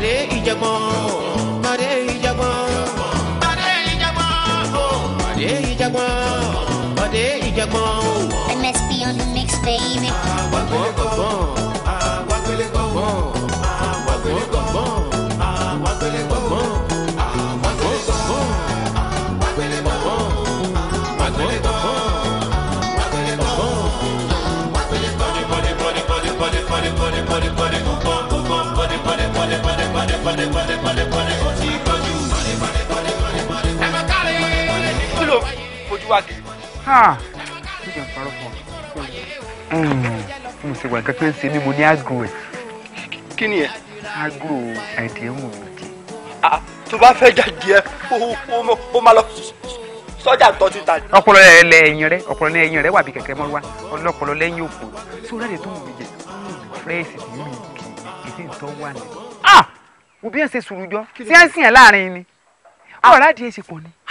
pàdé ìjàngbọ̀n pàdé ìjàngbọ̀n pàdé ìjàngbọ̀n pàdé ìjàngbọ̀n pàdé ìjàngbọ̀n. MSP on the mix, baby. àgbàgbọ́ ah, gbọ́. wá kiri. mi kàn parọ́ fún ọ. Hmm. mo sì wà nǹkan kan ṣe mí mo ní agro ẹ̀. kí ni ẹ. agro ẹ̀dẹ̀ mò ń di. tó bá fẹ́ jáde ẹ ó máa lọ sọ́jà tó ti ta. ọpọlọ rẹ lẹ ẹyin rẹ ọpọlọ lẹ ẹyin rẹ wà bí kẹkẹ mọ wa ọlọpọlọ lẹ́yìn òpó sórí ẹdẹ tó wù mí jẹ fírẹsì tí mi kì í ti tọ wà ní. ah òbí ẹ ṣe sùúrù jọ tí ẹ ń sìn ẹ láàrin ni ah! ọ̀rá díẹ̀ ṣe pọ̀ ni òjì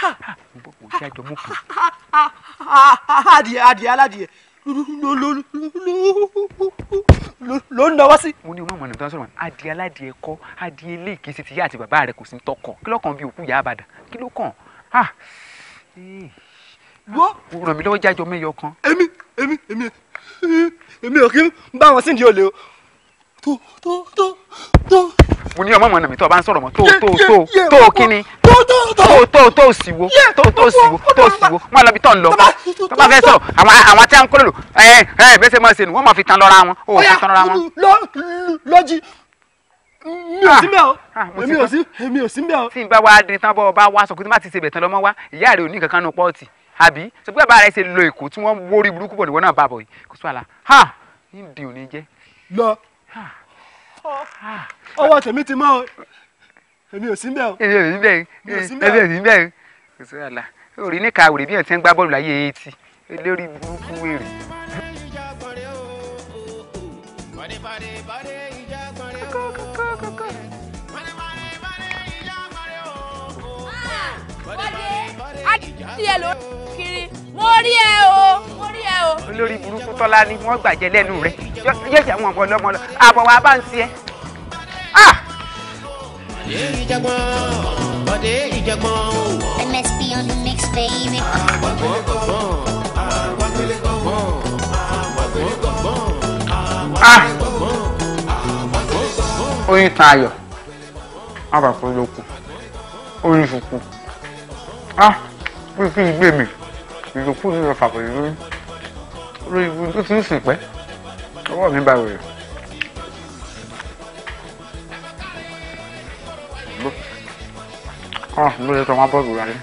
àjọ mú kù. adìẹ adìẹ aládìẹ ló ń dọwọ́ sí. mo ní onímọ̀ ní tọ́sọ̀rọ̀ adìẹ aládìẹ kọ́ adìẹ ilé ìkẹsẹ̀ ti yá àti bàbá rẹ̀ kò sí tọkàn kí ló kàn bí òkú yà á bàdàn kí ló kàn wo. ràn mí lọ́wọ́ jájọ mẹ́yọ kan. èmi èmi èmi èmi ò kí n bá wọn síndìí olè o tó tó tó tó. mo ní ọmọ ọmọ mi tó o bá ń sọ̀rọ̀ mọ́ tó tó tó tó kíni tó tó tó sì wo tó tó sì wo tó sì wo wọn lọ bí tọ̀ ń lọ tó bá fẹ́ sọ̀rọ̀ àwọn àwọn tí a ń kó lòlò ẹ ẹ bẹ́sẹ̀ máa ṣe nù wọ́n máa fi tan lọ́ra wọn o fi tan lọ́ra wọn. lọ́jì mi ò sí mbẹ o ah, ah, èmi ò sí èmi ò sí mbẹ o. tí n bá wa dín tán bọ́ ọ bá wa sọ pé tí n bá ti ṣe bẹ̀tán lọ́mọ wa ìyá rẹ̀ ò ní kankan nù pọ́ọ̀tì àbí sọ pé bàbá rẹ ṣe lo èkó tí wọ́n wórí burúkú bọ̀ níwọ̀n náà bá bọ̀ yìí kò sọ àlà ha ní ìdí òní jẹ́. lọ ọwọ́ tèmi ti mọ́ o èmi ò sí ń bẹ̀ o. èmi ò sí ń bẹ̀ èmi ò sí ń bẹ̀ èmi ò sí ń bẹ̀ kò sí àlà orí níka àwòrán bí ẹ̀ ti ń gbá bọ́ọ̀lù láyé etí lórí burúkú wèrè. wájú adìyẹ ló kiri mo rí ẹ o mo rí ẹ o. olórí burúkú tọ́lá ni wọ́n gbàjẹ́ lẹ́nu rẹ̀ yéèjì àwọn ọmọ lọ àbọ̀ wa bá ń ṣe ẹ́. on the mix, baby. oyin tan ayọ̀ abàkúrò ah kí n ìlòkulò lọ fàbọ̀ lórí lórí ibu tó ti ń sìn pẹ́ ọwọ́ mi bá wèrè. ọ̀ ló lè tọ́ wọn bọ́ọ̀lù rárẹ̀.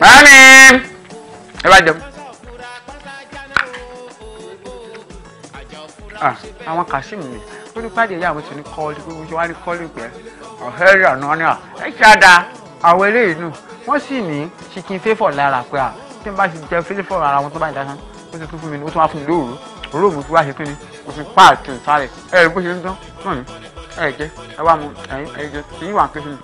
Mami! Ẹ bá jẹun. Ah, àwọn Kashim ni, ó ní pàdé ìyá àwọn tó ní kọ́ọ́lì, gbogbo ṣe wá ní kọ́ọ́lì pẹ́ ọ̀hẹ́ ìrànà ni à ẹ ṣáda àwọn eléyìí nù wọ́n sì ní chicken favour lára pé à tí n bá ti jẹ favour ara wọn tó bá ń dáná ó ti tún fún mi ó tún wá fún mi lóòrò òró mi wá ṣe kí ni mo fi páàkì sáré ẹ ẹ bó ṣe ń dán náà ni ẹ jẹ ẹ wá mu ẹyin ẹ jẹ èyí wà ké sí mi.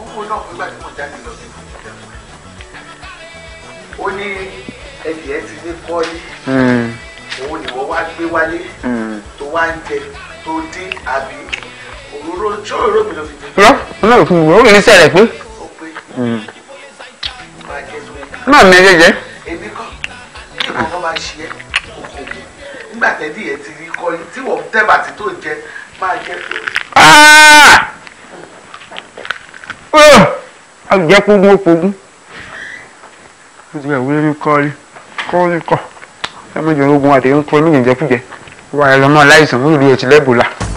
owó náà nígbà tí mo jáde lọ sí ìjà ó ní ẹdìẹ ti ní kọ́lí hmm. òun ni wọ́n wá gbé wálé hmm. tó wá ń jẹ tó dín àbí òróró tí òróró mi ló fi dé. rọ ọ̀nà òfin mi òróró hmm. mi sẹ̀rẹ̀ pé. ó pé máa jẹ tó yẹ. náà mi ẹjẹ jẹ. èmi kọ́ kí nǹkan máa ṣe ẹ́ kòkò nígbà tẹ́lẹ̀ yẹn ti rí kọ́ tí wọ́n tẹ́bà tí tó jẹ máa jẹ tó yẹ. Ah! Oh! àjẹpógún pógún ó ti wẹ̀ wúlé ní kọ́ọ́lì kọ́ọ́lì kọ́ ẹ mọ̀jọ́ ogun àti ń kọ́ ní ìjẹkújẹ wà ẹ lọ́mọ aláìsàn ó lù ú ẹ̀ ti lẹ́bùlà.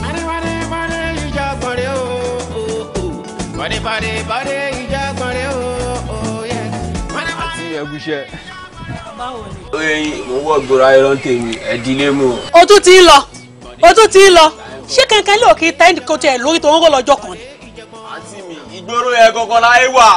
bọ́dé bọ́dé bọ́dé ìjọgbọ́dé ooo yẹ. àti ẹgúsẹ. báwo ni. oyin mo wọ gbòòrò ayọ̀rọ̀ tèmi ẹ̀dínlé mu. o tún ti ń lọ o tún ti ń lọ ṣé kankan lè òkè tá ẹnì kan tẹ lórí tó ń rọ lọ́jọ́ kan ni. àǹtí mi ìgboro yẹn kankan láyé wà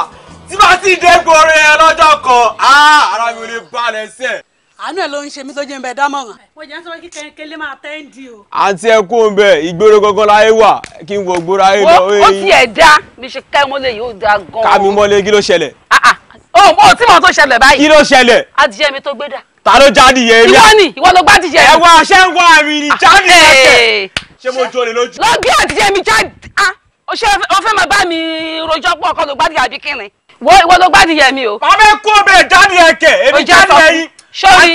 tí bá ti dé gbòòrò yẹn lọ́jọ́ kan ah, ara mi ò lè balẹ̀ sẹ́ẹ̀ àánú ẹ ló ń ṣe mí tó jẹ́ ń bẹ dámọ̀ràn. mo jẹ́ sọ kí kẹ́lé máa tẹ́ ń di o. àǹtí ẹ kú ń bẹ ìgboro gangan láyé wà kí n wo gbòòrò ayé lọ. ó ti ẹ̀ dá mi ṣe ká ẹ mọ́lẹ̀ yóò da gan. ká mi mọ́lẹ̀ kí ló ṣẹlẹ̀. Ah, ah. o ò tí mo tó ṣẹlẹ̀ báyìí. kí ló ṣẹlẹ̀. adìyẹ mi tó gbé dà. ta ló jáde yẹn rí. ìwọ ni ìwọ ló gbá adìyẹ. ẹ wá aṣẹ́ ń wá mi ni jáde eh. ṣé mo jó sọ́ọ́rí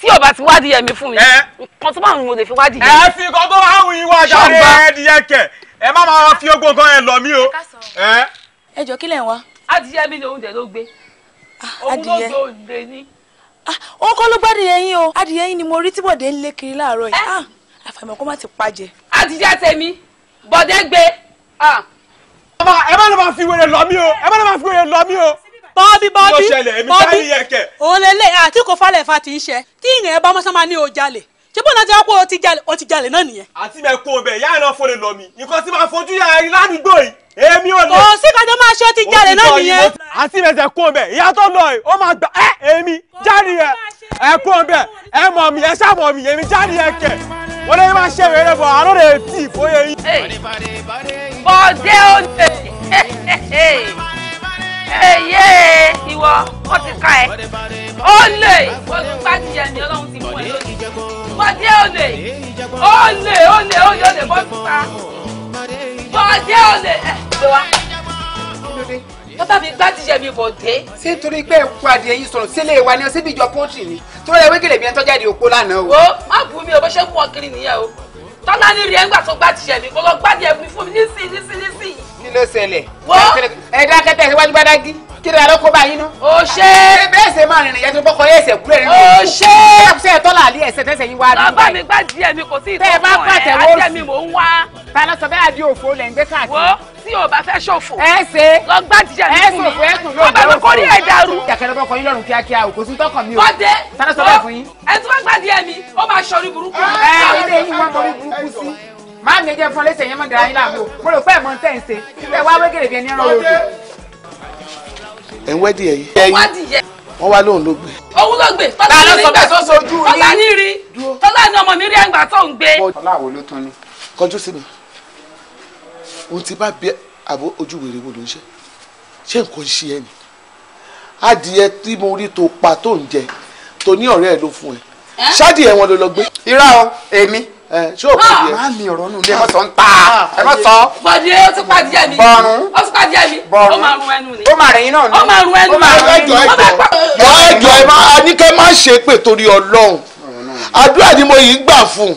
tí o bá ti wádìí ẹ̀mí fún mi nǹkan tó bá wù mí mo lè fi wádìí. ẹ fi nǹkan tó bá wù yín wá jáde ẹdìyẹ kẹ ẹ má máa fi ogbó nǹkan ẹ lọ mí o. ẹ jọ kí lẹ̀ ń wá. adìyẹ mi ni oúnjẹ ló gbé ah, òun ló gbé òǹdè ní. Ah, òun kọ́ ló gbádìyẹ yín o adìyẹ yín ni mo rí tí bọ̀dé ń lé kiri láàárọ̀ yìí ah, àfàìmọ̀ kó má ti pàjẹ́. adìyẹ tèmi bọ̀dé gbé. ẹ má lọ máa fi wèrè lọ mí o ẹ má lọ máa fi wèrè lọ mí o bọ́bí bọ́bí bọ́bí òlélẹ̀ àti kò falẹ̀ fa ti ń ṣe tí ìyẹn bá mọ́sán máa ní o jalè ṣé bọ́n náà ti wá pé o ti jalè o ti jalè náà nìyẹn. àti mẹ kó o bẹ ìyá iná fọlẹ lọ mi nǹkan tí máa fojú yà rí ládùúgbò yìí èmi ò lè. kò sí kájọ máa ṣe o ti jalè náà nìyẹn. àti mẹsẹ̀ kó o bẹ ìyá tó lọ yìí ó máa gbà ẹ èmi jáde yẹ ẹ kó o bẹ ẹ mọ̀ mi ẹ ṣá mi èmi jáde yẹ kẹ wọ́n lè máa ṣe wẹ̀rẹ̀ bọ̀ àárọ̀ rẹ̀ tì fóyè yìí. bọ́dé ó ẹyẹ ìwọ ó ti ká ẹ ó lè ojú pàtìyẹ ni ọlọ́run ti mú ẹ lónìí bọ́dé ó lè ó lè ó lè ó lè ó lè bọ́ síta bọ́dé ó lè ẹ gbé wa wọ́n bá mi gbádìjẹ́ mi kò dé. ṣé torí pé ẹ̀kú adìẹ yìí sọ̀rọ̀ sílé wa ni ọsibíjọ kọ́ńtì ni tó lẹ́wẹ́gẹ̀lẹ̀ bí ẹni tọ́jáde òpó lánàá o. o má bù mí o bó ṣe ń wọ kiri nìyẹn o tọ́lá ní rí ẹgbà tó gbá ti kó lọ gbádìí ẹ̀mí fún mi nísìnyí nísìnyí nísìnyí. kí ló ṣẹlẹ̀. ẹ dákẹ́tẹ̀ síwájú bá dágí kí lóra ló kó bá yín nú. o ṣe. bẹ́ẹ̀ ṣe máa rìnrìn yẹn tó bọ́kọ ẹsẹ̀ kúrẹ́ nínú. o ṣe. ṣé ẹ tọ́lá àlẹ́ ẹsẹ̀ tẹ́sẹ̀ yín wá. bàbá mi gbá díẹ̀ mi kò sí ìtọ́kùn ẹ̀ tẹ́ ẹ bá pàtẹ́wọ́ sí. ajẹ́ mi mò ń wá. ta ló sọ bẹ́ẹ̀ adé òfò lẹ̀ ń gbé káàkiri. wo tí o bá fẹ́ ṣòfò. ẹ ṣe. lọ gbá díẹ̀ mi fún mi. ẹ ṣòfò ẹ kùn lóòjọ́ òfò. kọ́ ẹ jàkẹ́rẹ́ bọ́kọ yín lọ́rùn kíákíá o kò sí tọkàn mi o. bọ́dẹ tani sọ bẹ́ẹ̀ fún yín. ẹ tí wọ́n gbá díẹ̀ mi ó máa ṣọrí burúkú. ẹ ilé yín wọ́n mọ̀rí burúkú sí. máa mi jẹ́ fún ọ lẹ́sẹ̀ yẹn mọ̀ dára yín láàbò mo rò pé ẹ̀ mọ̀ ń tẹ̀ ń ṣe. ẹ wá wégèrè bí ẹni ẹran òògùn ẹ̀ ń wẹ́dì ẹ̀yìn. ó wádìí yẹ. wọ́n wá lóun ló gbé. òun ló gbé tọ́lá ní rí gbà tọ́lá ní rí tọ́lá ní ọmọ mi rí àgbà tó ń gbé. tọ́lá wo ló tán ni. kọjú sí mi òun ti bá bí àbó ojú wèrè wo ló ń ṣe ṣé nǹkan ṣe ẹ ni adìyẹ tí mo rí tó pa tó ń jẹ tó ní ọ̀rẹ́ ẹ ló fún ẹ ṣáàdì ẹ̀ wọn ló lọ gbé. irọ́ èmi ṣé o kò yẹ. máa mi ọ̀rọ̀ nù lé mọ́tò ń ta ah! ẹ mọ́ sọ. bọ̀dé ó ti pàdé ẹ̀mí. bọ̀rùn ó ti pàdé ẹ̀mí. bọ̀rùn ó máa run ẹnu ni. ó máa rìn náà ni. ó máa run ẹnu ni. ó máa rún ẹjọ ẹjọ. yọ ẹjọ ẹ máa aníkẹ́ má ṣe pé torí ọlọ́run àdúrà ni mo yìí gbà fún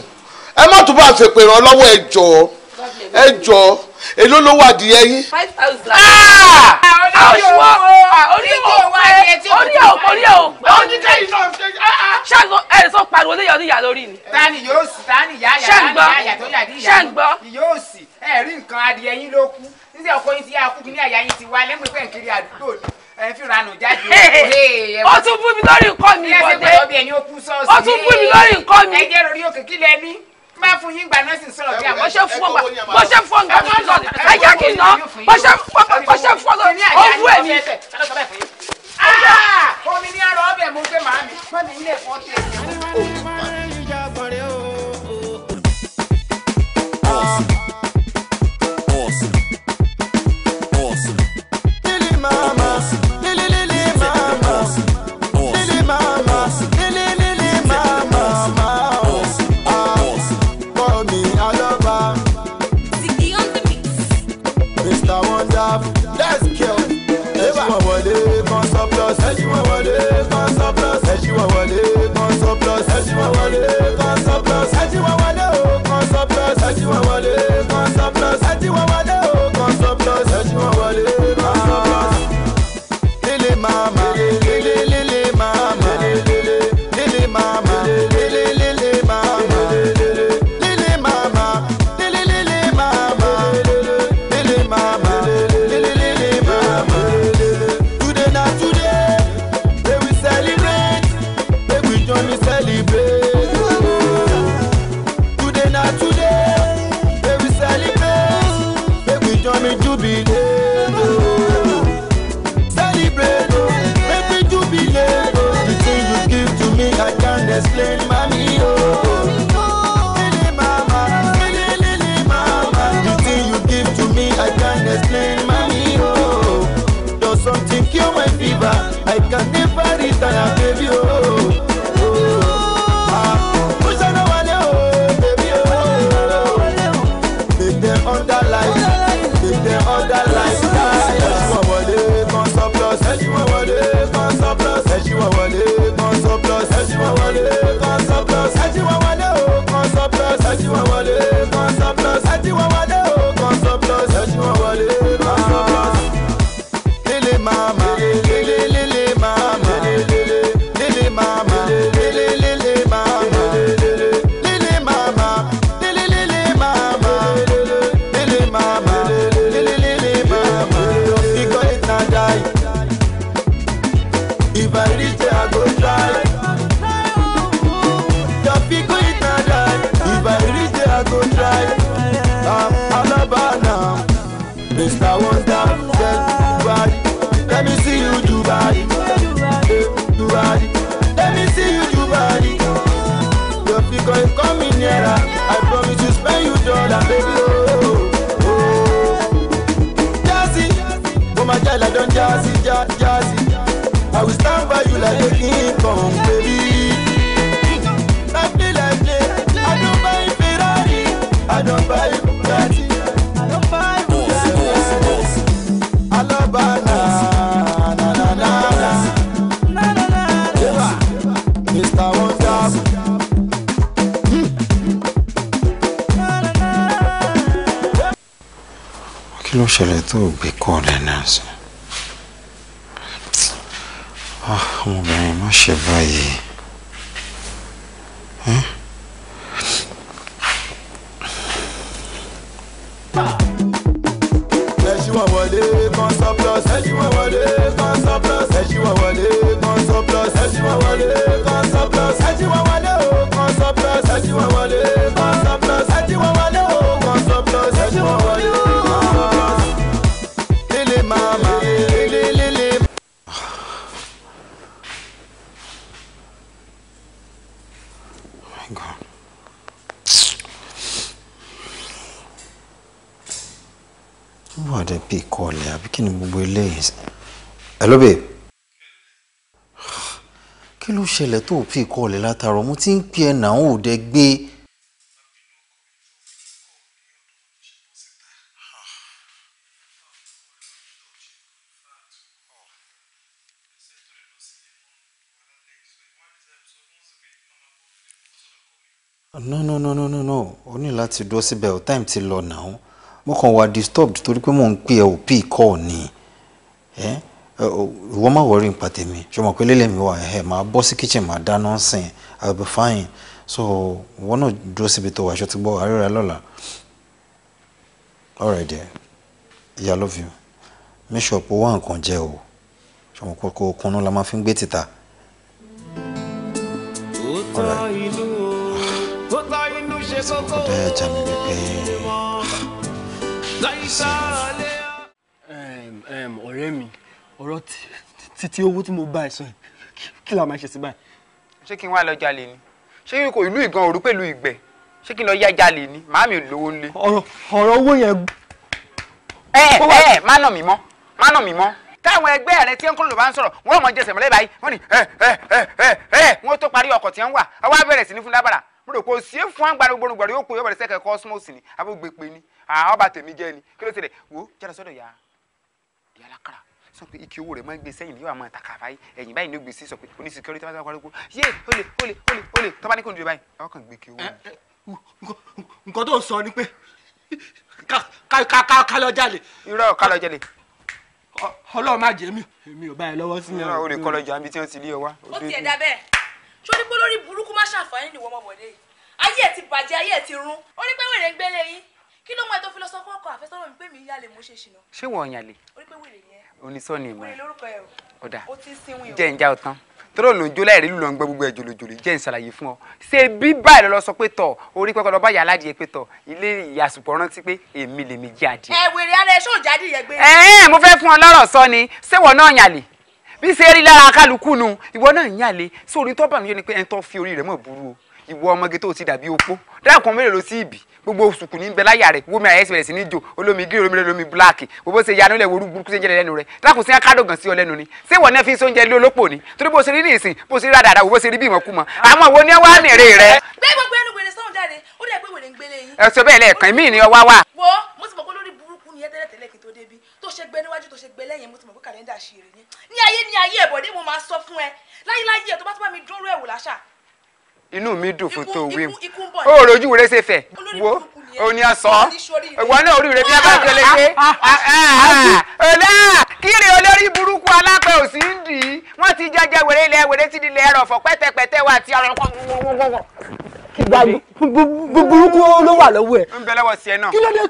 ẹ má tún bá fèpè ràn lọ́wọ́ ẹjọ ẹjọ èló ló wà adìyẹ yín. five thousand. àṣùwọ̀ oníyọ̀ pé oníyọ̀ pé oníyọ̀ pé oníjẹ́ iná ṣe. Ah, ah. ṣàgbọ́ ẹ sọ pariwo lé yọrí ìyá lórí ni. tani yóò sì tani yáyà tani yáyà tó yàdí ìyá ṣàǹgbọ́ yóò sì ẹ rí nǹkan adìyẹ yín ló kú níṣẹ́ ọkọ yín ti yá kú kí ní àyà yín ti wá lẹ́gbẹ̀ẹ́ pẹ̀ ń kiri àdúgbò ẹ fi ranù jáde. ó tún bú mi lórí nǹkan mi ìbọ̀dé ó tún bú mi lórí nǹkan mi. ẹ jẹ́ lórí òkè kí lẹ ní má fún yín gbà náà sọ̀rọ̀ bí i àmọ́ ṣe fún ọgbà bó ṣe fún ọgbà bó ṣe sọ̀rọ̀ ẹ jẹ́ kí n ná bó ṣe fún ọgbà bó ṣe fún ọgbà ọ̀hún ẹ̀ ní. omi ní arọ ọbẹ̀ mo fẹ́ màá mi pẹ́ mi ilé ẹ̀kọ́ tẹ̀ ẹ̀ love that's kill. ẹṣin wọn wọlé kan surplus. ẹṣin wọn wọlé kan surplus. ẹṣin wọn wọlé kan surplus. ẹṣin wọn wọlé kan surplus. ẹṣin wọn wọlé o oh, kan surplus. ẹṣin wọn wọlé kan oh, wọlé kan surplus. ẹṣin come, baby. I play, I play. I don't buy Ferrari. I don't buy Bugatti. I don't buy Bugatti. I love banana. Na na na na. Na na na. tó gbé kọ́ ọ̀rẹ́ ṣe báyìí? Hm? ẹṣin wọn wọlé kan surplus ẹṣin wọn wọlé kan surplus ẹṣin wọn wọlé kan wọlé kan surplus ẹṣin wọn wọlé wọlé. hello babe kí ló ṣẹlẹ̀ tó fi kọ́ọ̀lẹ̀ látàárọ̀ mo ti ń pè ẹ́ náà ò dẹ́ gbé. no no no no no no o ní láti dúró síbẹ̀ o time ti lọ náà mo kàn wá disturbed torí pé mò ń pè ẹ́ ò pè kọ́ọ̀ ni. Eh? wọ́n má wọ́rí nípa tèmi ṣọmọ pé lélẹ̀ mi wà ẹ̀ máa bọ́ sí kitchen máa dáná sìn i will be fine so wọ́n náà dúró síbi tó wàá ṣọtí gbọ́ àríra lọ́la alright dear yeah, I love you make sure pé wọ́n nǹkan jẹ́ o ṣọmọ pé kò kunú la máa fi ń gbé títà. ọ̀rẹ́ mi ọ̀rọ̀ títí owó tí mo bá ẹ sọ kí la máa ṣe sí báyìí. ṣé kí n wá lọ jalè ni ṣé kí n kò ìlú ìgan òru pẹ̀lú ìgbẹ́ ṣé kí n lọ yá jalè ni màámi lówó lé. ọ̀rọ̀ ọ̀rọ̀ owó yẹn. ẹ ẹ má nà mí mọ́ má nà mí mọ́ táwọn ẹgbẹ́ rẹ tí ń kúrò ló bá ń sọ̀rọ̀ wọ́n mọ̀ jẹsẹ̀ mọ́lẹ́ báyìí wọ́n ní ẹ ẹ ẹ ẹ ẹ wọ́n tó parí ọkọ̀ tí ń wà ọwọ́ abẹ́rẹ́ sí ní fún lábàrà mo rò pé sí fún agbára gbòrògbòrò yóò kó yóò bẹ̀rẹ̀ sẹ́kẹ̀ cosmos ni abó gbé ni àwọn ọba tèmi jẹ́ ni kí ló ti rẹ̀ wò ó jáde sọ́dọ̀ yà á yà á sọ pé ike owó rẹ̀ máa ń gbé sẹ́yìn yóò máa tàkà báyìí ẹ̀yìn báyìí ni ó gbé sí sọ pé oní security máa ń pariwo yé olè olè olè tọ́ba ní kò ní dúró báyìí ọ̀ gbé ike owó rẹ̀. nǹkan tó ń sọ ni pé ká lọ irọ́ ká lọ ọlọ́run má jẹ́ mi èmi ò báyìí lọ́wọ́ sí i. irọ́ o lè kọ́ lọ jà níbi tí wọ́n ti lé ọ wá. ó ti ẹ̀ dá bẹ́ẹ̀ ṣó ní pé lórí burúkú má ṣàǹfààní nìwọ ọmọbọ̀dé yìí ayé ẹ̀ ti bàjẹ́ ayé ẹ̀ ti rún ó ní pé wèrè ń gbélé yín kí ló mọ ẹ tó fi lọ sọ fún ọkọ àfẹsọ́nà mi pé mi ń yálè mo ṣe ṣìnà. ṣé wọ́n yàn lè. ó ní pé wèrè ni onísọ́ọ̀nì ìmọ̀ ẹ̀ ọ̀dà jẹ́ ń já ọ tán tọ́rọ ló ń jó láì rí lù lọ ń gbọ́ gbogbo ẹ̀ jòlòjòlò jẹ́ ń ṣàlàyé fún ọ ṣé bí báyìí lọ sọ pé tọ̀ orí pẹ́kọ́ lọ bá yà aládìyẹ pé tọ̀ ilé ìyàsùpọ̀ rántí pé èmi lèmi jẹ́ adìyẹ. ẹ wèrè ara ẹ ṣó jáde yẹn gbé. ẹ ẹ mo fẹ́ fún ọ lọ́rọ̀ sọ ni ṣéwọ náà yàn bí ṣe rí lára kálukú nu ìwọ náà yàn lè sórí tó bànújẹ́ ni pé ẹni tó fi orí rẹ̀ mọ̀ burú o ìwọ ọmọge tó ti dàbí opó dáàkùn mélòó sí ìbí gbogbo sùkùn ní bẹ láyà rẹ wọmi àyẹsẹ bẹ̀rẹ̀ sí ní jò olómi green olómi olómi black gbogbo ṣe yanu lẹ woru burúkú ṣe ń jẹ lẹ́nu rẹ dákun sí akádọgàn sí ọ lẹ́nu ni ṣé wọn náà fi sóúnjẹ lé olópò ni torí bó ṣe rí ní ìsìn bó ṣe rí dáadáa bó ṣe rí bí ìmọ̀kú mọ àmọ́ wo ni ẹ wá nìrè rẹ. bẹ́ẹ̀ gbogbo ẹnu wèrè sọ́hún jáde ó dẹ̀ pé wèrè ń gbélé yín. ẹ̀sọ́ bẹ́ẹ̀ lẹ́ẹ̀kan mí ni ọ wá wà. wo mo ti mọ̀ pé lórí burúkú ni ẹ tẹ́lẹ̀ tẹ́lẹ̀ kí tó débi tó ṣe gbẹ níwájú tó ṣe gbẹ lẹ́yìn mo ti mọ̀ pé kàlẹ́ndà ṣe rè ní. ní ayé ní ayé ẹ̀bọ̀dé mo máa sọ fún ẹ láyé láyé ẹ̀ tó bá tó bá mi dúró ẹ̀wò láṣà inú mi dùn fún tó wí o rojú rẹ ṣe fẹ wo o ní aṣọ ìwọ náà orí rẹ bí abá tẹlẹ pé ọlá kiri olórí burúkú alápẹ òsì ń dì í wọn ti jẹjẹ wèrè ilẹ̀ wèrè ti di ilẹ̀ ẹrọ̀fọ̀ pẹ́tẹpẹ́tẹ wà tí ọ̀rọ̀ burúkú ló wà lọ́wọ́ ẹ̀. ń bẹ lọ́wọ́ sí ẹ náà. kí ló dé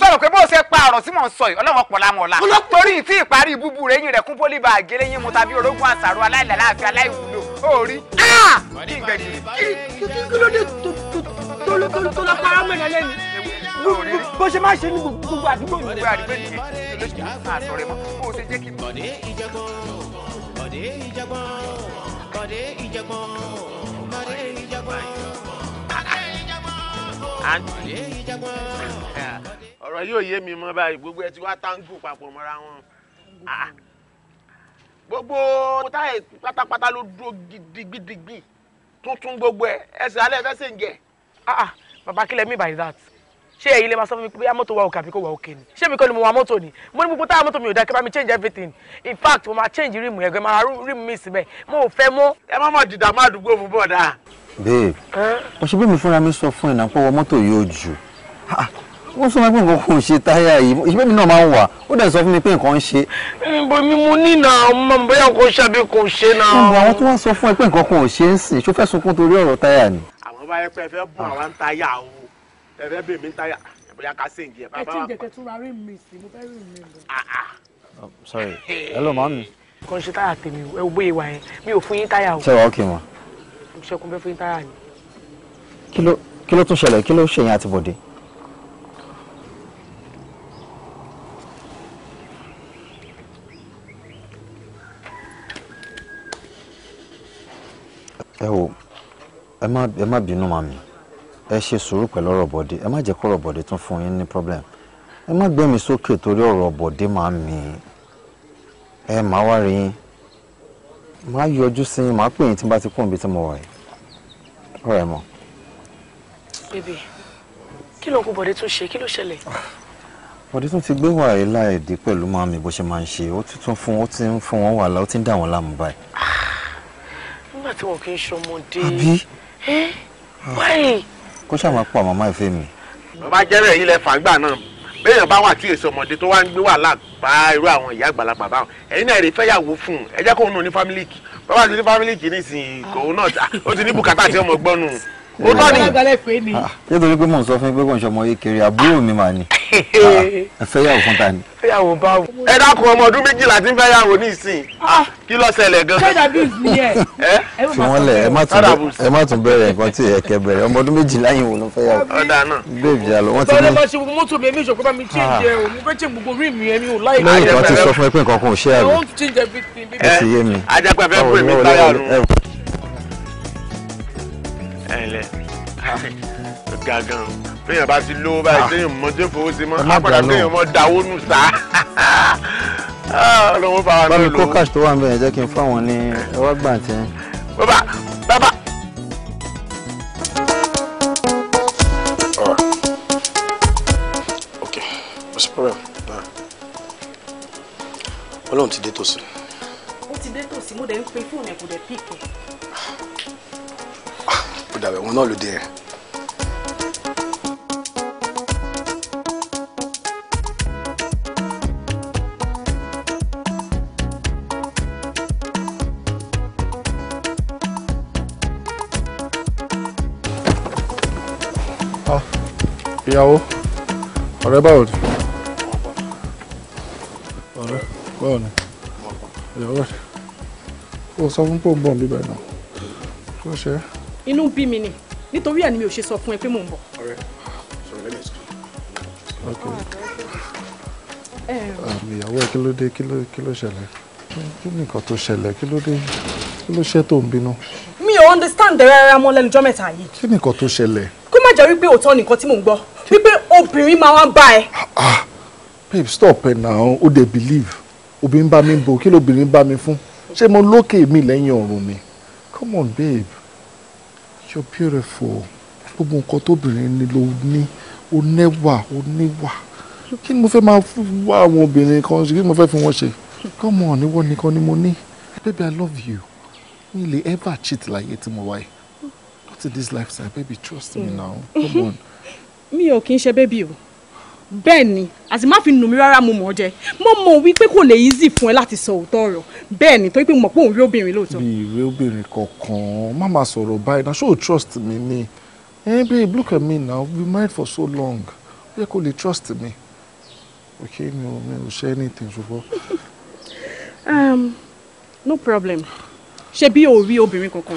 sọ̀rọ̀ pé bó ṣe pa ọ̀rọ̀ tí mò ń sọ yìí ọlọ́wọ́ pọ̀ lámọ̀ ọ̀la. torí ìtì ìparí búburú eyín rẹ̀ kún pólíbà àgẹ́lẹ́yìn mu tàbí orógùn àṣàrò aláìlàláàfin aláìwúlò orí ah! kí n gbẹ̀jì. kí ló dé tó lọ para mẹ́rin lẹ́nu bó ṣe máa ṣe ní gbogbo àdúgbò yìí. gbogbo àdúgbò yìí ló ti àtọ̀rẹ́ mọ́ kó o ṣe jẹ́ kí. bọ̀dé ìjẹgbọ́n bọ̀dé ìjẹgbọ́n bọ̀dé ìjẹgbọ́n bọ̀dé ìjẹgbọ́n bọ̀dé ìjẹgbọ́n. ọ̀rọ̀ yóò yé mi mọ́ báyìí gbogbo ẹ ti wá táǹkù papọ̀ mọ́ra wọn. Ah, gbogbo táyà pátápátá ló dúró gidigbidigbi tuntun gbogbo ẹ ẹsẹ̀ alẹ́ fẹsẹ̀ ń jẹ. Ah, ah, bàbá kílẹ̀ mi by that ṣé ẹ̀yin lè máa sọ fún mi pé mọ́tò wa òkè àbí kò wà òkè ni ṣé mi kọ́ ni mo wa mọ́tò ni mo ní gbogbo táyà mọ́tò mi ò dáa kí bá mi change everything in fact mo máa change rímù ẹ̀gbẹ́ máa rímù mi síbẹ̀ mo ò fẹ́ mọ́. ẹ má mọ̀ dìdà má dùgbò fún bọ̀dà. babe ọ̀ṣẹ́ bí mi fúnra mi sọ fún ẹ̀ náà pọ̀ wọ mọ́tò yóò jù wọ́n sọ ma pé nǹkan kò ṣe táyà yìí ìṣẹ́ mi náà máa ń wà ó dẹ̀ sọ fún mi pé nǹkan ń ṣe. ìbò mi mo ní na ọmọ bóyá nǹkan ṣe kò ṣe na. ìbò àwọn tó wá sọ fún ẹ pé nǹkan kan ò ṣe ń sìn ṣó fẹ́ sunkún torí ọ̀rọ̀ táyà ni. àwọn bá yẹ pé ẹ fẹ́ bù àwa ń táyà o ẹ fẹ́ bè mí ń táyà bóyá ká sì ń jẹ. ẹ ti ń jẹ kẹtù rárí mi sí mo fẹ́ rí mi lọ. Ah, ah. Oh, sorry hello mami. kàn ṣe táyà tèmi ẹ ò bóyá ìwà yẹn mi ò fún yín táyà o. ṣé wàá ok ma. ṣẹkùn fẹ́ fún yín táyà ni. kí ló tún ṣẹlẹ̀ kí ló ṣèyàn àti ẹ wò ẹ má ẹ má bínú mami, ẹ ṣe sùúrù pẹ̀lú ọ̀rọ̀ bọ̀dé ẹ má jẹ́ kọ́rọ̀ bọ̀dé tún fún yín ní problem ẹ má gbé mi sókè torí ọ̀rọ̀ bọ̀dé màmí ẹ má wá rí yín má yọjú sí yín má pè yín tí n bá ti kú níbi tí mo wà yìí ọ̀rọ̀ ẹ mọ̀. bèbè kí ló ń kó bọ̀dé tún ṣe kí ló ṣẹlẹ̀. bọ̀dé tún ti gbé wàhálà láìdí pẹ̀lú màmí bó ṣe máa ń ṣe ó ti tún fún ó ti ń fún wọn wàhálà ó ti ń dà wọn láàmú báyìí nígbà tí wọn kì í ṣọmọdé. àbí. wáyé. kó ṣàmà pọ̀ màmá ìfẹ́ mi. bàbá jẹ́rẹ̀ yìí lẹ fàgbà náà béèyàn bá wà tí èso ọmọdé tó wá ń gbé wàhálà bá irú àwọn ìyá àgbàlagbà báwọn ẹ̀yin náà èrè fẹ́yàwó fún un ẹ jẹ́ kóun náà ní fámílì kì bàbá ti ní fámílì kì nísìnyí kòun náà ó ti ní bùkátà tí ọmọ gbọ́nù ó tọ́ ni. Ah, nítorí pé mò ń sọ fún yín pé kò ń ṣọmọ kékeré àbúrò mi mà ni ah, ẹ fẹ́ yàwó fún ta ni. fẹ́yàwó bá wò. ẹ dákun ọmọ ọdún méjìlá tí ń fẹ́yàwó ní ìsìn ah, kí ló ṣẹlẹ̀ gan. ṣé dàbíyèsí ni ẹ. fi wọn lẹ ẹ má tún bẹ̀rẹ̀ nǹkan tí ẹ kẹ bẹ̀rẹ̀ ọmọ ọdún méjìlá yìí wò ló fẹ́ yàwó. ọ̀dà náà. bẹ́ẹ̀ jà lọ wọ́n ti ní. tọ́lá mo ṣe àbí ẹ̀lẹ́ ah. ga gan fẹ́yàn bá ti lówó báyìí sẹ́yìn ah. mọ jẹ́ fowó sí mọ́ àpàdà sẹ́yìn mọ́ dáwó nù sá ah, ọlọ́wọ́ bá wa náà lò. bámi kó cash tó wà ń bẹ̀rẹ̀ jẹ́ kí n fún àwọn ní ọwọ́ gbà tí. bàbá bàbá. Oh. ok what's the problem. ọlọ́run ti dé tòsí. ó ti dé tòsí mo dẹ̀ ń pe fóònù ẹ̀ kò dẹ̀ píkì padà wẹ̀ wọn náà ló dé yẹn. Ah, ìyàwó ọ̀rẹ́ báwo ni ọ̀rẹ́ báwo ni ìyàwó rẹ̀ ó sọ fún pòǹbọ̀n bíbẹ̀ náà tó ṣe é inú bí mi ni nítorí ẹ̀ ni mi ò ṣe sọ fún ẹ pé mò ń bọ̀. ìyàwó ẹ kí ló dé kí ló kí ló ṣẹlẹ̀ kí ni nǹkan tó ṣẹlẹ̀ kí ló dé kí ló ṣe tó ń bínú. mi ò understand rárá mọ́ lẹ́nu jọ́ mẹ́ta yìí. kí ni nǹkan tó ṣẹlẹ̀. kó má jẹ́ wípé òótọ́ nìkan tí mò ń gbọ́ wípé obìnrin máa wá bá ẹ. Ah, ah. babe stop ẹ now o dey believe obìnrin bá mi bo kí lóbìnrin bá mi fún ṣé mo lókè mi lẹ́yìn ọ̀run ni come on babe you're beautiful gbogbo nǹkan tóbìnrin ni ló ní ó nẹ́wà ó níwà kí ni mo fẹ́ máa wá àwọn obìnrin kan ṣe kí ni mo fẹ́ fi wọ́n ṣe come on ìwọ nìkan ni mo ní baby i love you mi lè ever cheat like láyé tí mo wáyé not in this lifetime baby trust me mm. now come on. mi ò kì í ṣe bébì o bẹ́ẹ̀ ni àti má fi nù mí rárá mo mọ̀ ọ́ jẹ mo mọ̀ wípé kò lè easy fún ẹ láti sọ òótọ́ ọ̀rọ̀ bẹ́ẹ̀ ni torí pé mo mọ̀ pé òun rí obìnrin lóòótọ́. bí ìrẹ́ obìnrin kankan má máa sọ̀rọ̀ báyìí na ṣó o trust me ni eh babe look at me now we married for so long ó yẹ kó lè trust me ok mi ò mi ò ṣe anything ṣùgbọ́n. um, no problem ṣe bí o rí obìnrin kankan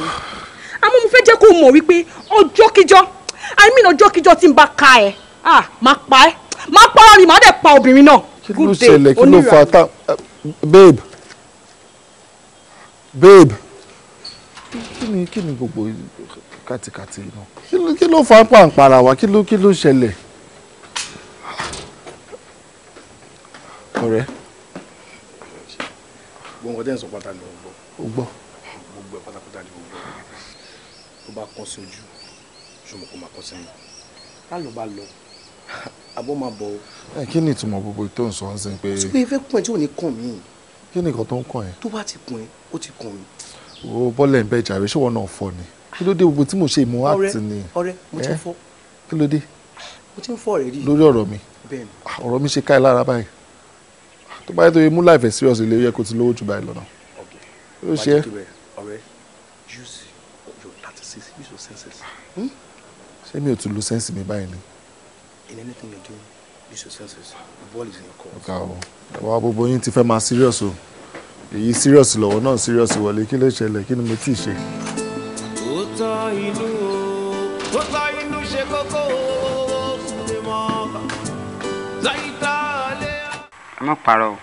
àmọ́ mo fẹ́ jẹ́ kó o mọ̀ wípé ọjọ́ kíjọ́ i mean ọjọ́ kíjọ́ tí n bá ka ẹ̀ ah máa pa ẹ́ máa pa ọrìn máa dẹ̀ pa obìnrin náà. kí ló ṣẹlẹ̀ kí ló fa ta babe babe kí ni kí ni gbogbo kàtìkàtì náà kí ló fa pàǹpàrà wá kí ló kí ló ṣẹlẹ̀. ọ̀rẹ́. gbọ́ngàn tẹ́ ń sọ pátá ni mo gbọ́. ó gbọ́. gbogbo ẹ̀ pátápátá ni mo gbọ́. tó bá kán sí ojú ṣùgbọ́n kó máa kán sí ká ló bá lọ àbọ̀ máa bọ̀ o. ẹ kí ni ìtumọ̀ gbogbo tó ń sọ ọ́n sí pé. sọ pé ife kún ẹ tí ò ní kàn mí. kí ni nǹkan tó ń kàn ẹ. tó bá ti kún ẹ ó ti kàn mí. o bọ́lẹ̀ ń bẹ jàre ṣé wọn náà fọ ni kí ló dé gbogbo tí mo ṣe mo act ni. ọ̀rẹ́ mo ti fọ. kí ló dé. mo ti ń fọ rẹ rí. lórí ọ̀rọ̀ mi ah, ọ̀rọ̀ mi ṣe káyì lára báyìí tó bá yẹ tó yẹ mú life serious ilé yẹ kó ti lówó jù ṣé mi ò tún lo sense mi báyìí ni in anything you do be successful the ball is in your court. ọ̀gá àwọn gbogbo yín ti fẹ́ máa serious o èyí serious lọ́wọ́ náà serious wọlé kí ló ṣẹlẹ̀ kí ni mo tí ì ṣe. ó inú ó inú ṣe kókó mímọ́ láyìíká lé. ẹ má parọ́ o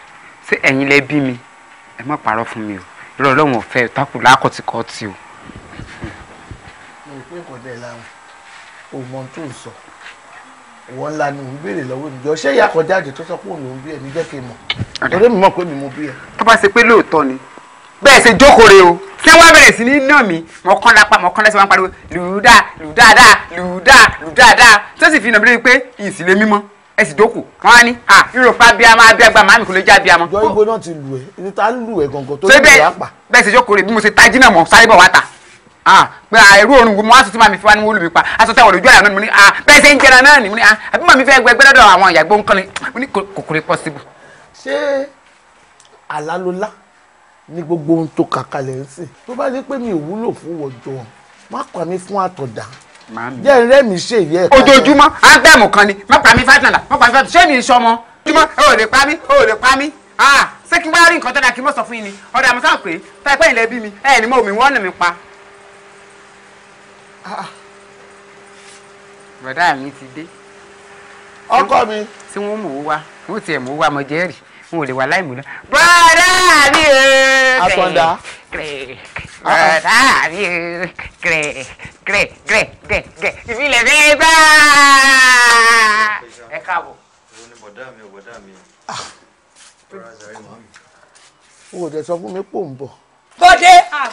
ṣé ẹ̀yin lẹ bí mi ẹ má parọ́ fún mi o irọ́ ọlọ́run ọ̀fẹ́ takùn lákọ̀tìkọ̀tì o. mo rò pé kò dé láwọn ò mọ ohun tó ń sọ wọn ńlá ni òun béèrè lọ́wọ́ mi jọ ṣé ìyá kan jáde tó sọ pé òun òun bí ẹ ní jẹ́ kí n mọ̀ ọ̀rẹ́ mi mọ̀ pé mi mo bí ẹ. tó bá ṣe pé lóòótọ́ ni bẹ́ẹ̀ ṣe jókòó re o ṣé wọ́n bẹ̀rẹ̀ sí ní nà mí mọ̀ kán lápá mọ̀ kán lẹ́sẹ̀ wọn pariwo lùdà lùdàdà lùdà lùdàdà tó sì fi nà mí lórí pé ìsìlẹ̀ mímọ́ ẹ sì jókòó wọn á ní à yúròpá abiyamọ abiyagba màmí kò lè jẹ abiyamọ. ìjọ igbó náà ti lù ẹ ní ta lù ẹ gàngàn tó lù ẹ lápá. bẹ́ẹ̀ ṣe jókòó re bí mo ṣe tají náà mọ̀ sáré bọ̀ wá ta ah pé ah irú òórùn wo mo wá sọ tí màmí fi wá ní wọ́n lù mí pa aṣọ táwọn olùjọ́ àná ni mo ní ah bẹ́ẹ̀ ṣe ń jẹrán náà ni mo ní ah àbí màmí fẹ́ gbẹ gbẹ́ lọ́dọ̀ àwọn ìyàgbó nǹkan ni mo ní kòkòrò possible. ṣé àlálólá ni gbogbo ohun tó kàkàlẹ̀ ń sìn tó bá ní pé mi ò wúlò fún wọ̀jọ̀ má pa mí fún àtọ̀dá jẹ́ ìrẹ́ mi ṣe ìyẹ́ ẹ̀ka. ojoojúmọ́ ádámù kan ni má pa mí fátàlà má pa mí fátàlà ṣé mi ìṣọmọ ojoojúmọ́ ò lè pa mí ò lè pa mí ah ṣé kí n bá rí nǹkan tó dáa kí n mọ̀ sọ fún yín ni ọ̀dà àmọ́ sáà pé táìpẹ́ ìlẹ̀ bí mi ẹ̀ ní mo mi wọ́n nà mí bọ̀dá mi ti dé. ọkọ mi. tí wọ́n mú wa wọ́n tiẹ̀ mú wa mọ jẹ́rìí wọn ò lè wà láì mú náà. bọ̀dá mi o. àtọ̀dá. Ah, ah. bọ̀dá mi o. kẹ̀kẹ̀kẹ̀kẹ̀kẹ̀ ìbílẹ̀ fẹ́ bá. ẹ káàbọ̀. èwo ni bọ̀dá mi o bọ̀dá mi o. n kò tẹ sọ fún mi pò ń bọ̀ bọ́dé ah,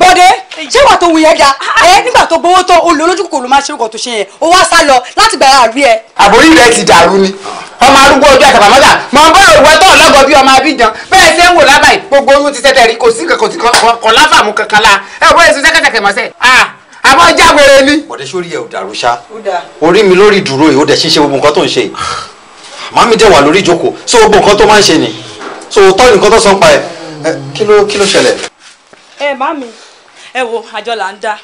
bọ́dé ṣé wà tó wù yẹn ga ẹ eh, nígbà tó gbowó tó olè olójú kòkòrò máa ṣe nǹkan tó ṣe yẹn ó wá sá lọ láti gbà àrí ẹ. àbórí rẹ ti dàrú ni ọmọ arúgbó ojú àtàbàmọ́gà mọ bá òwúwẹ́ tó ọlọ́gọ bí ọmọ abíjan bẹ́ẹ̀ ṣe ń wò lábàá gbogbo oyún ti tẹ́tẹ́ rí kò sí kò sí kò láfàmù kankan la ẹ wọ́n èso sẹ́kẹ̀tẹ̀kẹ̀ mọ́sẹ̀ ah, àmọ́ jágbére ni. bọ̀dé sórí ẹ̀ ò dàrú ṣá orí mi lórí ìdúró yìí ó dẹ̀ ṣíṣe gbogbo nǹkan tó ń ṣe màmí dẹ̀ wà lórí ìjókòó so gbogbo nǹkan tó máa ń ṣe ni so tọ́ nǹkan tó sọ ń pa ẹ̀ kí ló kí ló ṣẹlẹ̀ ẹ má mi ẹ wo àjọ là ń dá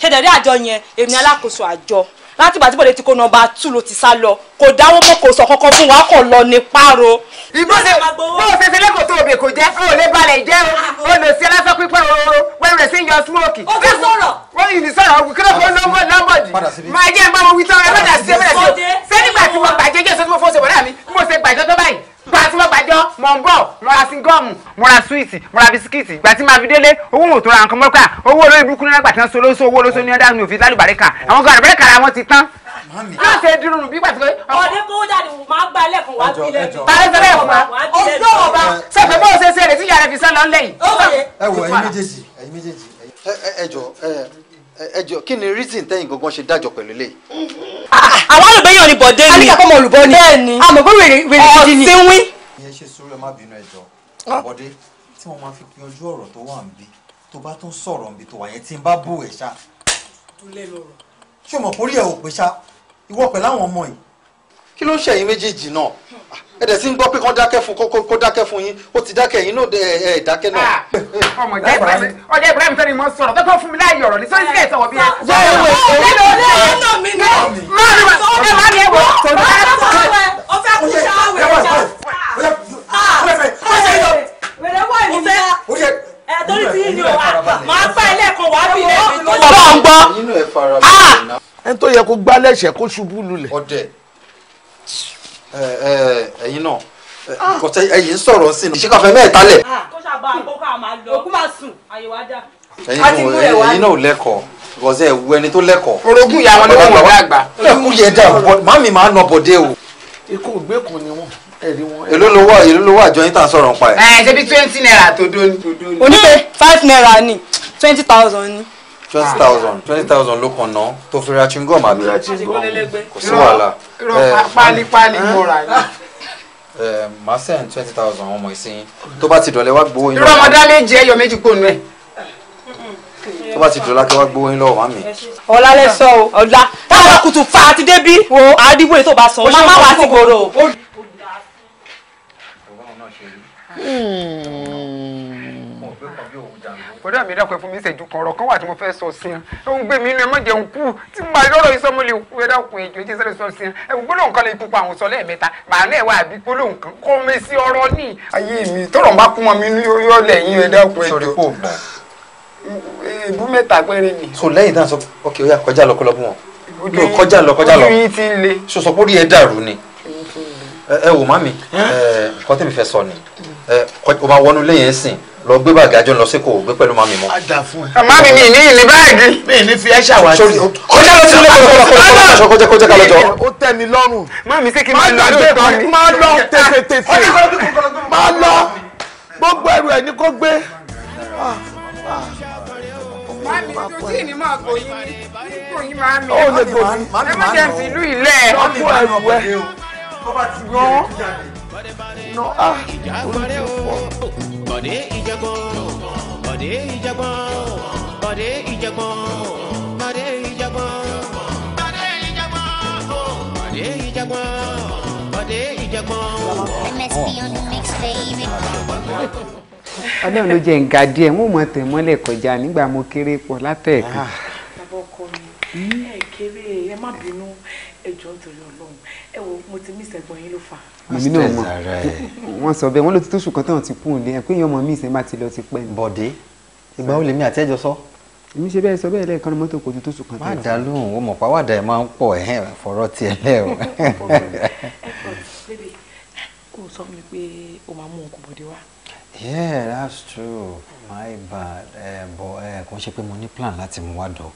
ṣẹ̀dẹ̀rí àjọ yẹn èmi alákòóso àjọ láti ìgbà tí bọ̀dé ti kó nọ́mbà two ló ti sá lọ kò dáwọ́ mọ́ kò sọ kankan fún wa kò lọ ní páro. ìbọ̀dé bó o fẹsẹ̀ lẹ́kọ̀ọ́ tó obè kò jẹ́ o lè balẹ̀ jẹ́ o o lè ṣe aláṣọ pípẹ́ o wẹ́n rẹ̀ sí yan smoke. o fẹ́ sọ̀rọ̀. wọ́n yìí ní sọ̀rọ̀ àwọn kí ló fọ́ nọ́mbà nọ́mbà dì. máa jẹ́ bá wọn wí tán ẹ bá dà sí ẹ bá dà sí o. sẹ́ni gbà tí mo gbàjẹ́ jẹ́ sọ́tún mo fọ́ gba tí mo gbàjọ mo ń bọ̀ mo ra singọ́ọ̀mù mo súwìtì mo bisikíìtì ìgbà tí fi délé owó wò tó ra nǹkan mọ́kà owó olóyìn burúkú náírà gbàtí wọ́n so owó olóso ní ọ̀dà mi ò fi kà àwọn kan àlùbárí kàrà wọn ti tán. yóò ṣe dúró nù bí gbàtí pé. ọdẹ kó jáde wò máa gba ẹlẹ́kùn wá bí ẹ jọ kí ni reason tẹ̀yin gangan ṣe dájọ́ pẹ̀lú lè. àwọn olùbẹ́yàn ni bọ̀dé ni alikẹ́ kọ́mọ olùbọ́ ni bẹ́ẹ̀ ni àmọ́ bó wèrè wèrè gidi ni. ọ̀sìn wí. ìyẹn ṣe sórí ọmọ àbínú ẹjọ́ ah. bọ̀dé tí wọ́n máa fi yanjú ọ̀rọ̀ tó wà níbí tó bá tún sọ̀rọ̀ níbi tó wà yẹn tí n bá bù ẹ̀ ṣá. ṣé o mọ̀ pórí ẹ̀ ò pé ṣá ìwọ pẹ̀lú àwọn ọmọ yìí kí ló ń ṣẹ̀yìn méjèèjì náà ẹ̀dẹ̀ sí ń gbọ́ pé kán dákẹ́ fún kó dákẹ́ fún yín ó ti dákẹ́ yín náà ẹ̀ dákẹ́ náà. Ah, ọmọ ìjà Ibrahim ọjà Ibrahim sọ ni mo sọ̀rọ̀ tó tó fún mi láàyè ọ̀rọ̀ ní sọ ìsìlẹ̀ ìsọ̀wọ̀ bí ẹ. ṣé ẹ wò ó ṣe ló ní ọ̀nà mi ni. má mi wà ó fẹ́ má mi ẹ wò ó. ó fẹ́ kú ṣáwé ọjà. wẹ̀rẹ̀ wọ̀ ní sá. ẹ̀ torí ti yín ni o ah, máa pa ilé ẹ̀kọ́ wàá bí ilé ẹ̀kọ́. bọ́ọ̀ ń gbọ́ ah! ẹni tó yẹ kó gbálẹ̀ ẹ̀ṣẹ̀ kó ṣubú lulẹ̀. ọdẹ ẹ̀yin náà ah. nǹkan tẹ ẹ̀yin sọ̀rọ̀ sí ni ṣé káfẹ́ mẹ́ẹ̀ta lẹ̀. Ah. kó ṣàgbà àkókò àmà lọ òkú máa sùn àyèwà dà. ẹ̀yin náà ò lẹ́kọ̀ọ́ gọ̀ọ́sẹ̀ ẹ̀wú ẹni tó lẹ́kọ̀ọ́. orogún ìyá wọn ni wọn wọlé àgbà. ẹkú yẹ dà mami máa nọ bọ̀dé o. ikú ìgbé kan ni wọn èló ló wà èló ló wà àjọ yín tà ń sọ̀rọ̀ nípa ẹ̀. ẹ ṣe bí twenty naira tó dóni. oníbẹ̀ five naira ni twenty thousand ni twenty thousand twenty thousand ló kàn ná tó fi ra chingom àbí kò sí wàhálà. Eh, pálípálí mo rà ní. Eh, eh, màá sẹ́yìn twenty thousand ọmọ ìsìn tó bá ti dọ̀lẹ́ wá gbowó yín lọ́wọ́. ìrọ̀mọdá lè jẹ́ ẹyọ méjì kò nù ẹ̀. tó bá ti dọ̀lá kí wá gbowó yín lọ́wọ́ màmí. ọ̀la lẹ sọ o ọ̀la táwọn kùtù fa àti débí wo àdìgbò yìí tó bá sọ máa wá sí gbòòrò bọ́dọ̀ àmì ìdàpọ̀ fún mi ṣèjú kan ọ̀rọ̀ kan wà tí mo fẹ́ sọ sí ẹ ó ń gbé mi inú ẹ má jẹun kú tí mo bá lọ́rọ̀ iṣẹ́ mo lè kú ẹ dákun èjì ojú sẹ́rẹ̀ sọ sí ẹ ẹ gbólóhùn kan lè kú pa àwọn sọ lẹ́ẹ̀mẹ́ta màálẹ̀ wà àbí gbólóhùn kan kọ́ mi sí ọ̀rọ̀ ní. ayé mi tọrọ bá kún mọ mi ní yóò lẹ́yìn ẹ dákun ẹjọ ìbú mẹ́ta péré ni. so lẹ́yìn náà sọ ok ó yà kọjá lọ kọlọ bú wọn yóò kọjá lọ kọjá lọ sọsọ pórí ẹ dàrú ni ẹ wò má mi ẹ kọ́tẹ́mi fẹ́ sọ ni ẹ o máa wọnú lẹ́yìn ẹ sìn lọ gbé bàgì àjọ lọ sí kò gbé pẹ̀lú màmí mọ́. àdà mi ní ìní báàgì. mi ní fi ẹ ṣàwádìí. sori kọjá lọ sí ilé kọjá kọjá kọjá kọjá kọjá ká lọjọ. ó tẹ́ mi lọ́rùn. má mi sí kí n máa lọ lóòótọ́ mi. má lọ tèfètèfè má lọ gbogbo ẹrù ẹ ní kó gbé. Mami tó tí ni máa kò yín ní kò yín máa mi. Ó lè gbòmí. Ẹ má jẹ́ ìlú ilẹ̀. Ọkọ ẹrù ẹ. Rán. Nọ á. Orí ti pọ̀. Bọ̀dé Ìjàgbọ́n Bọ̀dé Ìjàgbọ́n Bọ̀dé Ìjàgbọ́n Bọ̀dé Ìjàgbọ́n Bọ̀dé Ìjàgbọ́n Bọ̀dé Ìjàgbọ́n Bọ̀dé Ìjàgbọ́n. Ọlọ́run ló jẹ́ nǹkan díẹ̀ wọ́n mọ̀ tẹ̀ mọ́lẹ̀ kọjá nígbà mo kéré pọ̀ látẹ̀ẹ̀kan. Ah. bàbá ọkọ mi hmm? ẹ kéré ẹ má bínú ẹ jọ̀ọ́ nítorí Ọlọ́run ẹ wo mo ti mí ìṣẹ̀gbọ́n yín ló fà á èmi náà mọ wọn sọ bẹ́ẹ̀ wọn ló ti tó ṣùkọ́ tán ti kún un lé ẹ pé èèyàn ọmọ mi ìsìn bá ti lọ ti pẹ́ ni. bọ̀dé ìgbà wo lèmi àti ẹjọ sọ. èmi ṣe bẹ́ẹ̀ sọ bẹ́ẹ̀ lẹ́ẹ̀kan ní mọ́tò kò ju tó ṣùkọ́ wàá dá lóhùn ó mọ̀ pa wàá dá ẹ̀ máa ń pọ̀ ẹ̀hẹ́n fọ̀rọ̀ tiẹ̀ lẹ́ o. kò sọ mi pé o máa mú òkú bọ̀dé wá. yeah that's true my bad bọ kò ń ṣe pé mo ní plan láti mú wá dọ̀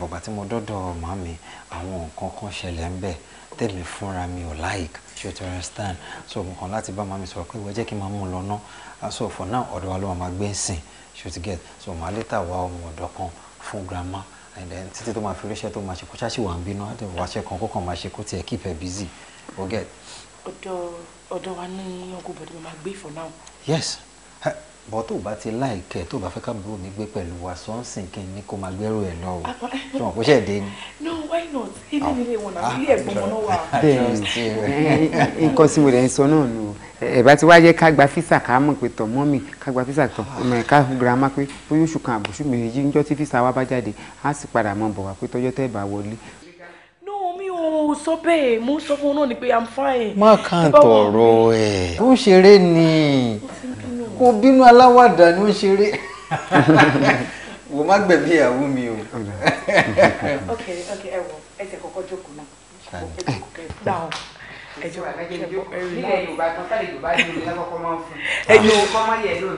bọ̀gbà tí mo dọ́dọ̀ màmí àwọn nǹkan kan ṣẹlẹ̀ ń bẹ́ẹ̀ tẹ̀mí fúnra mi ò like ṣe to understand so mo kàn láti bá màmí sọ̀rọ̀ pé ìwọ jẹ́ kí n máa mú un lọ́nà so for now ọ̀dọ̀ wa ló máa gbé ń sìn ṣe to get so màá létà wá ọmọ ọ̀dọ̀ kan fún grandma and then títí tó máa fi ríṣẹ́ tó máa ṣe kó ṣáṣì wà ń bínú àti wàṣẹ kan kó kàn máa ṣe kó tiẹ̀ keep her busy o get. ọ̀dọ̀ ọ̀dọ̀ wa ní ọgọ́ bọ̀dọ̀ máa gbé for now. yes bọ́ tó bá ti láìkẹ́ tó bá fẹ́ ká búrò mi gbé pẹ̀lú wa sọ́nsìn kí n ní kó máa gbẹ́rù ẹ̀ lọ o ṣùgbọ́n kó ṣẹ̀ dé ni. no why not ibi nílé ah, wọn náà ilé ah, ẹ̀gbọ́n wọn náà wà. bẹ́ẹ̀ nǹkan tí mo lè sọ náà nù ẹ bá ti wá yẹ ká gba físà ká mọ̀ pé tọ̀ mọ́mì ká gba físà tọ̀ ah. ọmọ ẹ̀ka girama pé bóyá oṣù kan àbòṣù méjì níjọ́ tí físà wa bá jáde á sì padà mọ̀ bọ̀ wá pé tọ́jọ́ tẹ́ bá wọlé ò sọ bẹ́ẹ̀ mo sọ fún un náà ni pé i'm fine. má kàn tọrọ ẹ ó ń ṣeré ni kò bínú aláwàdà ni ó ń ṣeré wò má gbẹ̀bí ìyàwó mi o. ok ok ẹ wọ ẹ tẹ kọ́kọ́ jókòó náà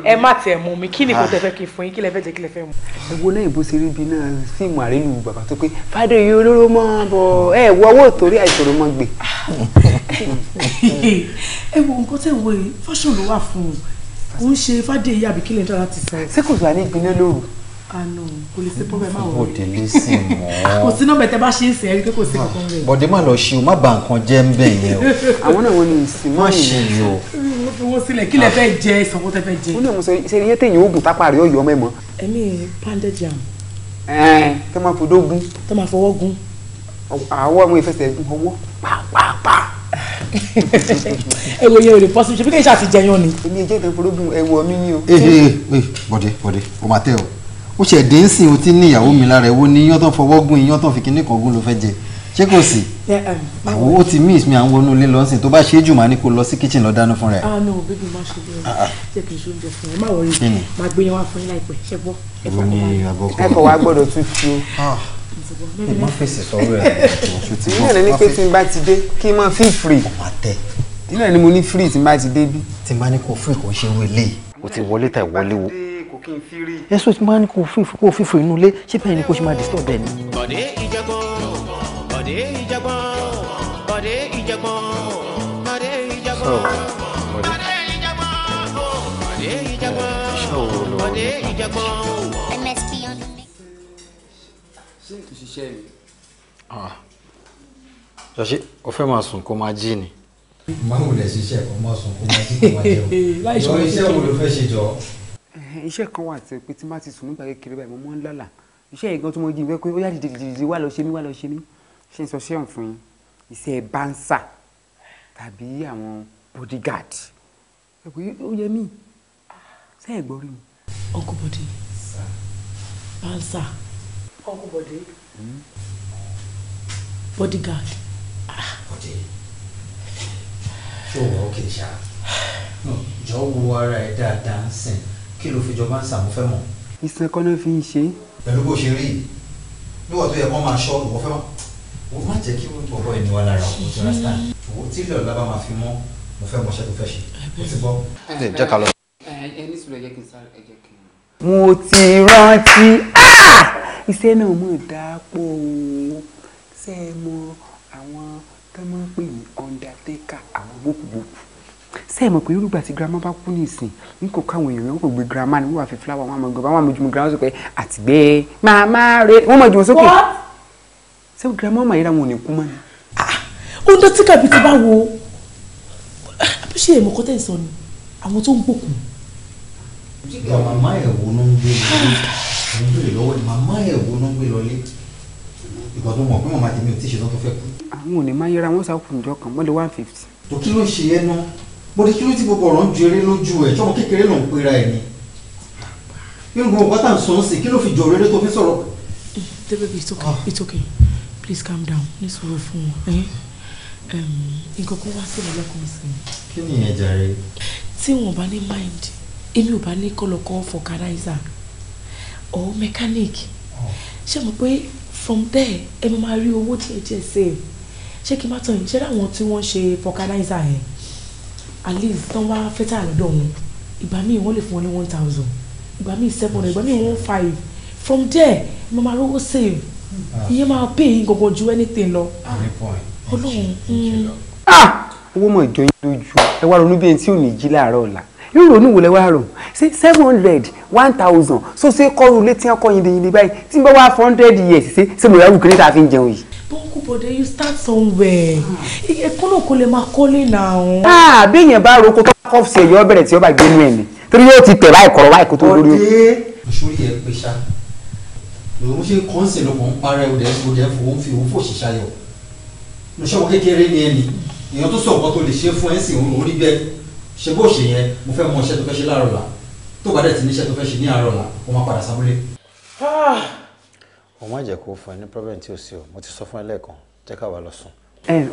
ẹ má tẹ̀ mú mi kí ni kò ah. tẹ́ fẹ́ kí n fún yín kí lẹ fẹ́ jẹ́ kí lẹ fẹ́ mu. ẹ wo náà ìbò ṣe rí ibi náà fíìmù àrélù bàbá tó pé fàdé yìí olóró mọ́ bọ̀ ẹ wọ owó torí àìsòro mọ́ gbé. ẹ wo nǹkan tẹ̀ wọ yìí fọ́ṣọ̀ ló wà fún un kò ń ṣe fàdé yìí àbí kí lè dára ti sọ. ṣé àní ìpínlẹ̀ lóru àná kò lè sí problem àwọn ọ̀rẹ́ bòde lè sìn mọ́. kò sí nọ́mbà tẹ bá ṣe ń sìn ẹ rí pé kò sí ah, kankan rẹ. bọ̀dé má lọ ṣe o má bà nǹkan jẹ́ ń bẹ̀ yẹn o. àwọn náà wọn ni ìsìn mọ́ ìyẹn. má ṣe yọ. mo fi wọn sílẹ̀ kí lẹ ah. fẹ́ jẹ ìsànkó tẹ fẹ́ jẹ. ó ní mo sọ ṣe iye téèyàn oògùn tápá rẹ ọyọ mẹ́mọ. ẹ̀mí pandẹ jam. ẹ̀ẹ́n tó máa fọdọ́ gún. tó máa fọwọ́ gún. àwọ̀ àwọn ìfẹsẹ̀ ọwọ́ pàápàá ẹ wo yẹn o lè pọ́sibú ṣe fi kéṣà ti jẹyàn ni. èmi ìjẹ́ ìtẹ́fọ́lógún ẹ̀wọ̀ mi ni o. ee eh, ee eh, eh, bọ̀dé bọ̀dé o máa tẹ́ o ó ṣe dé ń sìn ó ti ní ìyàwó mi lára ẹ̀wọ́ ní iyán tó fọwọ́ gún iyán tó fi kíní kan gún ló fẹ́ jẹ ṣé kò sí. àwọn ó ti miss mi à ń wọnú ilé lọ sìn tó bá ṣe é jù máa ní kó lọ sí kitchen lọ dáná fúnra ẹ. ah no bébí má ṣe bẹ́ẹ̀ ṣe kì í ṣe oúnjẹ fún ẹ má wọrí máa gbé yẹn wá fún yín láìpẹ́ ṣe gbọ́. ẹ̀kọ́ wa gbọ́dọ̀ tútù ah. má fèsì sọ̀rọ̀ ẹ̀ ọ̀ṣun ti mọ̀. ìlànà ni pé tí n bá ti dé kí n máa feel free. ọmọ àtẹ. ìlànà ni mo ní free tí n bá ti dé bí. tí n bá ní kó free kò ń ṣe wọlé. o ti kò kí n ẹ sọ ti máa ní kó o fífò inú ilé ṣé bẹ́ẹ̀ ni kó ṣe máa disturb ẹ ni. bọ̀dé ìjẹ̀gbọ́n bọ̀dé ìjẹ̀gbọ́n bọ̀dé ìjẹ̀gbọ́n bọ̀dé ìjẹ̀gbọ́n bọ̀dé ìjẹ̀gbọ́n bọ̀dé ìjẹ̀gbọ́n bọ̀dé ìjẹ̀gbọ́n. msp on ṣé ètò ṣiṣẹ́ mi. ṣàṣe o fẹ́ máa sùn kó máa jí ni máa wulẹ̀ ṣiṣẹ́ kó máa sùn kó máa jí kó máa jẹun iṣẹ́ kan wà tí pé tí má ti sùn nígbà kékeré báyìí mo máa ń lálà iṣẹ́ yìí gan tó mọ jí pé ó yá dìde dìde wà lọ ṣe mí wà lọ ṣe mí ṣe ń sọ ṣé òun fún yín iṣẹ́ bánsà tàbí àwọn bodyguard ẹ ó yẹ mí ṣe é gbọ́ rí mi. uncle body bánsà uncle body hmm? bodyguard. Ah. ṣé o wà ó kìí ṣá jọ wo ara ẹ dáadáa ń sìn kí ló fi jọba ń sàmú fẹ́ mọ̀. ìsìn fi ń ṣe. pẹ̀lú bó ṣe rí yìí níwọ̀n tó yẹ kó máa ṣọ́ ìwọ fẹ́ mọ̀ o má jẹ́ kí wọ́n bọ̀ ẹni wa lára o ti owó tí ilé ọ̀la bá máa fi mọ́ mo fẹ́ mọṣẹ́ tó fẹ́ ṣe o ti bọ́. mo ti rántí ah! iṣẹ́ náà mọ̀ dápọ̀ ṣe é mọ àwọn tó máa ń pè ní undertaker àwọn gbòkúgbòkú ṣe é mọ̀ pé irúgbà tí girama bá kú nísìn n kò káwọn èèyàn wọn kò gbé girama ni wọn wà fi fúláwà wọn àmọ́ gbọba wọn àmọ́ jùmọ girama sọ pé àtìgbẹ màmá rẹ wọn mọ jùmọ sókè ṣé girama ọmọ ayéra wọn ò ní kú mọ ni. Ah, ó ń dọ́tí kàbí ti bá wo àbúṣe èèmọ̀ kọ́tẹ́ ìsọ ni àwọn tó ń gbòkun. jíga màmá ẹ̀ wo ló ń gbé lọ màmá ẹ̀ wo ló ń gbé lọ lé ìgbà tó mọ̀ pé màmá tèmi ò tí ì ṣe tán tó fẹ́ kú. àwọn ò ní máa yẹra wọn sá kùnjọ kan mọ́lẹ̀ mo ní kí ló ti gbogbo ọ̀rọ̀ ń ju lójú ẹ̀ tí kékeré ló ń pera ẹ̀ ni nínú gbogbo pátá ń sọ̀rọ̀ sí kí ló fi jọ eré tó fi sọ̀rọ̀. david it's okay ah. it's okay please calm down ní sọ̀rọ̀ fún wọn eh? nǹkan kan wá sí mi lọ́kàn sí mi. kí ni ìyẹn jàre. tí wọn bá ní mind èmi ò bá ní kọlọkọ fọkàdáìsà or mechanic ah. ṣé mo pé from there ẹ máa rí owó díẹ̀ díẹ̀ save ṣé kí n má tàn yín ṣé láwọn tí wọ́n ṣe fọkàdáìsà yẹn at least tán wá fẹ́tà lọ́dọ̀ wọn ìgbà míì wọ́n lè fún wọn ní one thousand ìgbà míì seven ìgbà míì one five from there mo máa rówó save ah. ìyẹn máa pay yín gbogbo ju anything lọ ah, ọlọ́run mm. ah! owó mọ̀ ìjọ yín lójú ẹ wá ronú bí ẹni tí ò ní jí láàárọ̀ ọ̀la irú ronú wo lẹ wá rò ṣe seven hundred one thousand so ṣe kọ́ru létí ọkọ yìí lè báyìí tí n bá wá four hundred years ṣe ṣe mo yà wù kí ní ta fi ń jẹun yìí bọ́ńkù bọ̀dẹ̀ you start somewhere ẹ̀kọ́ náà kò lè máa kọ́lé náà. a ah, bí èèyàn bá roko tó bá kọ́ sí ẹ̀yọ́ bẹ̀rẹ̀ tí ó bá gbé ní ẹ̀mí torí yóò ti tẹ̀ báyìí kọ̀rọ̀ báyìí kó tó lórí. ọ̀dẹ́ òṣòrí ẹ̀ pé ṣá lòun ṣe kọ́ńsì lọ́kàn ń parẹ́ òdẹ òdẹ fòun fi òun fò ṣiṣẹ́ yọ lọ́sọ̀wọ́ kékeré ni ẹni èèyàn tó sọ̀kọ́ tó lè ṣe fún ẹ̀ sìn òun rí bẹ́ẹ̀ ṣe bó ṣe yẹn mo fẹ́ mọ iṣẹ́ tó fẹ́ ṣe láàárọ̀ la tó bá dẹ̀ ti níṣẹ́ tó fẹ́ ṣe ní o má jẹ́ kó fún ẹ ní problem tí o sí o mo ti sọ fún ẹ lẹ́ẹ̀kan jẹ́ ká wá lọ sùn.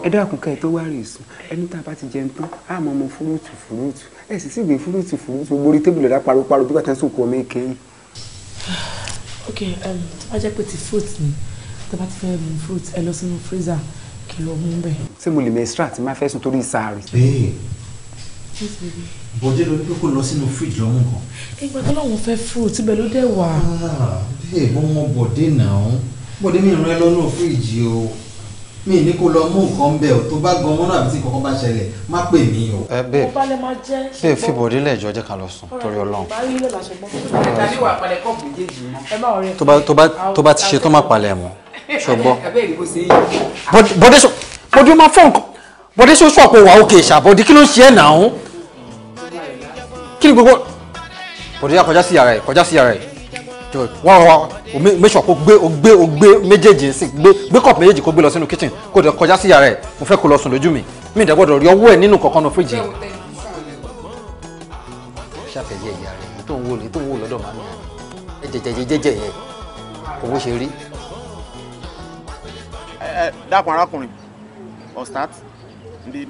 ẹ dákun ká ẹ tó wá rè sùn ẹni tá a bá ti jẹun tán á mọ ọmọ fúrúùtù fúrúùtù ẹ sì sì gbé fúrúùtù fúrúùtù gbogbo orí tébùlù rẹ paroparo bí bàtà sòkò ọmọ ìkẹyìn. ok tó bá jẹ́ pé ti fruit ni tó bá ti fẹ́ mu fruit ẹ lọ sínú freezer kí lọ mú bẹ́ẹ̀. ṣé mo lè mẹ extra tí máa fẹ́ sùn torí sáà rè. bẹ́ẹ̀ bọ̀dé ló ní pé kó lọ sínú fíríjì lọ́mú kan. ìgbà tó lóun fẹ́ fruit ibẹ̀ ló dẹ̀ wà. bẹ́ẹ̀ bó wọn bọ̀dé náà bọ̀dé mi rán ẹ lọ́nà fíríjì o mi ní kó lọ mú nǹkan bẹ́ẹ̀ o tó bá gan mọ́nà àbí tí kankan bá ṣẹlẹ̀ má pè mí o. ẹ bẹ́ẹ̀ bẹ́ẹ̀ fi bọ̀dé lẹ́jọ́ jẹ́ ká lọ sùn torí ọlọ́run. tó bá ti ṣe tó má palẹ̀ mọ́ ṣọgbọ́. bọ̀dé sọ bọ̀dé sọ sọ àpò wà òkè ṣàbọ̀dé kí ló ń ṣe ẹ̀ náà kí ni gbogbo kọjá kọjá sí yàrá ẹ kọjá sí yàrá ẹ wá wá o mẹ́sọ̀ kó gbé o gbé o gbé méjèèjì sí gbé gbé kọ̀ọ̀pù méjèèjì kó gbé lọ sínú kitchen kó dẹ̀ kọjá sí yàrá ẹ mo fẹ́ kó lọ sùn lójú mi mi ìdá gbọ́dọ̀ rí ọwọ́ ẹ nínú kankan nu fíríjì. ṣàfẹ̀yẹ ìyá rẹ̀ èyí tó ń wò ní tó ń wò lọ́dọ̀ màmí ẹ jẹjẹjẹjẹjẹ yẹn owó ṣe rí. ẹ ẹ dákun arákùnrin start? bíi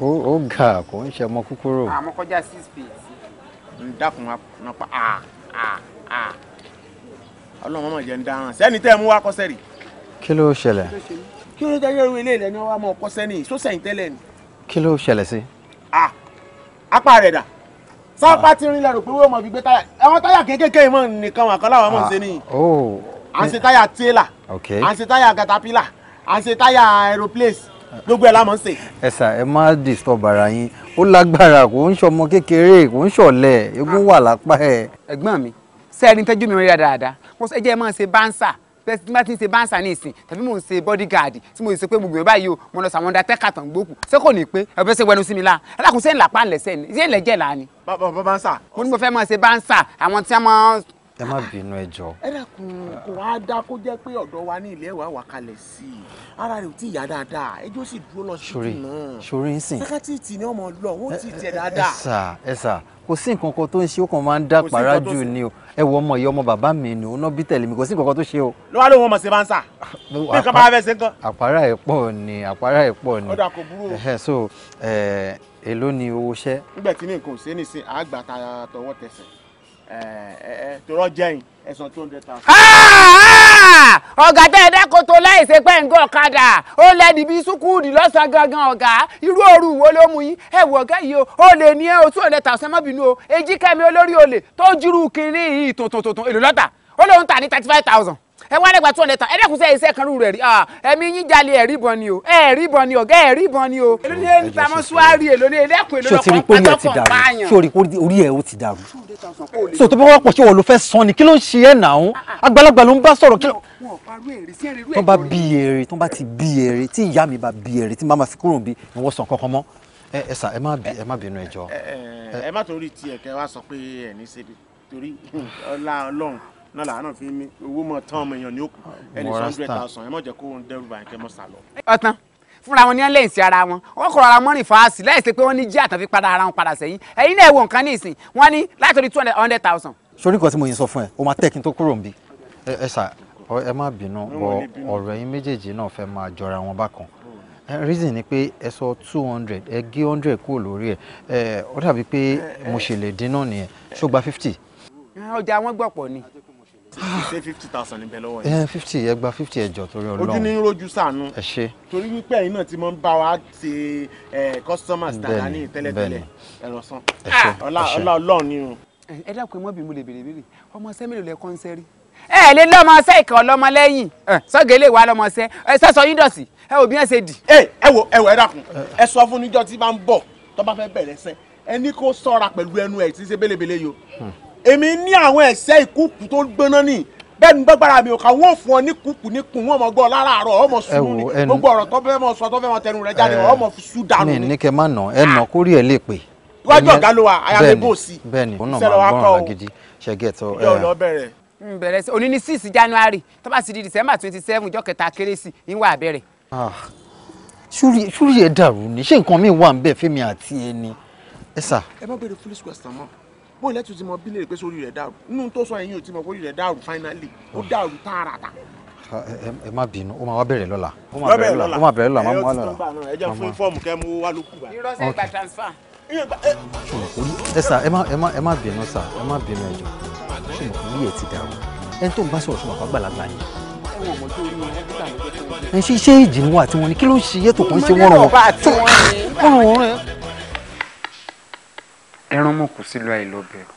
o ga kò ń ṣe ọmọ kúkúrò. àmọ́ ah, kọjá six feet ń dákun wọn pa a ah, a ah, a ọlọ́run mọ̀mọ́ jẹ́ ń dáràn sẹ́ni tẹ́ ẹ mú wá kọ́sẹ́ rì. kí ló ṣẹlẹ̀. kí ló jẹ́ yẹ́rù ilé ìlẹ́ni wa mọ̀ kọ́sẹ́ ni sọ́sẹ̀yìn tẹ́lẹ̀ ni. kí ló ṣẹlẹ̀ sí. a apá rẹ̀ dà sápá tí rin lẹ́rù pé wọ́n mọ̀ fi gbé táyà ẹ̀wọ̀n táyà kéékèèké mọ̀ nìkan wà kan láwọn mọ̀ ń ṣe nìyí. Oh. à ń ṣe táyà tírélà à ń ṣe táyà katapila à ń ṣe táyà aeroplace gbogbo ẹ̀ la máa ń ṣe. ẹ sà ẹ má disturb ara yín ó lágbára kò ń ṣọmọ kékeré kò ń ṣọ̀lẹ egun wà lápá ẹ. ẹ̀gbọ́n mi sẹ́ẹ̀rin tẹ́jú mi rí dáadáa mo sọ ẹ jẹ́ ẹ máa ṣe báńsà bẹ́ẹ̀ tí bá ti ń ṣe báńsà ní ìsìn tàbí mò ń ṣe bodyguard tí mo sì ṣe pé gbogbo ìbá yìí o mo lọ sàwọn undertaker tàn gbókù ṣé kò ní pé ẹ fẹ́ ṣe wẹnu sí mi la alákùnṣe ńlá pa ńlẹ̀ sẹ́ni ṣé ńlẹ̀ jẹ́ là ni. bàbá bàbá báńsà. mo ní mo fẹ́ máa ṣe báńsà àwọn tí wọ́n máa ẹ má bínú ẹ jọ. ẹ dàkún kò wá dá kó jẹ́ pé ọ̀dọ̀ wa ní ilé ẹ̀wà wà kalẹ̀ sí i ara rẹ̀ ò tí ì yá dáadáa ẹjọ́ sì dúró lọ sí ìdùnnú náà ṣòrí ń sìn. sákàtì tì ní ọmọ lọ wọ́n ti tẹ̀ dáadáa. ẹ sà kò sí nǹkan kan tó ń ṣe ó kàn máa ń dá pàrà jù ni o ẹ wo ọmọ ìyá ọmọ bàbá mi ni òun náà bí tẹ̀lé kò sí nǹkan kan tó ṣe o. lọ́wọ́ ló ń wọ́n mọ̀ sí bá ń sà bí nǹkan bá fẹ́ ṣe nǹkan. àpárá ẹ̀ pọ̀ ni àpárá ẹ̀ pọ̀ o. so èló ni owó iṣẹ́. nígbà tí ní nǹkan ò ṣe tòrọ jẹyìn ẹsàn tó ń dẹ ta. ọ̀gá tẹ́ ẹ dẹ́kun tó láì ṣe pẹ́ ǹgọ́ ọ̀kadà ó lẹ́ni bíi sùkúùdì lọ́sàn-án gangan ọ̀gá irú òru wo ló mú yín ẹ wọ̀ ọ̀gá yìí o ó lè ní ẹ o tún ọ̀lẹ́ta ọ̀sẹ̀ mọ́bìnú o èjì kẹ́mi olórí olè tó júrú kiri yìí tòtòtòtò èlò lọ́tà ó lóun tà ní thirty five thousand ẹ wá lẹ́gbàá two hundred thousand ẹ̀ẹ́dẹ́kùnsẹ́ iṣẹ́ kan rú rẹ̀ rí ah, ẹ̀mí yín jalè ẹ̀rí ìbọn ni o ẹ̀rí ìbọn ni ọ̀gá ẹ̀rí ìbọn ni o. èló ni ẹ̀ ń ta mọ́ṣúárì èló ni ẹ̀dẹ́kùn èló lọ́kọ̀ pátọ́kọ̀ báyàn. sori orí ẹ̀ ó ti dàrú so tó bá wà pọ̀ sí wọ́n ló fẹ́ sọ ni kí ló ń ṣe ẹ̀ nà án ah, ah. ló ń bá sọ̀rọ̀ kí mi bá bí èrè tí màmá fi kúrò bí ìwọ sàn kankan mọ́ ẹ ẹ sà ẹ má bí ẹ má bínú ẹ jọ. ẹ má torí tiẹ̀ kẹ́ ọlá ọlọ́run náà làwọn náà fi mí owó mọ̀ tán ọmọ èèyàn ní òkú ah, ẹni hundred thousand ẹ mọ̀ jẹ́ kó ń dẹ́rù bàyìn kẹ́ mọ̀ sà lọ. ọ̀tán fúnra wọn ní ẹ lẹ́yìn sí ara wọn wọn kọ̀rọ̀ ara mọ́rin fàásì láì ṣe pé wọ́n ní jí àtàn fi padà ara wọn padà sẹ́yìn ẹ̀yin náà wo nǹkan ní ìsìn wọ́n ní látọ̀rí two hundred thousand. sori kan tí mo yẹn sọ fún ẹ o máa tẹ́ kí n tó kúrò nbí. ẹ sà ẹ má bínú bọ ọ̀rọ̀ ẹ̀yin méjèèjì náà fẹ́ máa jọra wọn bákan reason ni pé ẹ sọ two hundred ẹ gé hundred kúrò lórí ẹ ọ dàbí pé mo ṣe lè dín náà nìyẹn ṣó gba fifty. ọjà wọn gbọ̀pọ̀ ni fifty thousand níbẹ̀ lọ́wọ́ yẹn. Eh, fifty ẹ gba fifty ẹjọ torí Ọlọ́run ojú ní rojú sànú. ẹ ṣe. torí wípé ẹ̀yin náà ti máa ń bá wa ṣe eh, customers dáadáa ní tẹ́lẹ̀tẹ́lẹ̀ ẹ̀rọ san. Ah, ọlá Ọlọ́run ni o. Eh, ẹ dákun ẹ mọ bí mo lè béèrè béèrè ọmọ sẹ́mi ló lẹ kọ́ ń sẹ́rí. ẹ ẹ lè lọ́mọọṣẹ́ ìkà ọlọ́mọ lẹ́yìn sọ́gẹ̀ ilé ìwà lọ́mọọṣẹ́ ẹ sọ́sọ yín dọ̀sí ẹ òbí ẹ ṣe dì. ẹ wo ẹ wo ẹ dákun ẹ sọ fún níjọ tí bá ń bọ̀ tó bá fẹ́ bẹ̀rẹ̀ sẹ́ ẹ ní kó sọ́ra pẹ̀lú ẹnu ẹ̀ tí èmi ní àwọn ẹ̀sẹ̀ ìkúùkù tó gbóná nìyí bẹ́ẹ̀ ni gbọ́gbára mi ò kà wọ́n fún ọ ní kùkù ní kùn wọ́n mọ̀ gbọ́ láràárọ̀ ọmọ sùúrù ni gbogbo ọ̀rọ̀ tó fẹ́ mọ sọ tó fẹ́ mọ tẹnu rẹ̀ jáde ọmọ sùúrù dànù ni. mi ní kẹ má nà ẹ nà kórè ẹ lè pè. iwájú ọ̀gá ló wà ayáwó bò sí. bẹ́ẹ̀ni òun náà máa gbọ́n ọ̀rọ̀ gidi ṣẹ́gẹ̀ tó. yóò lọ bẹ̀rẹ̀. n bẹ̀rẹ̀ sí òní ní six january tó bá sì di december twenty seven ọjọ́ kẹta kérésì ń wà bẹ̀rẹ̀. ṣúrí ah. ẹ dàrú ni ṣé nǹkan mi wà ń bẹ̀ fẹ́mi àti ẹni ẹ sà. ẹ má gbèrè fúlùsù bóyá lẹ́tù ti mọ bílẹ̀ pé sórí rẹ̀ dàrú nínú tó sọ ẹ̀yìn ò ti mọ bórí rẹ̀ dàrú finally ó dàrú tààràtà. ẹ má bínú ó máa wá bẹ̀rẹ̀ lọ́la ó máa bẹ̀rẹ̀ lọ́la ó máa bẹ̀rẹ̀ lọ́la máa mú wá lọ́la. ẹ jẹ́ fún fọ́ọ̀mù kẹ́ mú wá lókù bá. irọ́sẹ̀ ẹ sà ẹ má ẹ má ẹ má bínú sà ẹ má bínú ẹ jọ ṣùgbọ́n orí ẹ ti dàrú ẹni tó ń bá sọ̀rọ̀ ṣùgbọ́n àgbàlagbà ni ẹ ṣe iṣẹ́ ìjìnwá àti ni kí ló ń ṣe yẹ́tò kan ṣe wọ́n rọ̀ wọ́n rọ̀ wọ́n rẹ̀ ẹran mọ̀ kò sílùú àìlọ́bẹ̀ o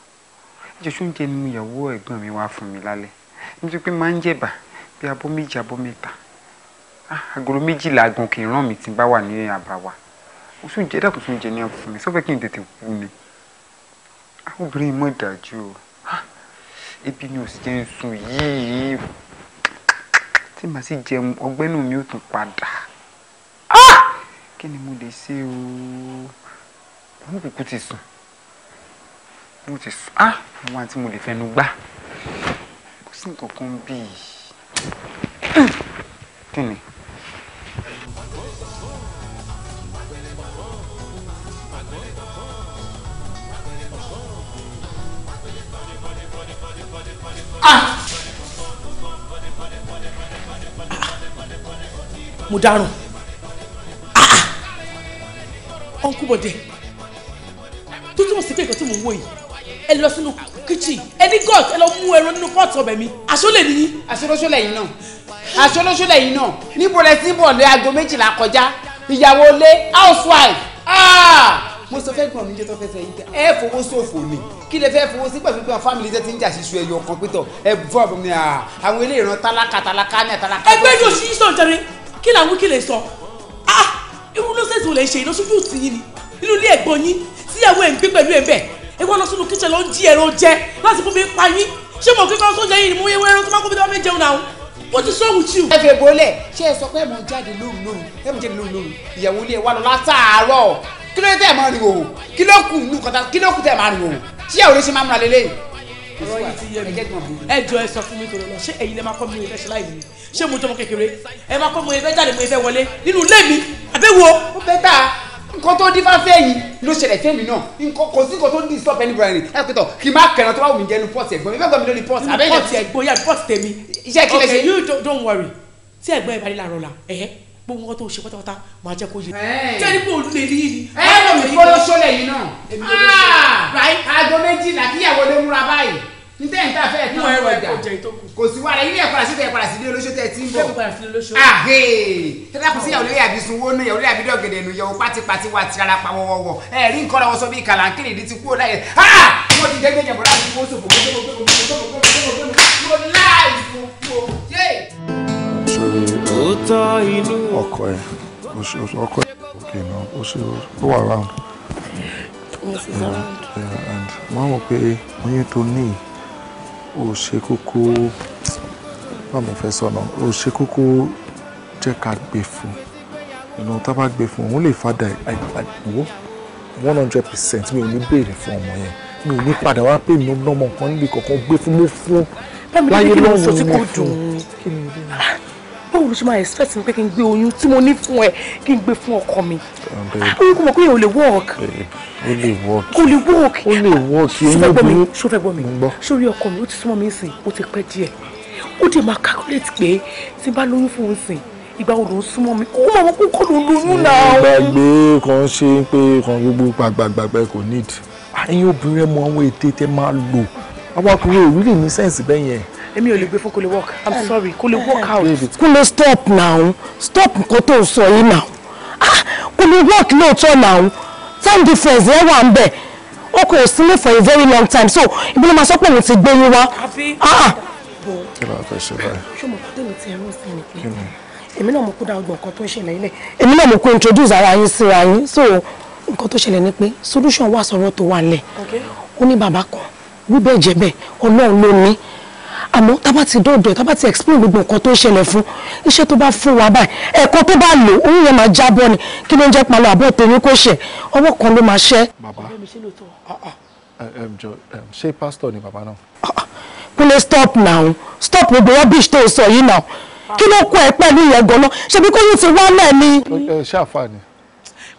ẹjọ́ sóúnjẹ ni ìyàwó ẹ̀gbọ́n mi wá fún mi lálẹ́ nítorí pé máa ń jẹ̀bà bí abọ́ méjì abọ́ mẹ́ta ah, agolo méjìlá gan kì í ràn mí tí n bá wà ní àbáwá ó sóúnjẹ dàpọ̀ sóúnjẹ ní ọ̀fun mi sọ́fẹ́ kí n tètè kú ni ah, obìnrin mọ̀ dájú o ah, ebi ni ò sì jẹ́ ń sùn yìí tí màá sì jẹun ọgbẹ́ náà mi ò tún padà kí ni mo lè ṣe o òun kúkú ti sùn mo ti sọ ah àwọn àti mo lè fẹnu gbá kò sí nǹkan kan bíi kí ni. Ah! mo dárùn ọ̀nkú bọ̀dẹ̀ tó túmọ̀ sí pé nǹkan tí mò ń wò yìí ẹ lọ sínú kitchen ẹni god ẹ lọ mú ẹran nínú pot ọbẹ̀ mi àṣọlẹ̀ nìyí. àṣọlọ́ṣọlẹ̀ yìí náà àṣọlọ́ṣọlẹ̀ yìí náà níbo lẹ ti bọ̀ lé aago méjìlá kọjá ìyàwó lé housewife ah! mo sọ fẹ́ gbọ́n mi jẹ́ tó fẹ́ fẹ́ yín tẹ ẹ fowó ṣòfò ni kí lè fẹ́ fowó sí pẹ̀lú pé family tẹ́ ti ń jà ṣíṣu ẹyọ kan pé tọ̀ ẹ fọ́ ọ̀bùn mi ah, àwọn ilé ìran tálákà tálákà ní àtàlákà. ẹgbẹ́ ní oṣù yìí ìwọ lọ sínú kíchìn lọ ń jí ẹ̀rọ jẹ láti fún mi pa yín ṣé mo kíkọ́ tó jẹ yìí ni mo ẹran tó má kó mi tó má mi jẹun náà wọ́n ti sọ́ọ̀wù tí o. ẹ fẹ́ bolẹ̀ ṣé sọ pé mo jáde lóru lóru ẹ mo jáde lóru lóru ìyàwó ilé wa lọ látàárọ̀ kí ló tẹ̀ ẹ máa rìn òwò kí ló kù nù kọ́tà kí ló kù tẹ̀ ẹ máa rìn òwò tí ìyàwó ilé ṣe máa múra lélẹ̀ ẹ jọ ẹ sọ fún mi tòrò ṣé ẹ̀yin lè máa kọ́ mi ìfẹ́ ṣe láì mi ṣé mo jọmọ kékeré ẹ máa kọ́ mi ìfẹ́ jáde mo ìfẹ́ wọlé nínú ilé mi àbẹ́wò. ó bẹ́ tà nǹkan tó dín fáfẹ́ yìí ló ṣẹlẹ̀ fẹ́mi náà nǹkan kò sí nǹkan tó dín stop anybody rìn ẹ pẹ́tọ̀ kì í má kẹ̀ràn tó bá wù mí jẹnu pọ́ọ̀sì ẹ̀gbọ́n mi fẹ́ gbọ́ mi lórí pọ́ọ̀sì abẹ́yẹ pọ́ọ̀sì ẹ̀gbọ́n yà pọ́ọ̀sì tèmi iṣẹ́ kí ṣe. okay you don't, don't worry tí ẹ̀gbọ́n ìbàdí làárọ̀ là ẹ̀hẹ́ gbogbo nǹkan tó ṣe pátápátá máa jẹ́ kó yé. jẹ́ni pé olú lè rí i ni. ẹ ẹ lọ mi fọlọ́ṣọ́lẹ̀ yìí ní tẹ́yìn tá a fẹ́ kí wọ́n kò sí wàrà ilé ẹ̀kọ́ àti ìtẹ̀yẹ̀ padà sí ilé olóṣó tẹ̀ tí ń bọ̀ àhè tẹ́lá kò sí ìyàwó lórí àbí sunwó náà ìyàwó lórí àbí dọ̀gẹ̀dẹ̀ nù yẹ̀wò pátipáti wà tìrara pa wọ́wọ́wọ́ ẹ̀ rí nǹkan lọ́wọ́ sọ bí kàlàkìrì ìdí ti kú ọ̀dà yẹn ha wọ́n ti dẹ́gbẹ́ jẹ̀bọ̀ láti kó sòfò ọkọ ẹ o ṣe ọkọ ẹ òkè náà o ṣe ó wà round. mrs around. yeah and wọ́n uh, mọ̀ pé oyún tó níyì ó ṣe kókó báwo mo fẹ́ sọ̀nà ó ṣe kókó jẹ́ ká gbé fún ìnà tá a bá gbé fún òun lè fàdà àìwọ́ one hundred percent mi ò ní béèrè fún ọmọ yẹn mi ò ní padà wá pé mi ò lọ́mọ kan níbi kankan gbé fún mo fún láyé lọ́run mi fún báwo ló ṣe máa expect mi pé kí n gbé oyún tí mo ní fún ẹ kí n gbé fún ọkọ mi oyún kò mọ̀ pé o lè work o lè work o lè work o lè work ṣó fẹ́ gbọ́ mi ṣó rí ọkọ mi ó ti súnmọ́ mi sìn ó ti pẹ́ díẹ̀ ó dẹ̀ máa calculate pé tí n bá lóyún fún un sìn ìgbà wo ló ń súnmọ́ mi ó máa pé kọ́ ló ń lóyún náà. ìgbàgbé kan ṣe pé kan gbogbo gbàgbàgbà kò need ẹ̀yin obìnrin mọ àwọn ète tẹ máa lò awakùnrin ò èmi ò lè gbé fún kò lè work i'm sorry kò lè work out. kúlẹ̀ stop now stop nǹkan tó sọ yìí now ah, kò lè work lóòótọ́ now time difference yẹn wà ń bẹ̀ ó kò sí ní for a very long time so ibi ló máa sọ pé òun ti gbé yín wá. Ah! kí ló fẹ́ ṣe báyìí. ṣùgbọ́n tèmi ti ẹ̀rọ sí ni pé èmi náà mo kó dá ọgbọ̀n nǹkan tó ń ṣẹlẹ̀ ilẹ̀ èmi náà mo kó introduce ara yín síra yín so nǹkan tó ṣẹlẹ̀ ni pé solution wà sọ̀rọ̀ tó wà lẹ̀ ó ní bàbá kan wíbẹ̀ jẹ́ bẹ́ẹ̀ ọlọ́run ló ní àmọ́ tábà ti dọ̀dọ̀ ẹ̀ tábà ti explain gbogbo nǹkan tó ń ṣẹlẹ̀ fún iṣẹ́ tó bá fún wa báyìí ẹ̀kọ́ tó bá lò ó yẹn máa jábọ́ ni kí ló ń jẹ́ palọ̀ àbọ̀ tèmi kò ṣẹ̀ ọwọ́ kan ló máa ṣẹ́. bàbá ah, ah. ṣé pásítọ̀ ni bàbá náà. Ah, kúnlẹ̀ stop now stop gbogbo rubbish tó sọ yìí now kí ló kọ ẹ pẹ̀lú ìyẹn gan-an ṣebí kó yóò ti wá náà ni. ṣé àfààní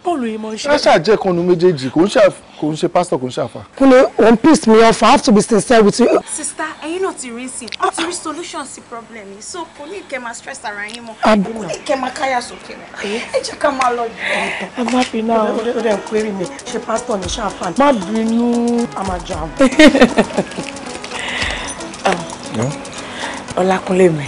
bọ́ọ̀lù yìí mọ ẹ ṣàjẹ́ kan nu méjèèjì kò ń ṣe kò ń ṣe pastor kò ń ṣàfà. Kúnlé one piece mi off I have to be sincere with you. Sista ẹyin náà ti rí sí ó ti rí solution sí problem yìí so kò ní kẹ́ máa stress ara yín mọ́ kò ní kẹ́ máa káyà sókè rẹ̀ eh? ẹ jẹ́ ká máa lọ. I'm happy now ó dẹ̀ ń query mi ṣe pastor ní ṣàfà má bínú àmàjà. Ah. Ọlákúnlé mi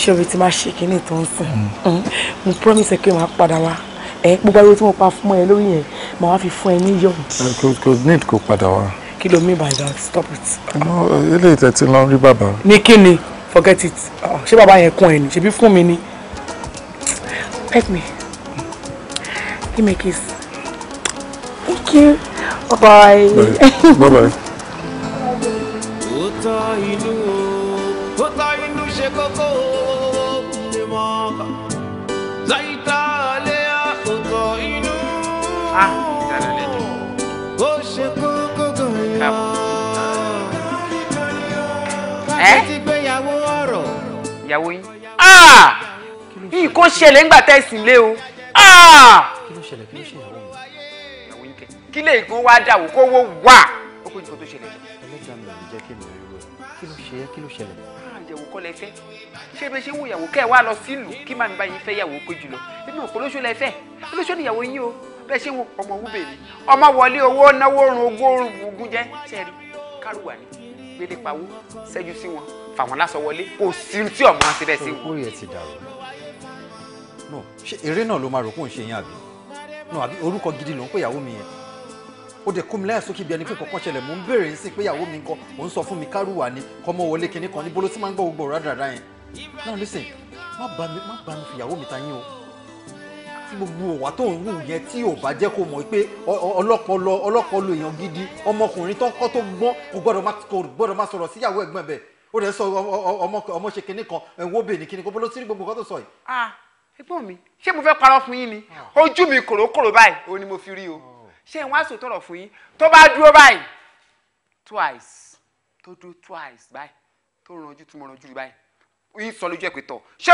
ṣé omi ti máa ṣe kínní tó ń sìn mm. Mm. mo promise pé màá padà wá ẹ gbogbo ariwo tí mo pa fún ẹ lórí yẹn màá wá fi fún ẹ ní yọ̀ǹdì. kò need kò padà wá. kí ló mean by that stop it. no eléyìí tẹ ti lọ rí bàbá. ní kí ni forget it ah, ṣé bàbá yẹn kún ẹ ni ṣebí fún mi ni. pet me give me a kiss thank you bye bye. bye bye. Ah, ó ṣe kókó gan yàn. ẹ ti gbéyàwó ọ̀rọ̀. ìyàwó yín. Ah! nǹkan ṣẹlẹ̀ ńgbà tẹ́ sì lé o. Ah! kí ló ṣẹlẹ̀ kí ló ṣe ìyàwó mi. ìyàwó yín kẹ. kí lè gbó wá dà wò kó wó wà. ó kó nǹkan tó ṣẹlẹ̀. ẹlẹ́dàá mi ò ní jẹ́ kí èmi rí rẹ̀ kí ló ṣe é kí ló ṣẹlẹ̀. ìyàwó kọ́ lẹ fẹ́ ṣé bí ṣe ń ìyàwó kẹ́ ẹ wá lọ sílùú kí màmí bá fẹ́ ìyàwó pé jùlọ nínú òpó lóṣù lẹ fẹ́ olóṣù ni ìyàwó yín o bẹ́ẹ̀ ṣé wọn ọmọ wúbè ni ọmọ wọlé owó náwó run ogó ogun jẹ́ sẹ́ẹ̀rì kárùwà ni gbélé pawó ṣẹ́jú sí wọn fàwọn lásọ wọlé kò sí tí ọmọ ti rẹ̀ sí wọn. orí ẹ ti dàrú no ṣe eré náà ló máa rò kó ń ṣe yẹn àbí no àbí orúkọ gidi ló ń pè ìyàwó mi yẹn ó dẹ̀ kó mi láyà sókè bí ẹni pé kankan ṣẹlẹ̀ mò ń béèrè ń sìn pé ìyàwó mi nǹkan ò sọ fún mi kárùwà ni kọ́mọ wọlé kinní kan níbo ló ti máa ń gbọ́ gbogbo rádàrá yẹn now listen má bá mi má bá mi fìyàwó mi ta yín o tí gbogbo ọ̀wá tó ń wù yẹn tí ò bá jẹ́ kó mọ̀ pé ọlọ́pọlọ ọlọ́pọlọ èèyàn gidi ọmọkùnrin tó kọ́ tó gbọ́n kò gbọ́dọ̀ má sọ̀rọ̀ síyàwó ẹ̀gbọ́n bẹ̀ ó dẹ̀ sọ ọmọ ṣe kinní kan ẹ̀wọ́ bèèrè kinní kan bó gbogbo nǹkan tó sọ yìí. ah ẹ̀gbọ́n mi ṣé mo fẹ́ parọ́ fún yín ni ojú mi kòrókòrò báyìí òun ni mo fi rí o ṣé wọn á sòtọrọ fún yín tó bá dúró báyìí twice tó dúró twice báyìí tó ranjú tó mọ ranjú báyìí yín sọ lójú ẹ pé tọ ṣé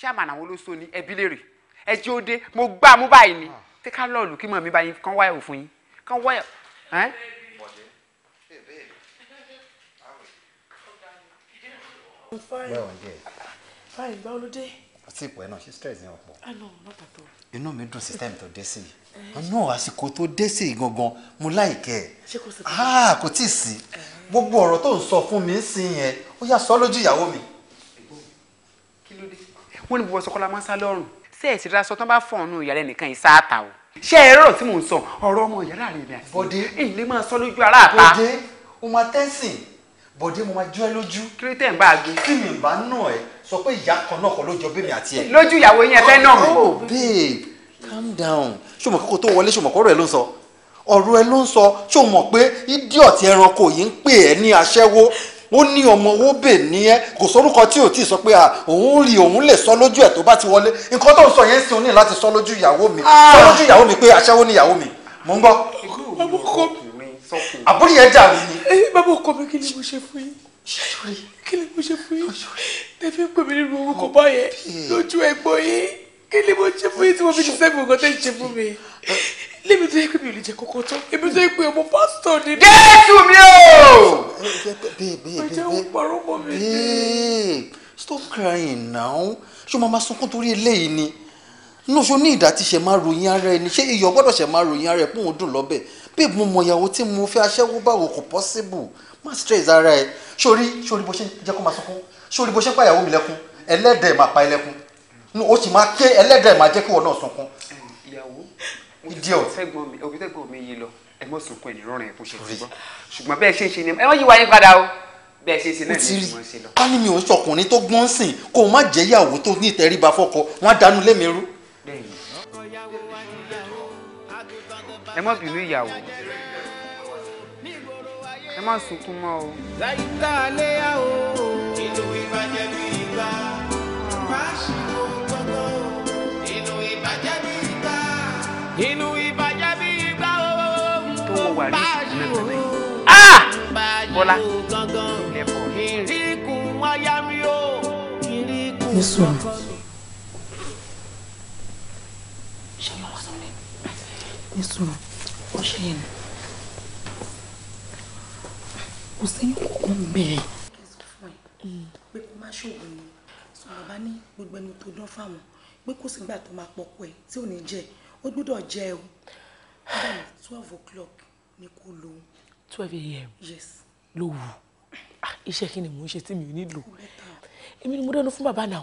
chairman àwọn olóso ni ẹbí lèrè ẹ jí ó dé mo gbá mú báyìí ni tí ká lọ́ọ̀lù kí mọ̀ mi báyìí kán wáyà òfin yín kán wáyà ẹ́. gba olóde. àti ipò ẹ náà ṣe stress ní ọ̀pọ̀. Ah, inú mi dùn system tó dé sí i eh? inú ah, àsìkò tó dé sí i gangan mo láìkẹ́ ẹ̀ kò tí ì sí ah, eh? gbogbo ọ̀rọ̀ tó ń sọ fún mi ń sin yẹn ó yá sọ lójú ìyàwó mi wọ́n ní bùbọ́ sọkọ́lá máa ń sá lọ́rùn ṣé ẹ̀ sì ra aṣọ tán bá fọ̀ ọ̀nù ìyàrá ẹnìkan yìí sáàtà o. ṣé ẹ rọ̀ tí mò ń sọ ọ̀rọ̀ ọmọ ìyàrá rẹ̀ ni àti bọ́dé èyí lè máa sọ lójú ara àta. bọ́dé o máa tẹ́sìn bọ́dé mo máa jọ́ ẹ lójú. kírítẹ̀ ń bá a gbé. tí mi bá nà ẹ sọ pé ìyá kan náà kọ ló jọ bẹ́ẹ̀ mi àti ẹ. lójú ìyàwó yẹn fẹ́ nà mí. oh babe calm down ṣòmọ̀ kókó tó wọlé ṣòmọ̀ kọ́rọ̀ ẹ ló ń sọ ọ̀rọ̀ ẹ ló ń sọ ṣòmọ̀ pé idiot ẹranko yìí ń pè ẹ ní aṣẹ́wó ó ní ọmọ owó bè ní ẹ kò sórúkọ tí ò tí ì sọ pé òun rí òun lè sọ lójú ẹ tó bá ti wọlé nǹkan tó ń sọ yẹn sì ń ní láti sọ lójú ìyàwó mi ah. sọ lójú ìyàwó mi pé aṣẹ́wó ni ìyàwó mi mò ń gbọ́. àbúrò yẹn dàrú ni. bàbá ọkọ mi kí ni mo ṣe fún yín kí ni mo ṣe fún yín tẹfí pè mí nínú orúkọ báyẹn lójú ẹ̀gbọ́n yín kí ni mo ṣe fún yín tí mo fi ṣiṣẹ́ ṣe fún mi lébi tó yẹ pé mi ò lè jẹ kókó tán èmi tó yẹ pé ọmọ pásítọ̀ ni. jésù mi o. ẹjẹ ń parọ́ mọ́ mi. stop crying now ṣé o máa ma sunkún torí eléyìí ni inú ṣo ní ìdá tí ṣe máa ròyìn ara ẹni ṣé iyọ̀ gbọ́dọ̀ ṣe máa ròyìn ara ẹ̀ pé òun dùn lọ́bẹ̀ bí mo mọ ìyàwó tí mo fẹ́ aṣẹ́wó báwo kò possible má stress ara ẹ̀ sórí sórí bó ṣe jẹ́ kó máa sunkún sórí bó ṣe pàyàwó mi lẹ́kún ẹlẹ́dẹ̀ẹ́ máa pa ẹlẹ́kún ó sì máa ké ẹlẹ́dẹ̀ẹ́ máa jẹ́ kí wọ́n náà sunkún idiot. òbí tẹ́gbọ̀n mi yìí lọ ẹ mọ̀ sunkún ẹ̀ ní rọrùn ẹ̀kún ṣe ti gbọ́ ṣùgbọ́n bẹ́ẹ̀ ṣe ń ṣe ni ẹ mọ̀ yí wáyé padà o bẹ́ẹ̀ ṣe ń ṣe náà ni mo ṣe lọ. ká ní mi ò sọkùnrin tó gbọ́n sìn kó o má jẹ́ ìyàwó tó ní ìtẹríba fọ́kọ wọn á dánú lémi rú. ẹ má bínú ìyàwó ẹ má sunkún mọ́ o. láyé tá a lé yà o. ìlú ìbàjẹ́ bí ibà máa ṣe. inú ìbàjẹ́ bí igbá owó bá ṣù bọ́lá ìrìkùn wáyà mi ò ìrìkùn kọ́kọ́. Nisuru, ó ṣe yẹn nù. Kò sẹ́yìn kọ̀ọ̀kan bẹ̀rẹ̀. Mm. Pé kó má ṣòwò ni. Sọ̀rọ̀ bá ní gbogbo ẹni tó dán fáwọn. Pé kò sígbà tó máa pọ̀kọ ẹ̀ tí ò ní jẹ́ ẹ̀ ó gbọ́dọ̀ jẹ́ o twelve o'clock ni kò lóhun. twelve a.m. yes. ló wù ah, iṣẹ́ kí ni mò ń ṣe tí mi ò nílò èmi ni mo dáná fún bàbá náà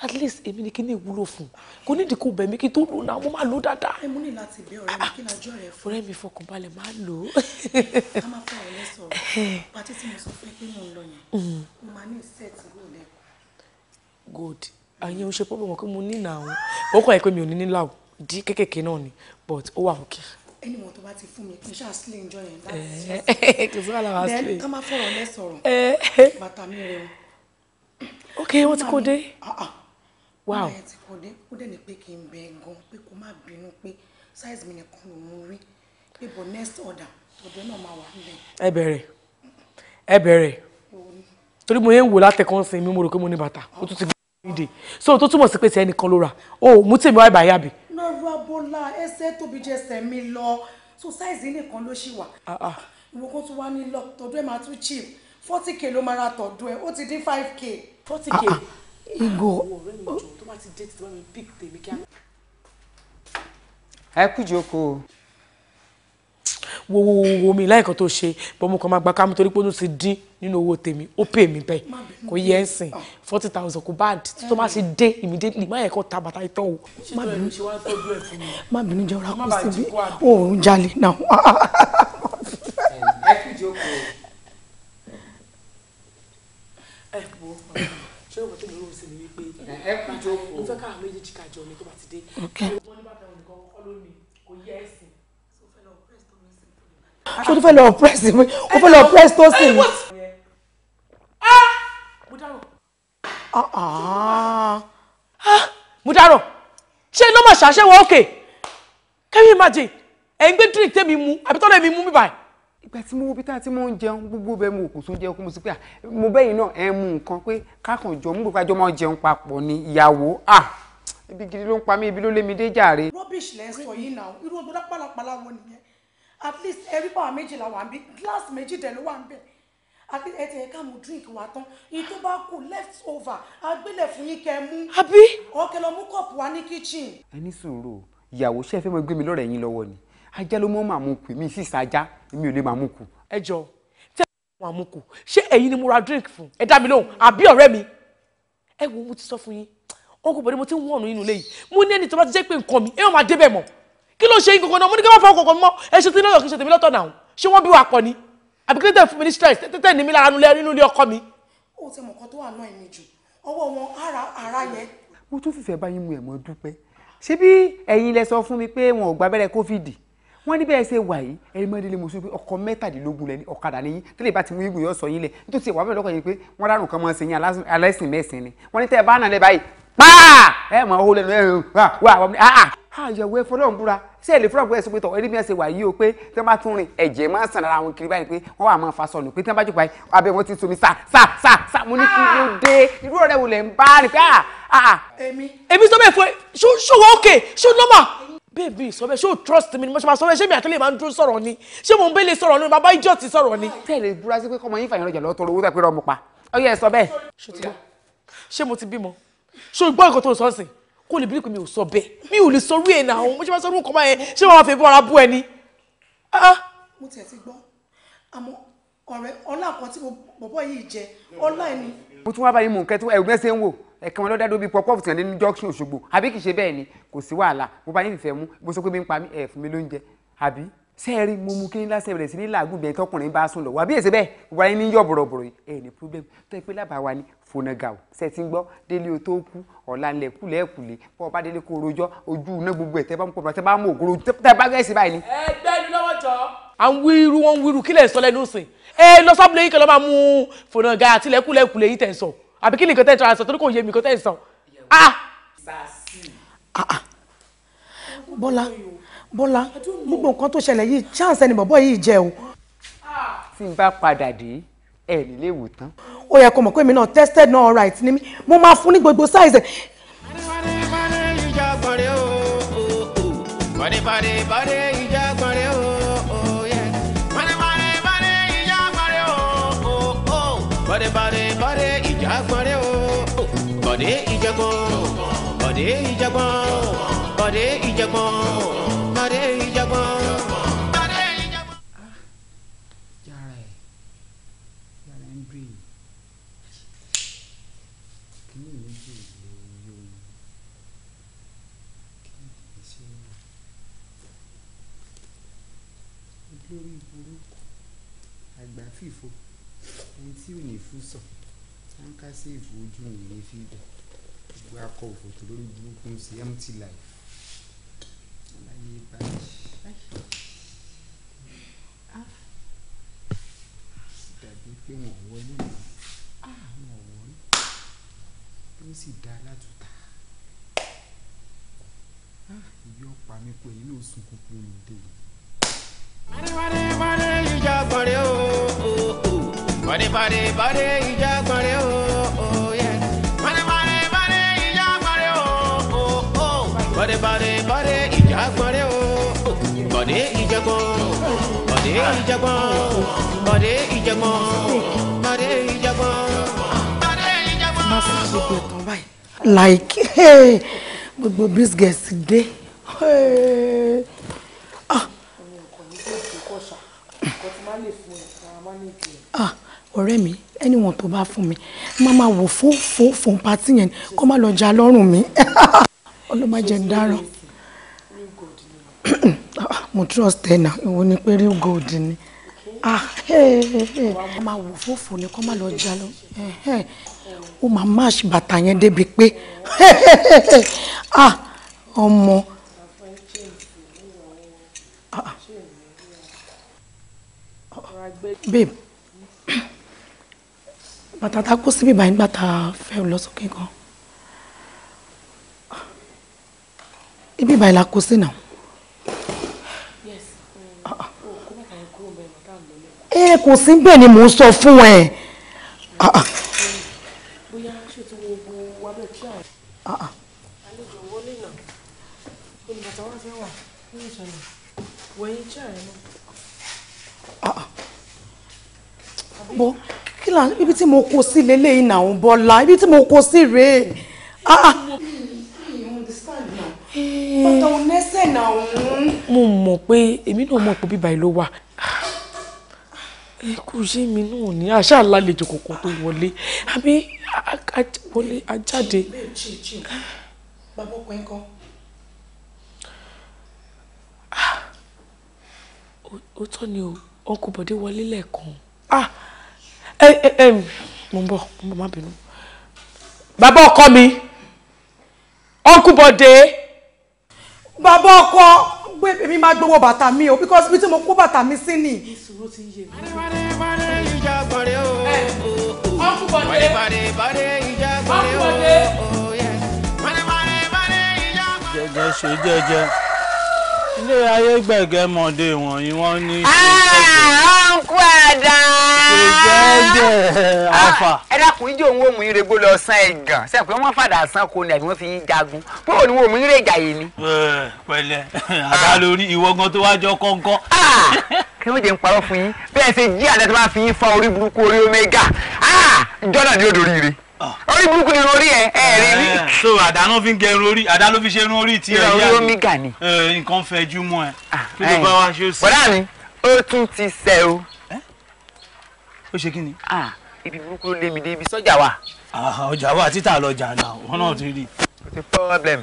at least èmi ni kí ni ìwúlò fún kò nídìí kó bẹ̀ mí kí tó lò náà mo máa lò dáadáa. ẹ mú ní láti bẹ ọ̀rẹ́ mi kí lájọ rẹ fún. ọ̀rẹ́ mi fọkànbalẹ̀ máa lò ó. a máa fọ ọ̀rẹ́ sọ̀rọ̀ pàtí tí mo sọ fún ẹ pé mo ń lọ yẹn mm. mo máa ní sẹ́ẹ̀tì rò good àyẹ̀wò ṣe pọ́pọ́ mọ̀ pé mo ní ìnà àwọn ó kọ́ ẹ pé mi ò ní nílò àwọn dí kékèké náà ni but ó wà òkè. ẹnìwọ̀n tó bá ti fún mi kì í ṣáà sílé ìjọ yẹn láti ṣe kì í sábà làwọn sílé bẹ́ẹ̀ ká má fọ̀rọ̀ lẹ́sọ̀rọ̀ eh. bàtà mi rẹ̀ o. ok wọ́n ti kó dé. Ah, ah. wow wọ́n ti kó dé ó dẹ̀ ní pé kí n bẹ gan pé kó má bínú pé size mi nìkan ló mú rí pé but next order ọ̀dọ́ náà máa wà nílẹ̀. ẹ bẹ̀rẹ̀ ẹ bẹ̀rẹ̀ torí mo yẹn ń wò látẹ̀kọ́ sí mi mo rò pé mo ní bàtà ó tún ti gbé ìdè so tó túmọ̀ sí pé tí ẹnìkan ló rà ó mú tèmi wá ìbáyà bìí lọ́rọ̀ abọ́lá ẹsẹ̀ tóbi jẹsẹ̀ mi lọ so size nìkan ló ṣì wà ah, ah. ìwọ kan tún wá ní lọ tọdún ẹ máa tún cheap forty k ló máa ra tọdún ẹ ó ti dín five k forty k. Ah, igo ẹ kú wo wo wo wo mi láìkan tó ṣe bọ́ mo kàn máa gba kámú torí pé ó ti dín nínú owó tèmi ó pè mí bẹ́ẹ̀ kò yẹ ẹ́ sìn ah. forty thousand kò bá tó má ṣe dé immediately má yẹ kó ta bàtà ìtọ́ o má bínú má bínú jẹ́ ọ̀rá kó síbi òun jalè náà. ẹ kú ṣé o tún fẹ́ lọ press mi o fẹ́ lọ press tó sì mi. Ah! Ah, ah. Mudaro ṣé iná mà ṣàṣẹ wọ òkè can you imagine ẹ̀ ń gbé drink tẹ́mi mu àbí tọ́lẹ̀ mi mú mi báyìí. ìgbà tí mo wo bí tá a ti mọ ń jẹun gbogbo bẹ́ẹ̀ mo kò tún jẹun kó mo sì pé mo bẹ́yìn náà ẹ̀ ń mu nǹkan pé kákan jọ mú gbàgbọ́ máa jẹun papọ̀ ni ìyàwó ibi gidi ló ń pa mí ibi ló lé mi dé jàre. rubbish lẹ́sọ̀ yìí náà irú ọgbọ́dá pàlàpàlà wo nìyẹn at least ẹrí pàwọn méjìlá wà ń bí glass méjì dẹ̀ ló wà ń bẹ̀ àti ẹtì ẹ̀ka mu drink wa tán èyí tó bá kù left over agbélẹ̀ fún yín kẹ́ mú. àbí. ọkẹ lọ mú kọ́ọ̀pù wá ní kitchen. ẹ ní sùúrù ìyàwó ṣe é fẹ́ mọ gbé mi lọ́rọ̀ ẹ̀yìn lọ́wọ́ ni ajá ló mọ́ màmú kù mi sì sájà mi ò lè màmú kù. ẹ jọ tẹ àwọn àmúkù ṣé ẹ̀yin ni mo ra drink fún ẹ dá mi lóhùn àbí ọ̀rẹ́ mi. ẹ wo mo ti sọ fún yín ọkùnrin bọ̀dé mo ti ń wọ̀nù inú ilé yìí mo ní ẹni tó bá ti jẹ́ pé nǹkan mi ẹ má máa débẹ̀ mọ́ kí ló ṣe ìkòkò náà mo ní kí wọ́n fọwọ́ kòkò mọ́ ẹ ṣe tí lọ́yọ̀ kí ṣe tèmi lọ́tọ̀ náà ṣé wọ́n bí wà pọ̀ ni àbí kí tẹ̀ fún mi ní stress tẹ́tẹ́ ní mi lára nulẹ̀ nínú ilé ọkọ mi. ó ti mọ̀kàn tó wà náà ẹ̀mí jù ọwọ́ wọn ara ara yẹn. mo tún fìfẹ́ bá yín mu ẹ̀mọ́ dúpẹ́ ṣé bí ẹ̀yin lẹ sọ fún mi pé wọn ò gbábẹ́rẹ́ kófíìdì wọ́n ní bẹ́ẹ̀ ṣe wà yìí ẹ̀yin mọ́ délé mo sọ pé ọkọ̀ mẹ́tàdínlógún lẹ́ni ọ̀kadà ni yín tẹ́lẹ̀ bá ti mú igun sọ yín lẹ̀ nítorí ìwà bẹ́ẹ̀ lọ́kàn yín pé wọ́n dárò kan mọ́ ṣe yín aláìsìn mẹ́sìn ni wọ́n ní tẹ́ ẹ bá nà lẹ́ báyìí pàà ẹ̀ mọ̀ ọ́ lẹ́nu ẹ̀ wà wà wà á àyẹ̀wò ẹ fọlọ́run búra ṣé ẹ lè búra ẹ sọ pé tọ̀ wà yìí o pé tí wọ́n bá tún rìn ẹ̀jẹ̀ máa sàn lára àwọn kiri báyìí pé wọ́n wà máa fa sọnù pé tí wọ́n bá jù báyìí abẹ́ wọn ti somi sà sà sà sà mo ní kí ah. ló dé irú ọ̀rẹ́ wo lẹ̀ ń bá rìn pé à ah, à. Ah, èmi èmi sọ bẹ́ẹ̀ fún ẹ ṣó wọ òkè ṣó nọ́mà bébì sọ bẹ́ẹ̀ ṣé o trust me. ni mo ṣe máa sọ bẹ́ẹ̀ ṣé mi àtúnlẹ̀ máa ń dúró sọ̀rọ̀ ni ṣé mo ń bẹ́ẹ̀ lè sọ̀rọ̀ ni bàbá ìjọ ti sọ̀rọ̀ ni. tẹ́lẹ̀ búra sí pé kọ́mọ yín fàyàn lọ́jà lọ́tọ́ owó tẹ̀ pé rọ́ọ̀mù pa ọyọ ẹ sọ bẹ́ẹ̀. ṣé mo ti bímọ ṣé o gbọ́ nǹkan tó ń sọ́ọ̀sìn kò lè bílíkù mi ò sọ bẹ́ẹ̀ mi ò lè sọ orí ẹ̀ náà àwọn ọmọ ṣe máa sọ orúkọ báyẹn ṣé wọn máa fẹ́ bọ́ ara bú ẹ ni. Ah, ah. mo tẹ̀ ti gbọ́ àmọ́ ọ̀rẹ́ ọlá kan tí bọ̀bọ̀ yìí jẹ ọlá ẹni. mo tún wá báyìí mò ń kẹ́tí ẹ̀rù mẹ́sẹ̀ ń wò ẹ̀kan lọ́dá dóbi pọpọ́ fìtàn nínú junction Òṣogbo àbí kì í ṣe bẹ́ẹ̀ ni kò sí wàhálà mo bá yín fìfẹ́ mú bó sọ pé mi ń pa mí ẹ̀ fún mi lóúnjẹ àbí sẹ́ẹ̀rí mo mú kíni lásán ìbẹ̀rẹ̀ sí ní làágùn bẹ́ẹ̀ tọkùnrin bá sùn lọ wà èsì bẹ́ẹ̀ wà ní yọ̀ bọ̀rọ̀bọ̀rọ̀ ẹ̀ ní problem tó ẹ pé lábàá wa ni fonagao ṣe ti ń gbọ́ délé o tó kú ọ̀la ńlẹ̀ kúlẹ̀ kùlé bọ́ ọba délé kó rojọ́ ojú iná gbogbo ẹ̀ tẹ́ bá ń pọ̀ tẹ́ bá ń mú ògoro tẹ́ bá gẹ̀ẹ́sì báyìí ni. ẹ gbẹ́ni lọ́wọ́ jọ. à ń wíru wọn ń wíru kílẹ̀ sọ lẹ́nu sìn ẹ lọ sábúlé yìí kẹ́ lọ́ máa mú fònàgà àtìlẹ̀ kúlẹ̀ yìí tẹ̀ sọ àbí kí nìkan tẹ̀ tọ́ àṣọ torí kò yé mi kò tẹ̀ ń sọ. Ah! Ah, ah. bọ́lá bọ́lá gbogbo nǹkan tó ṣẹlẹ̀ yìí chance ẹni bọ̀bọ́ yìí jẹ́ o. tí n bá ó yẹ kó mọ̀ pé mi náà tested náà alright ni mí mo máa fún ní gbogbo size ẹ̀. bọ̀dé bọ̀dé ìjà gbọ̀nrẹ́ o tí ò ní fún sàn táǹkàṣe ìfò ojú òun ní fi bẹ̀ gbogbo akọ òfò lórí burúkú ń ṣe empty life aláyé báyìí dàbí pé wọn wọlé mọ àwọn ọ̀wọ́ rí sì dá látúntà ah, ìbí ọ̀pá mi pé inú òsùn kúkú mi dé. wádé wádé wádé ìjà gbọ̀nrẹ́ o bọ́dé bọ́dé bọ́dé ìjà gbọ́dé o oh, oyè. Oh, bọ́dé bọ́dé bọ́dé ìjà gbọ́dé o oh, o o. bọ́dé bọ́dé bọ́dé ìjà gbọ́dé o. bọ́dé ìjẹ̀gbọ́n bọ́dé ìjẹ̀gbọ́n bọ́dé ìjẹ̀gbọ́n bọ́dé ìjẹ̀gbọ́n bọ́dé ìjẹ̀gbọ́n. má sì gbogbo ẹ̀tàn báyìí. like gbogbo brisgets dé. ọ̀rẹ́ mi anyone tó bá fún mi má máa wò fún fún fún pàtí yẹn kó má lọ jà lọ́rùn mi ọlọ́mọdé ń dáràn mo trust ẹ náà ìwọ ni pé real gold ni ah máa wò fún fún ni kó má lọ jà lọ eh, eh. ó máa mash bàtà yẹn débi pé ah ọmọ. Ah, ah. babe bàtà tá kó síbí báyìí nígbà tá a fẹ́ lọ sókè gan ibi báyìí la kó sí náà. ẹ kò sí bẹ́ẹ̀ ni mò ń sọ fún ẹ. Ah, ah. Ah, wẹ̀yìn chair náà. bó kí là ibi tí mo kó sí leléyìí nà ń bọ́lá ibi tí mo kó sí rèé. bàtà ah, ah. òun lẹ́sẹ̀ nà òun. mo mọ̀ pé èmi náà mọ̀ pé bíbá yìí ló wà ah, ikú ṣé mi náà ní àṣà àlálejò kọ̀ọ̀kan tó wọlé àbí wọlé ajáde. bàbá ọkọ ẹ kọ. ó tọ́ ni o ọkọ̀ bọ̀dé wọlé lẹ́ẹ̀kan ẹ ẹ ẹ mo ń bọ̀ mo bọ̀ má bínú bàbá ọkọ mi uncle Bọ̀dé. bàbá ọkọ pé èmi máa gbowó bàtà mi o because ibi tí mo kó bàtà mi sí ni. ìṣòro ti yé mi. uncle Bọ̀dé uncle Bọ̀dé. jẹjẹ ṣe jẹjẹ ilé ayé gbẹgẹ mọdé wọ̀nyí wọ́n ní. ọ̀nkú ah, ẹ̀dá jẹ́jẹ́ afa. Ah, ẹ dákun ijó òun òmù ire gbó lọ san ẹ̀gàn sẹ́yìn pé wọ́n fàdà san kò ní àbí wọ́n fi ń jagun pé òun òmù ire ìjà yìí ni. pẹ̀lẹ́ àdá lórí ìwọ gan tó wájọ kọ̀ọ̀kan. Ah! kí ló jẹ́ ń parọ́ fún yín bẹ́ẹ̀ ṣe jí àdá tó bá fi ń fa orí burúkú orí omega ah! jọ́nà ni ó dorí ire orí burúkú ni orí ẹ ẹ rí rí. Eh, so àdá ló fi ń gẹrun orí àdá ló fi ṣe irun orí tiẹ̀ yá mi eh, nǹkan fẹjú mọ́ ẹ kí ló bá wá ṣe ó sí. bọ́dà mi ó tún ti sẹ́ o ó ṣe kí ni. ibi burúkú ló lé mi dé ibi sọ́jà wa. ọjà wa títà lọjà náà wọn náà ti rí. o ti problem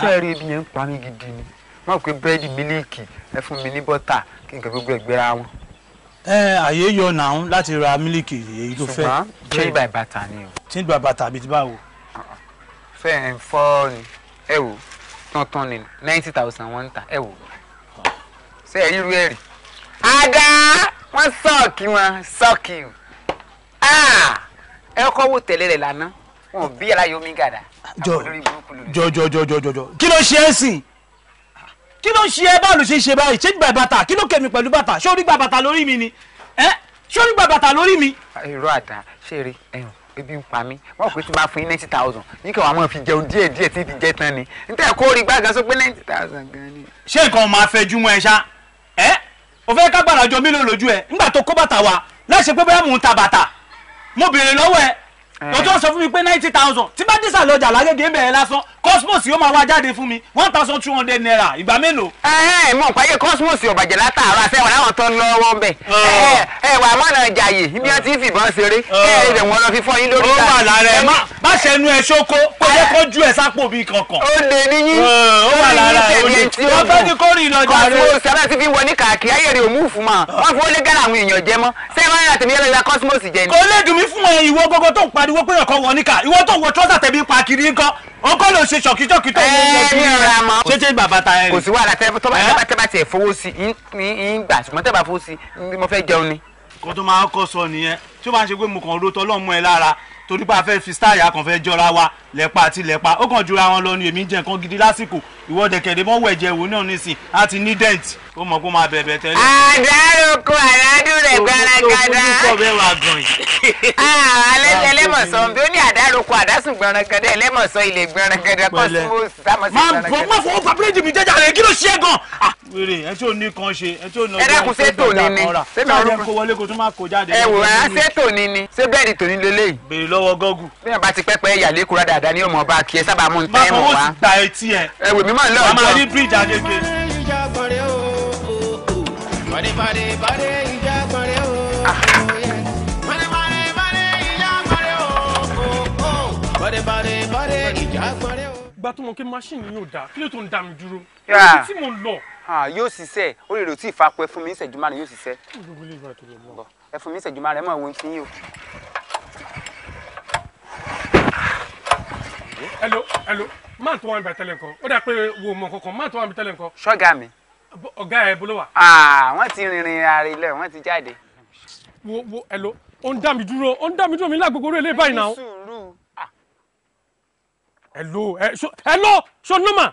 sẹ́ẹ̀rì ibi yẹn ń pa mí gidi ni má pé búrẹ́dì mílíìkì ẹ fún mi ní bọ́tà kí n kàn gbogbo ẹ̀gbẹ́ra wọn. ẹ àyè yọ nàún láti ra mílíìkì èyí tó fẹ́. ṣùgbọ́n change by bàtà ni o. change by bàtà àbí ti báwo. fẹ́ ẹ̀ ń fọ́ ẹ wò tọ̀ntàn ni ninety thousand one. ń tà ẹ wò ṣe é ẹ̀rì. ada wọ́n sọ́ọ̀kì wọn sọ́ọ̀kì o ah! ẹ kọ́ wò tẹ̀lé rẹ̀ lánàá wọn ò bí aláyọ̀ mi gàdá. jọ jọ jọ jọ jọ jọ kí ló ṣe é sìn kí ló ṣe é báwo ló ṣe ṣe báyìí ṣé gbà bàtà kí ló kẹ̀mí pẹ̀lú bàtà ṣé orí gbà bàtà lórí mi ni ṣé orí gbà bàtà lórí mi. irú àdá ṣeré ẹ̀hún ebi ń pa mí wọn kò tí máa fún yín ninety thousand yín kí wọn máa fi jẹun díẹ̀ díẹ̀ tí ti jẹ tán ni nítorí kó rí gbàgán sọ pé ninety thousand gan ni. ṣé nǹkan máa fẹjú mọ́ ẹ ṣá ẹ o fẹ́ ká gbàràjọ mílíọ̀nù lójú ẹ nígbà tó kó bàtà wa láṣẹ pé bóyá mò ń ta bàtà mo béèrè lọ́wọ́ ẹ o eh. tó sọ fún mi pé ninety thousand tí bá dísà lọ́jà lágége bẹ̀rẹ̀ lásán cosmos yóò máa wá jáde fún mi one thousand two hundred naira ìgbà mélòó. ẹ eh, ẹ mọ pàyẹ cosmos ò bàjẹ́ látàárọ̀ àfẹ́wọ̀n láwọn tó ń lọ wọn bẹ̀. ẹ oh. ẹ eh, wà á mọ̀nà jàyè ibi wọn ti ń fìbọn ṣeré ẹ ẹ rẹ̀ wọn lọ fi fọ́ yín lórí ta. ó wà lára ẹ má ṣẹnu ẹ ṣókó kó yẹ kó ju ẹ sápò bíi kankan. ó lè ní yín ó wà lára ẹ ó lè wọ́n fẹ́ ní kórì ìlọjà rẹ. cosmos ọlọ́run ti fi wọ ní kàkí ayé rẹ̀ ò mú fún ma wọ́n fowó lé gánà àwọn èèyàn jẹ mọ́ sẹ́yìn máa ń rà tèmi ni ariwo pé ọkọ wọ níkà ìwọ tó wọ trọ́sà tẹ̀bí pa kiri ńkọ́ ọkọ ló ṣe ṣọ̀kíṣọ̀kí tó wọ ọkọ mi ra mọ. ṣé tí bàbá ta ẹ. kò sí wàhálà tẹ́ bá tiẹ̀ fowó sí i ń gbà ṣùgbọ́n tẹ́ bá fowó sí i mo fẹ́ jẹun ni. kó tó máa kọ́ sọ nìyẹn tí ó bá ń ṣe pé mo kàn ro tọ́lọ́mọ ẹ lára torí pé a fẹ́ fi style akàn fẹ́ jọra wa lẹ́pa àti lẹ́pa ó kàn jura wọn lọ ni èmi ń jẹ nǹkan gidi lásìkò ìwọ dẹ̀kẹ̀dẹ̀ mọ́ wẹ̀jẹ̀ wò náà nísìn á ti ní dent ó mọ̀ kó máa bẹ̀bẹ̀ tẹ́lẹ̀. àdáròkọ àràdúrẹ̀ gbaragada. alẹ́sẹ̀ lẹ́mọ̀sọ bí ó ní àdáròkọ àdásùn gbọ̀nrangada ẹlẹ́mọ̀sọ ilẹ̀ gbọ̀nrangada kọ́sùmọ́sì sámọ̀sì gbọ̀nrangada. máa fọwọ́ fà bíréjì mi jẹ́jà rẹ̀ kí ló ṣe é gan-an wèrè ẹ tí ò ní kan ṣe ẹ tí ò ní ọjọ́ ìṣẹ́jú ṣé tòní ni ṣé bẹ́ẹ̀ ló kó wọlé kó tún máa kó jáde. ẹ wò á ṣé tòní ni ṣé bẹ́ẹ̀ ni tòní lélẹ́yìí. béèrè lọ́wọ́ gọ́gù. bí wọn bá ti pẹ́pẹ́ ìyàlẹ́ kura dáadáa ní ọmọ ọba kí ẹ sábà mú nǹkan ẹ̀mọ̀ wá. máa fọwọ́ sí gba etí ẹ. ẹ wò mí máa ń lọ ọjọ́. rí bíríìjì àdégbé. gbàtúmọ̀ kí máṣíìnì yóò dáa kí ló tó ń dá mi dúró. Ah. ibi tí mo lọ Ah, yóò ṣiṣẹ́ ó lè rò tí ìfapò ẹ fún mi ìṣẹ́jú márùn yóò ṣiṣẹ́ ẹ fún mi ìṣẹ́jú márùn ẹ mọ̀ ohun tí yín o. hello hello máa tó wà níbi àtẹlẹ nǹkan ó dà pé wo mọ kankan máa tó wà níbi àtẹlẹ nǹkan. ṣọ́gà mi. ọ̀gá ẹ̀ bolo wa. Ah, wọ́n ti rìnrìn ààrẹ ilẹ̀ wọ́n ti jáde. wo wo hello ó ń dá mi dúró ó ń dá mi dúró mi lágbègbè orí ilé báyìí náà. Ah. hello hello ṣo nọ́mà.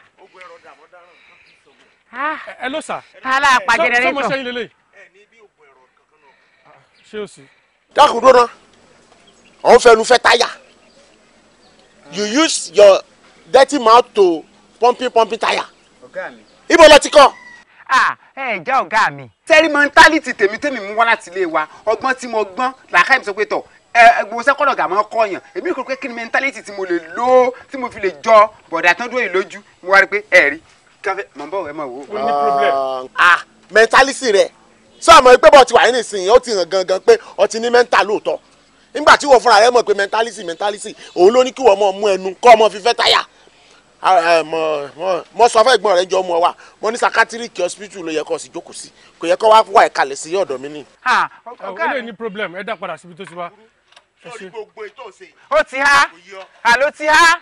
Ah. ẹ ló sà. ala pa jẹnẹrétọ sọmọ sẹyìn lélẹ. ṣé o sì. dákun dúró ọ̀n fẹnu fẹ́ táyà you use your dirty mouth to pumping pumping táyà ibo lọ ti kọ́. ah ẹ ẹ já ọ̀gá mi. sẹ́rí mọ́ńtálítì tèmi tèmi mú wá láti ilé wa ọgbọ́n tí mo gbọ́n làákàyè mi sọ pé tọ̀ gbogbo sẹ́kọ̀dọ̀ gà máa kọ̀yàn èmi kò pé kí ni mẹ́ńtálítì tí mo lè lò ó tí mo fi lè jọ bọ̀dà tán dúró yìí lójú mo wá rí i pé ẹ̀rí káfẹ́ màmá ọ̀rẹ́ máa wò. o ní problem. ah, ah mentality, rẹ sọ àmọ́ pé bọ́ọ̀ ti wà ní ìsìn ó ti hàn gangan pé ó ti ní mẹ́ńtà lóòótọ́ nígbà tí wọ́n fúnra rẹ mọ̀ pé mẹntálísì mẹntálísì òun ló ní kí wọ́n mọ̀ mú ẹnu kọ́ ọmọ fífẹ́ táyà ah, eh, mo sọ fún ẹ̀gbọ́n rẹ jọ ọmọ wa mo ní sakatiriki hospital ló yẹ kó o sì jókòó sí kò yẹ kó wá wà ìkàlẹ̀ sí ọ̀dọ̀ mi ni. Ah, ọ̀gá ẹ̀ ní problem ẹ dá padà síbi tó ti wá. sọ̀rí gbogbo ó ti há àló ti há.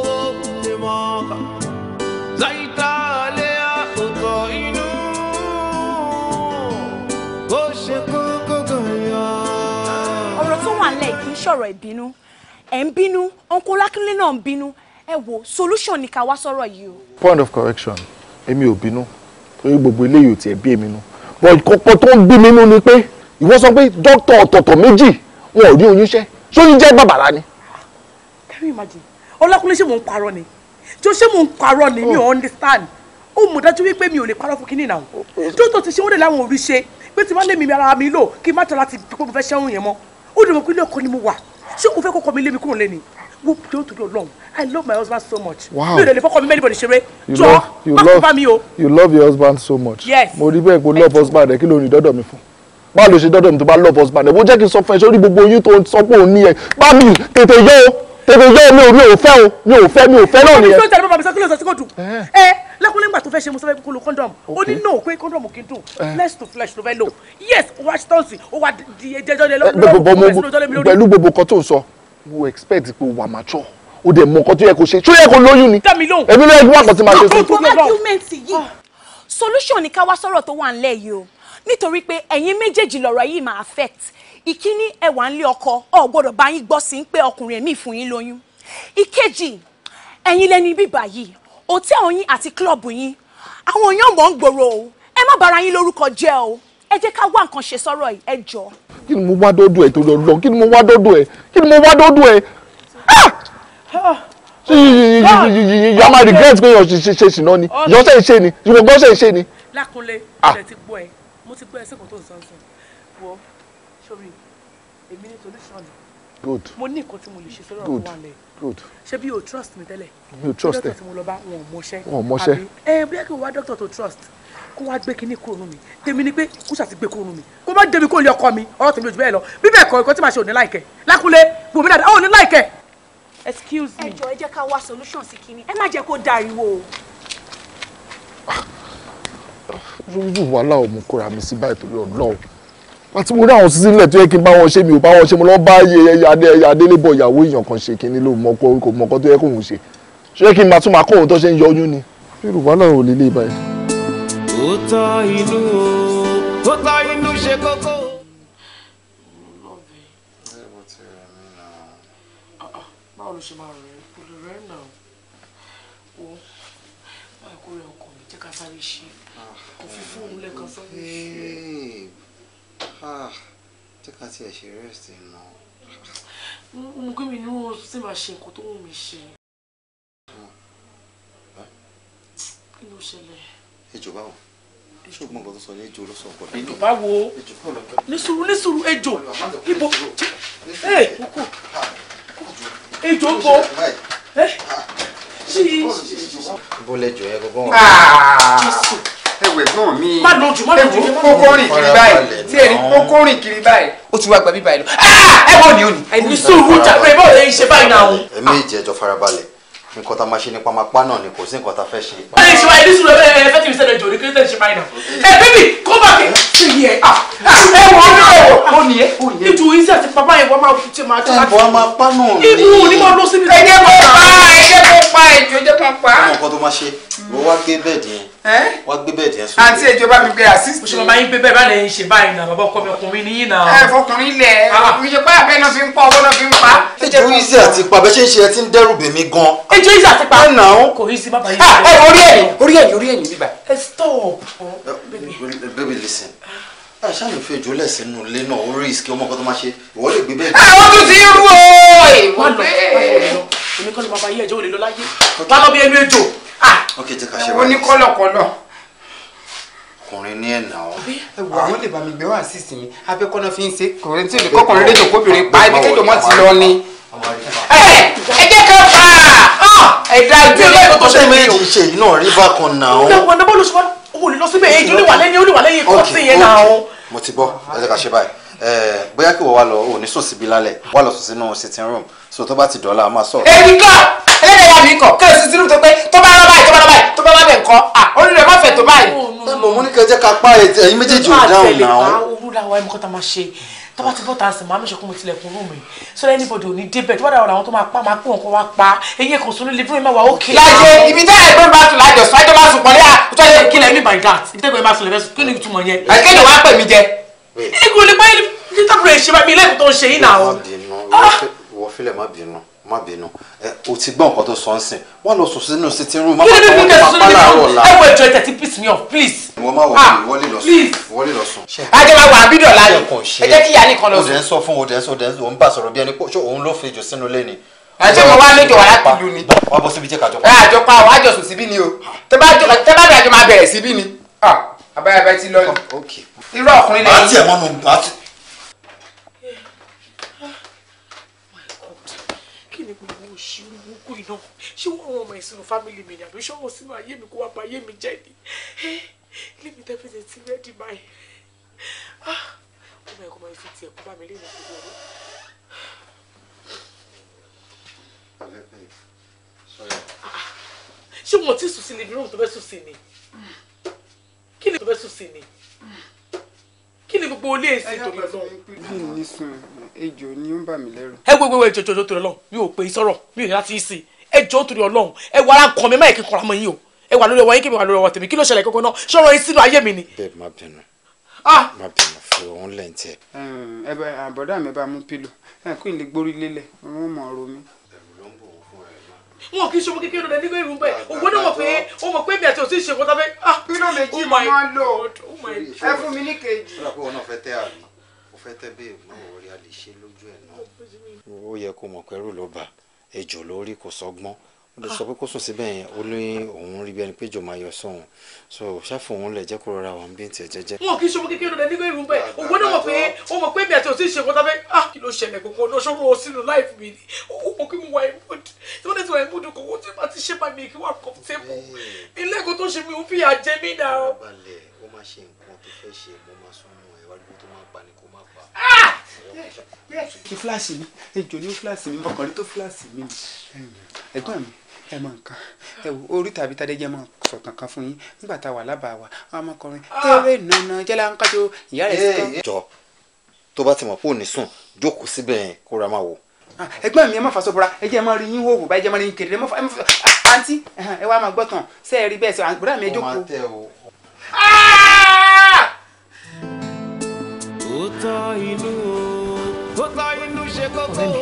sọ̀rọ̀ ìbínú ẹ̀ ń bínú ọ̀nkọ́ lákínlé náà ń bínú ẹ wo solution ni ká wá sọ̀rọ̀ yìí o. point of correction èmi ò bínú torí gbogbo eléyìí ò tiẹ̀ bí èmi nú but kókó tó ń bí mi nú ni pé ìwọ sọ pé dókítà ọ̀tọ̀ọ̀tọ̀ méjì wọn ò rí oyún ṣẹ́ sóyún jẹ́ bàbàrà ni. can you imagine ọlákúnlé ṣé mò ń parọ́ ni jọ ṣé mò ń parọ́ ni mi ò oh. understand ó mọ̀ dájú wípé mi ò lè parọ́ fún kínní náà dókítà ti ṣe wọ́n lè láwọn òrí pé tí wọ́n lé mi ara mi lò kí n má tọ́ láti pé fẹ́ ṣẹ́hún yẹn mọ́ ó dẹ̀ mọ̀ pé ilé ni mo wà ṣé o fẹ́ kọ́kọ́ mi lé mi kúrò lẹ́ni wo don't do long i love my husband so much. wow mi ò lè lè fọkọ mi mẹ́rin bọ̀dẹ̀ ṣeré jọ má fi bá mi o. you love your husband so much. yes mo rí bẹ́ẹ̀ pé love husband rẹ̀ kí ló ní dọ́dọ̀ mi fún báwo ló ṣe dọ́dọ̀ mi tó bá love husband rẹ̀ mo jẹ́ kí n sọ fún ẹ sórí gbogbo oyún tó ń sọ pé òun ní ẹ bá mi tètè yọ èmi yẹ mi ò mi ò fẹ́ o mi ò fẹ́ mi ò fẹ́ náà nìyẹn. ọmọ mi sọ jàdúrà bàbá sọ kí ló sọ sí kò dùn. ẹ lẹkùnrin nígbà tó fẹ́ ṣe mo sọ fẹ́ kó lo kọ́ńdọ̀mù ó ní no pé kọ́ńdọ̀mù kì í dùn flesh to flesh ló fẹ́ lò yes wá ṣítọ́ọ̀sì ó wà di ẹjẹjọ lé lọ́wọ́ pẹ̀lú gbogbo kan tó ń sọ mo expect pé wà mature o dẹ̀ mọ nǹkan tó yẹ kó ṣe tó yẹ kó lóyún ni èmi ló yẹ kó wà pọ̀ tí máa ṣe sí. solution ni ká wá sọ̀rọ̀ tó wà ńlẹ̀ yìí o nítorí pé ẹ̀yin méjèèjì lọ̀rọ̀ yìí máa affect ìkíní ẹwà ńlé ọkọ ọ gbọ́dọ̀ bá yín gbọ́ sí ń pé ọkùnrin ẹ̀mí fún yín lóyún ìkejì ẹ̀yin lẹni bíbà yìí òtẹ́ òyìn àti kílọ̀bù yín àwọn èèyàn mọ̀ ń gbòòrò o ẹ má bára yín lórúkọ jẹ́ o ẹ jẹ́ ká wá nǹkan ṣe sọ́rọ̀ yìí ẹ jọ. kí ni mo wá dọ́dọ̀ ẹ tó lọ lọ kí ni mo wá dọ́dọ̀ ẹ kí ni mo wá dọ́dọ̀ ẹ yà máa regret pé yọ ṣe ṣìná ni yọ ṣe ṣe ni yọ ṣe ṣe ni. lákúnlé ṣe ti gbọ́ ẹ mo ti gbọ́ ẹ sí kò tó sọ́sọ́ wọ́n sórí èmi ní solution ni good mo ní nǹkan tí mo lè ṣe sọ́rọ̀ àwọn wà lẹ̀ good ṣé bí o trust mi tẹ́lẹ̀ You trust ẹ dókítà tí mo lọ bá wọn ò mọṣẹ́ wọn ò mọṣẹ́ ẹ bí kí n wá dókítà tó trust kó wá gbé kinní kúrò nù mí tèmi ni pé kó ṣàti gbé kúrò nù mí kó má débi kó lè ọkọ mi ọ̀rọ̀ tèmi lójú bẹ́ẹ̀ lọ bí bẹ́ẹ̀ kọ́ ẹ̀kọ́ tí màá ṣe òní láìkẹ́ lákúlé gbòmí dàda ó ní láìkẹ́. excuse me. ẹ jọ̀ọ́ ẹ jẹ́ ká wá solution sí kinní ẹ má jẹ́ kó dariwo o. rúrú ah, wàhálà ò mú kóra mi sí báyìí torí ọlọ́run àti mo rí àwọn sísí nílẹ̀ tó yẹ kí n bá wọn ṣe mi ò bá wọn ṣe mo lọ bá adélébọ̀ ìyàwó èèyàn kan ṣe kínní ló mọ kó mọ kó tó yẹ kó òun ṣe ṣé kí n máa tún máa kó òun tó ṣe ń yọ ni yorùbá náà ò lè báyìí. ó tọ́ inú ó tọ́ inú ṣe kókó. báwo ló ṣe máa rọ láti ẹ̀ ṣe rest mọ́. mo gbé mi ní oṣù tí màá ṣe nǹkan tó wù mí ṣe. kí ló ṣẹlẹ̀. ejò báwo ṣùgbọ́n nǹkan tó sọ ní ejò ló sọ ọ̀pọ̀ lẹ́yìn. ejò báwo ní sùúrù ní sùúrù ejò ibo ee kókó ejò ń bọ̀ bọ́lẹ̀ jọ ah! ẹ gbọ́n wọn. ẹwẹ̀ gbọ́n mi kókó rìn kiri báyìí tí ẹ̀rí kókó rìn kiri báyìí ó ti wá gba bíbá ẹ lọ ah! ẹ wọ ni ó ní. ẹni sùúrù jàre bọ́ọ̀ lè ṣe báyìí náà. èmi ìjẹ́jọ́ farabalẹ̀ nǹkan tá a máa ṣe nípa máa pa náà ni kò sí nǹkan tá a fẹ́ ṣe. ẹ lè ṣe wa ẹni sùúrù ẹ ẹ fẹ́ tí mi sẹ́dẹ̀ jò ní kírísítẹ̀ ṣe báyìí náà. ẹ bíbí kó bá kẹ ṣe yẹ ẹ wọ ní ọwọ ó ní ẹ ó ní ẹ. ìjù iṣẹ́ àti bàbá yẹn wọ́n máa kú tí máa tó láti. ẹ̀bùn a máa pa náà ni. ìbú ni mo lọ síbi. ẹ jẹ́ wọ́n gbé bẹ́ẹ̀ jẹ́ sókè. àti ìjọba mi pé assist. oṣù bàbá yín pé bẹ́ẹ̀ bá lè ṣe báyìí náà bàbá ọkọ mi ọkùnrin ní yín náà. ẹ fọkùnrin lẹ ìjọba àbẹ náà fi ń pa owó náà fi ń pa. ẹjọ easy àti pa bẹ́ẹ̀ ṣe ń ṣe ẹ ti ń dẹ́rù bè mí gan. ẹjọ easy àti pa. ọ̀nà o kò easy bàbá ah, yìí. ẹ orí ẹ̀yìn orí ẹ̀yìn orí ẹ̀yìn bíbá. ẹ stop. baby listen ah, ṣáàlù fi ojú lẹ̀ sínú ilé náà ó risk ọmọ kan tó máa ṣe ìwọ lè gbé bẹ́ẹ̀. àwọn ah, tó ti rú o. ìwọ lọ èmi kọ́ ló máa bá yí ẹjọ́ òlè lọ láyé bá lọ bí ẹnu ẹjọ́ ok jẹ́ ká ṣe báyìí. oníkọ́lọ̀kọ́lọ̀. ọkùnrin ní ẹ̀nà ọ. ẹwà àwọn lè bá mi gbé wá sí ìsinmi abẹ́kọ́nà fi ń ṣe kòrè tí olùkọ́kùnrin lè jòkó obìnrin pa ibi kéjọ mọ́ ti lọ ni. ẹ jẹ́ ká pa ẹ̀dá ìdí ilé ìlú tó ṣe méjì ṣe iná rí bákan náà. ọ̀nà ọ̀nà bọ́ọ̀lù ṣùgbọ́n o lè lọ síbẹ̀ èyí olùwà lẹ́yìn olùwà lẹ́yìn kọ́ọ̀tì yẹn náà. mo ti gbọ́ ẹ jẹ́ ká ṣe báyìí bóyá kí wọ́n wá lọ òní sùn síbi lálẹ́ wá lọ sùn sínú sitting room so tó bá ti dọ̀la a máa sọ̀rọ̀. èyí kọ́ ẹlẹ́dẹ̀ẹ́yà mi kọ̀ kí èsì sínú tó pé tó bá lọ báyìí tó bá lọ báyìí tó bá lọ bẹ̀ kọ́ à orí rẹ̀ má fẹ̀ tó báyìí. Oh, ẹ mọ̀ mo ní kẹjẹ ká pa ẹyin méjèèjì ò dáhùn náà. olúra wa ẹ̀mọ́kọ́ta máa ṣe tó bá ti bọ́ta àsìn máa mẹ́sẹ̀kún mi tilẹ̀kùn rúùmù yìí so that anybody ò ní débẹ̀ tó bá dàrọ̀ àwọn tó máa pa máa pọ̀ nǹkan wá pa eyín kò sún lílé fún mi máa wà ókè. láyé ibi tẹ́ ẹ̀gbọ́n bá tún lájọ sọ ẹjọ́ bá sùn pọ̀ ní àtúntò ẹ̀yẹ kí lẹ́mí by that ibi tẹ́gbọ́n bá sùn lẹ́fẹ́ sùn kí ni ìtumọ̀ yẹn. àkéde wàá pè mí jẹ. ìgbòlè báyìí nítorí ìṣèwádìí ilé ìkùtọ̀ ń ṣe yín náà. Ah! filẹ̀ má bínú má bínú ẹ o ti gbọ́ nǹkan tó sọ ń sìn lọ sùn sínú sitting room má bàa tọwọ́ tó máa pálá àrọ̀ la. ẹ wọ ìjọ ìtẹ̀tí piss me off please. ìwọ má wọlé ah, wọlé lọ sùn wọlé lọ sùn. ajọba wà ẹ jẹ́ kí yanni kan lọ sùn. o dẹ̀ ń sọ fún o dẹ̀ ń sọ o ń bá sọ̀rọ̀ bí ẹni pé òun ló fejò sínú ilé ni àjọ wọn wá lójó wà láti ìlú ni. wà á bọ síbi jẹ́ kájọ pa. òṣìṣẹ́ burúkú iná ṣé wọ́n rán ọmọ ìsinú fámìlì mi ni àbí ṣé wọ́n sínú ayé mi kó wá ba ayé mi jẹ́ ni lébi tẹ́ fi ṣe ti rẹ́dì báyìí ah, ọmọ ẹ̀kọ́ máa fi tiẹ̀ kó bá mi lé ìrìn àjò rẹ̀. ṣé wọn ti sùn sí ni ibi rúùmù tó fẹ́ sùn sí ni kí ni tó fẹ́ sùn sí ni kí ni gbogbo olé èsì torí lọ. bí ní sùn ejò ni ó ń bà mí lẹ́rù. ẹ gbogbo ejò tó torí Ọlọ́run mi ò pe sọ̀rọ̀ mi ò ní láti sí ejò torí Ọlọ́run ẹ wà á kàn mí má ìkíkọ̀ ra mọ́ yín o ẹ wà lórí ọwọ́ yín kí mi wà lórí ọwọ́ tèmi kí ló ṣẹlẹ̀ kókó náà ṣọ́rọ̀ yín sínú ayé mi ni. bẹ́ẹ̀ má bínú ah! má bínú fún òun lẹ́ǹtẹ̀. ẹ bá àbọ̀dá mi bá mú pílò ẹ kí n lè gbórí lélẹ̀ òun mọ̀ ọ́ wọn kì í ṣe ọmọ kékeré lọ nígbà irú bẹ́ẹ̀ òwò náà mọ̀ pé ó mọ̀ pé èmi àti òsì ṣe kọ́tà bẹ́ẹ̀. kílò méjì mo máa lò ẹ oh fún mi ní kejì. ó dà pé òun náà fẹ́ tẹ́ àrí ó fẹ́ tẹ́ bẹ́ẹ̀ náà orí a lè ṣe lójú ẹ̀ náà. ó yẹ kó mọ̀ pẹ́rù ló bà ejò lórí kò sọ́gbọ́n ó lè sọ pé kó sùn síbẹ̀ yẹn ó lé òun rí bí ẹni pé jò máa yọ sóhun so ṣáfù òun lẹ̀ jẹ́ kó rọra wà ń bí tiẹ̀ jẹ́jẹ́. wọn kì í ṣọmọ kékeré rẹ nígbà ìrùn bẹ́ẹ̀ òun náà mọ̀ pé ó mọ̀ pé bẹ́ẹ̀ tí o ti ṣe ah kí ló ṣẹlẹ̀ gbogbo ọdún ṣọwọ sínú láìpẹ́ mi ni o kí mo wà ìmúd tí wọn ti wà ìmúd kò wọ́n ti máa ti ṣe báyìí kí wọ́n kọ́ tẹ́mù ilé ẹ̀kọ́ tó ṣe mi ò fìyà jẹ mí náà. balẹ̀ ó máa ṣe nǹkan ah! mi ejò ẹ̀gbọ́n mi ẹ mọ nǹkan ẹ wò orí tàbí tàdéjẹ mọ sọ kankan fún yín nígbà tá a wà lábàá wa ọmọkùnrin ah! tẹ́lẹ̀ nànà jẹ́lá ń kájọ ìyá rẹ̀ sí kan. jọ tó bá ti mọ̀ pé ò ní sùn jókòó síbẹ̀ yẹn kó ra máa wò. Ah, ẹgbẹ́ mi ẹ má faṣọ bora ẹ jẹ́ ẹ má rí yín hòhò báyìí ẹ jẹ́ ẹ má rí yín kéré ẹ má fa àǹtí ah, ẹ wá máa gbọ́ tán ṣé ẹ rí bẹ́ẹ̀ sọ àgbọ̀dá mi ẹ jókòó. ó tọ́ inú ó tọ́ inú ṣe kókó. ọ̀rẹ́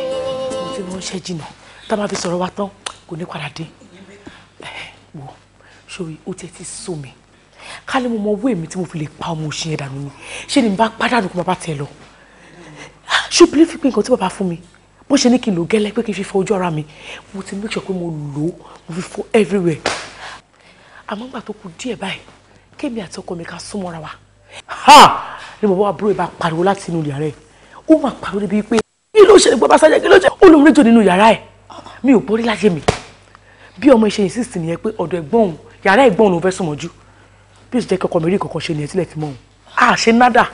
mi mo fi ránṣẹ́ jìnnà tá a máa fi sọ̀rọ̀ wa tán kò ní padà dé wò sórí ó tiẹ̀ ti sọ mi ká mo mọ owó èmi tí mo fi lè pa ọmọ òṣìyẹn dànù ni ṣé ni bá pàdánù kó bàbá tẹ lọ ṣùgbọ́n fi pé nǹkan tí bàbá fún mi bó ṣe ní kí n lò gẹ́lẹ́ pé kí n fi fọ ojú ara mi mo ti make sure pé mo lò ó mo fi fọ everywhere àmọ́ gbà tó kù díẹ̀ báyìí kémi àti ọkọ mi ká súnmọ́ra wa ha ni bàbá àbúrò ẹ̀ bá pariwo láti inú yàrá ẹ̀ ó máa pariwo débi pé kí ló ṣẹlẹ̀ gbọ́ bá sájà kí ló ṣẹlẹ̀ ó nínú yàrá ẹ̀ mi ò borí láyé mi bí ọmọ ìṣe insist nìyẹn pé ọ̀dọ̀ ẹ̀gbọ́n òun yàrá ẹ̀gbọ́n òun ló fẹ́ sùn mọ́jú bí ó sì jẹ́ kí ọkọ mi rí kọ̀ọ̀kan ṣe nìyẹn tílẹ̀ fi mọ́ òun àṣẹ nádà.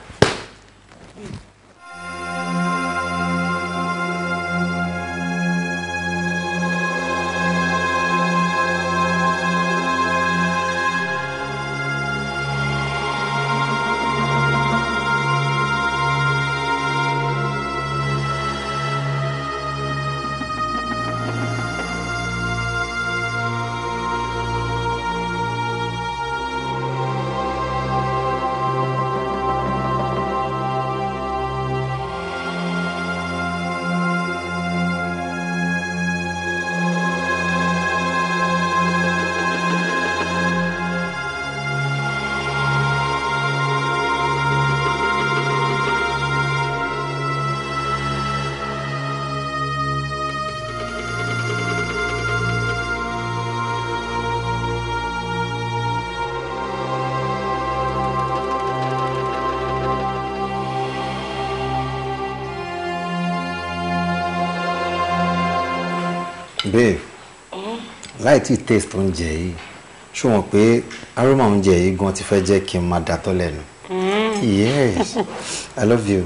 babe láì tí taste oúnjẹ yìí ṣùgbọ́n pé aroma oúnjẹ yìí gan ti fẹ́ jẹ́ kí n máa dàtọ́ lẹ́nu. Mm. yes i love you.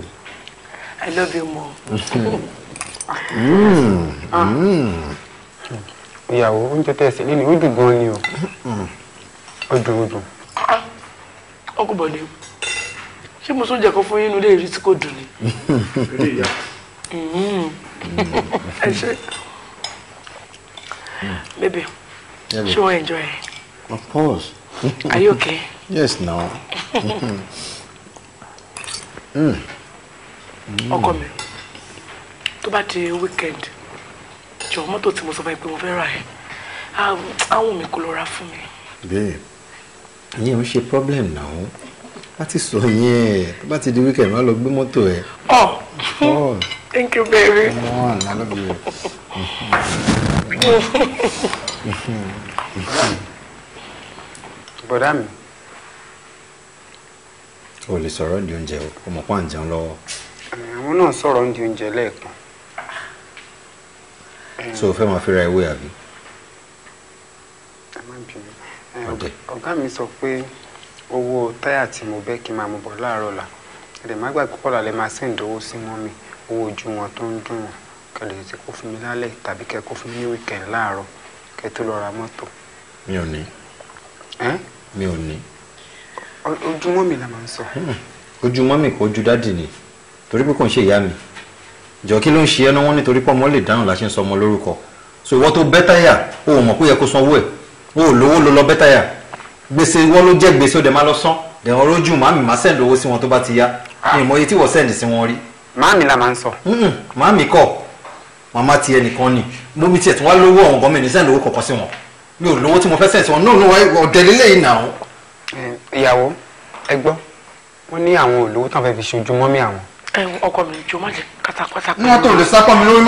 i love you more. Mm. Ah. Mm. ìyàwó oúnjẹ tẹ̀ sí nínú ìdùn gan ni o ó dùn ó dùn. ọkọ bọ̀ ni ṣé mo tún jẹ kó fún yín nílé ìrísí kò dùn ni. ẹ ṣe. Mm. Baby, yeah, she will enjoy it. Of course. Are you okay? Yes, now. Hmm. Ọkọ Oh come, bá di weekend, jọ mọ́tò tí mo sọ fún ẹ pé mo fẹ́ rà ẹ́, àwọn um, mi kò lọ ra fún mi. Babe, ìyẹn ò ṣe problem now bá ti sọ yẹn ẹ tó bá ti di weekend má lọ gbé mọ́tò ẹ. ọ thank you baby. come on i love you. bọ̀dá mi. o lè sọ̀rọ̀ ní oúnjẹ o mọ̀ pa ǹjẹ́ lọ́wọ́. Eh, àwọn náà sọ̀rọ̀ ní oúnjẹ lẹ́ẹ̀kan. Eh. so o fẹ́ máa fi ra ìwé àbí. Eh, ọ̀gá mi sọ pé. Okay owó táyà tí mo bẹ́ kí n máa mú bọ̀ láàárọ̀ la ẹ̀rẹ̀ má gbàgbé kọ́là lè máa sẹ́ǹdì owó sí mọ́ mi owó ojú wọn tó ń dùn wọn kẹlẹ̀ tètè kó fún mi lálẹ́ tàbí kẹ kó fún mi ní wíkẹ̀ǹd láàárọ̀ kẹ tó lọ ra mọ́tò. mi ò ní. mi ò ní. ojúmọ́ mi la máa ń sọ. Hmm. ojúmọ́ mi kò ju dádì ni torí pé kò ń ṣe ìyá mi jọ kí ló ń ṣe ẹnu wọn nítorí pé ọmọ lè dáhùn la ṣe ń sọ ọmọ lórúkọ so ìwọ tó bẹ́ táyà o ò mọ̀ pé yẹ kó sanwó ẹ̀ o ò lówó lo lọ bẹ́ gbèsè wọn ló jẹ́ gbèsè ó dẹ̀ máa lọ sán dẹ̀ wọn rójú màmí máa sẹ́ǹdì owó sí wọn tó bá ti yá ní ìmọ̀ iye tí wọ́n sẹ́ǹdì sí wọn rí. màmí la máa ń sọ. màmí kọ màmá tiẹ̀ nìkan ni mo mi tiẹ̀ tún wá lówó àwọn gọ́ọ̀mẹ̀ntì sẹ́ǹdì owó kọ̀ọ̀kan sí wọn mi ò lówó tí mo fẹ́ sẹ́ǹdì sí wọn náà ọ̀dẹ̀ lélẹ́yìn náà. ìyàwó ẹ gbọ́ wọ́n ní àwọn olówó tán fẹ́ fi ṣojú mọ́mí àwọn ọkọ mi jò má jẹ katakata. ní wọn tó lè sápá mi lórí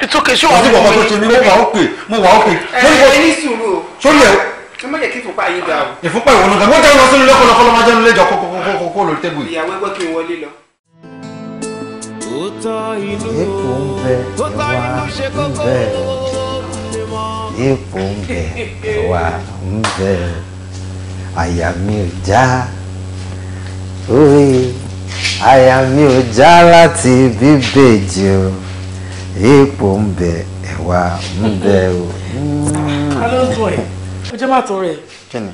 it's okay ṣé wàá fún mi ní ìpè mo wà ó pè mo wà ó pè. ẹ ẹ ní sùúrù o sórí ẹ. ẹ má jẹ́ kí ìfúnpá yín ga o. ìfúnpá ìwọ ló ga wọ́n jẹ́ lọ sínú ilé kọlọkọlọ máa jẹ́ nílé ìjọ kókókókó lórí tẹ́bù yìí. ìyàwó ẹgbẹ́ kí n wọlé lọ. èkó ń bẹ ẹwà ń bẹ èkó ń bẹ ẹwà ń bẹ àyà mi ò já láti bíbèjì o èèpo ń bẹ ẹ̀wà ń bẹ o. Hmm. ta ló ń tún ẹ o jẹ́ máa tọrọ ẹ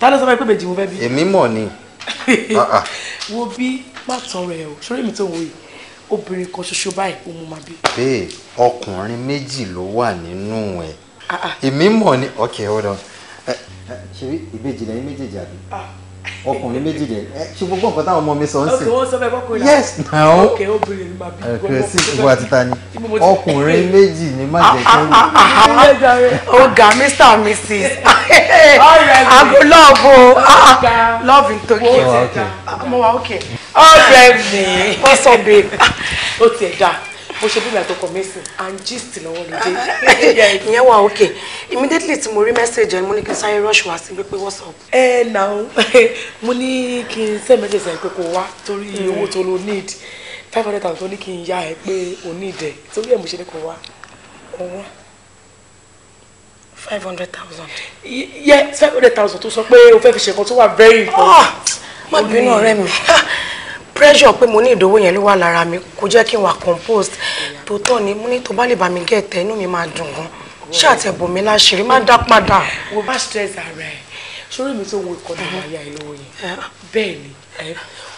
ta ló sọ fún ẹ pé méjì mo fẹ́ bí. èmi mọ̀ ni. Ah, ah. wo bí má tọrọ ẹ o sórí mi tó ń wo yìí obìnrin kan ṣoṣo báyìí ó mú ma bí. bẹ́ẹ̀ ọkùnrin méjì ló wà nínú ẹ̀ ah, èmi mọ̀ ni ok hold on eh, eh, ṣe ìbejì lẹ́yìn méjèèjì àbí ọkùnrin méjì dẹ ṣe gbogbo nǹkan táwọn ọmọ mi sọ ń sìn. ok wọn sọ bẹ́ẹ̀ kọkùnrin náà yes na o ok obìnrin ni màá bí gbogbo ọkùnrin sí ìwà títa ni ọkùnrin méjì ni má jẹ kí n lò. ọ̀gá mr and mrs ago love o ah, love in tokyo oh, ah, mo wa ok ọ̀rẹ́ mi bọ́sọ̀ babe ó ti ẹ̀ dáa bó ṣe bí mi àtọkọ mẹ́sìn and gist lọ́wọ́ ló dé. ìyẹn wà ok immediately tí mo rí message ẹ mo ní kí n sáré rush wá sí pé what's up. ẹ nà ó mo ní kí n send message ẹ pé kò wá torí mm. owó tó lo need five hundred thousand tó ní kí n yá ẹ pé o need ẹ torí ẹ mo ṣe ní kò wá ọwọ́ five hundred thousand. yes five hundred thousand tó sọ pé o fẹ́ fi ṣe nǹkan tó wà very important. Ah! má bínú ọ̀rẹ́ mi. pressure pé mo ní ìdówó yẹn ló wà lára mi kò jẹ́ kí n wà composed tó tọ́ ni mo ní tó bá lè bá mi gẹ̀ẹ́tẹ̀ inú mi máa dùn gan ṣé àtẹ̀bùnmi láṣìírí má dá padà. wo bá stress ara ẹ mi tó wo ìkọ́ni àyà ẹ lọ́wọ́ yẹn bẹ́ẹ̀ ni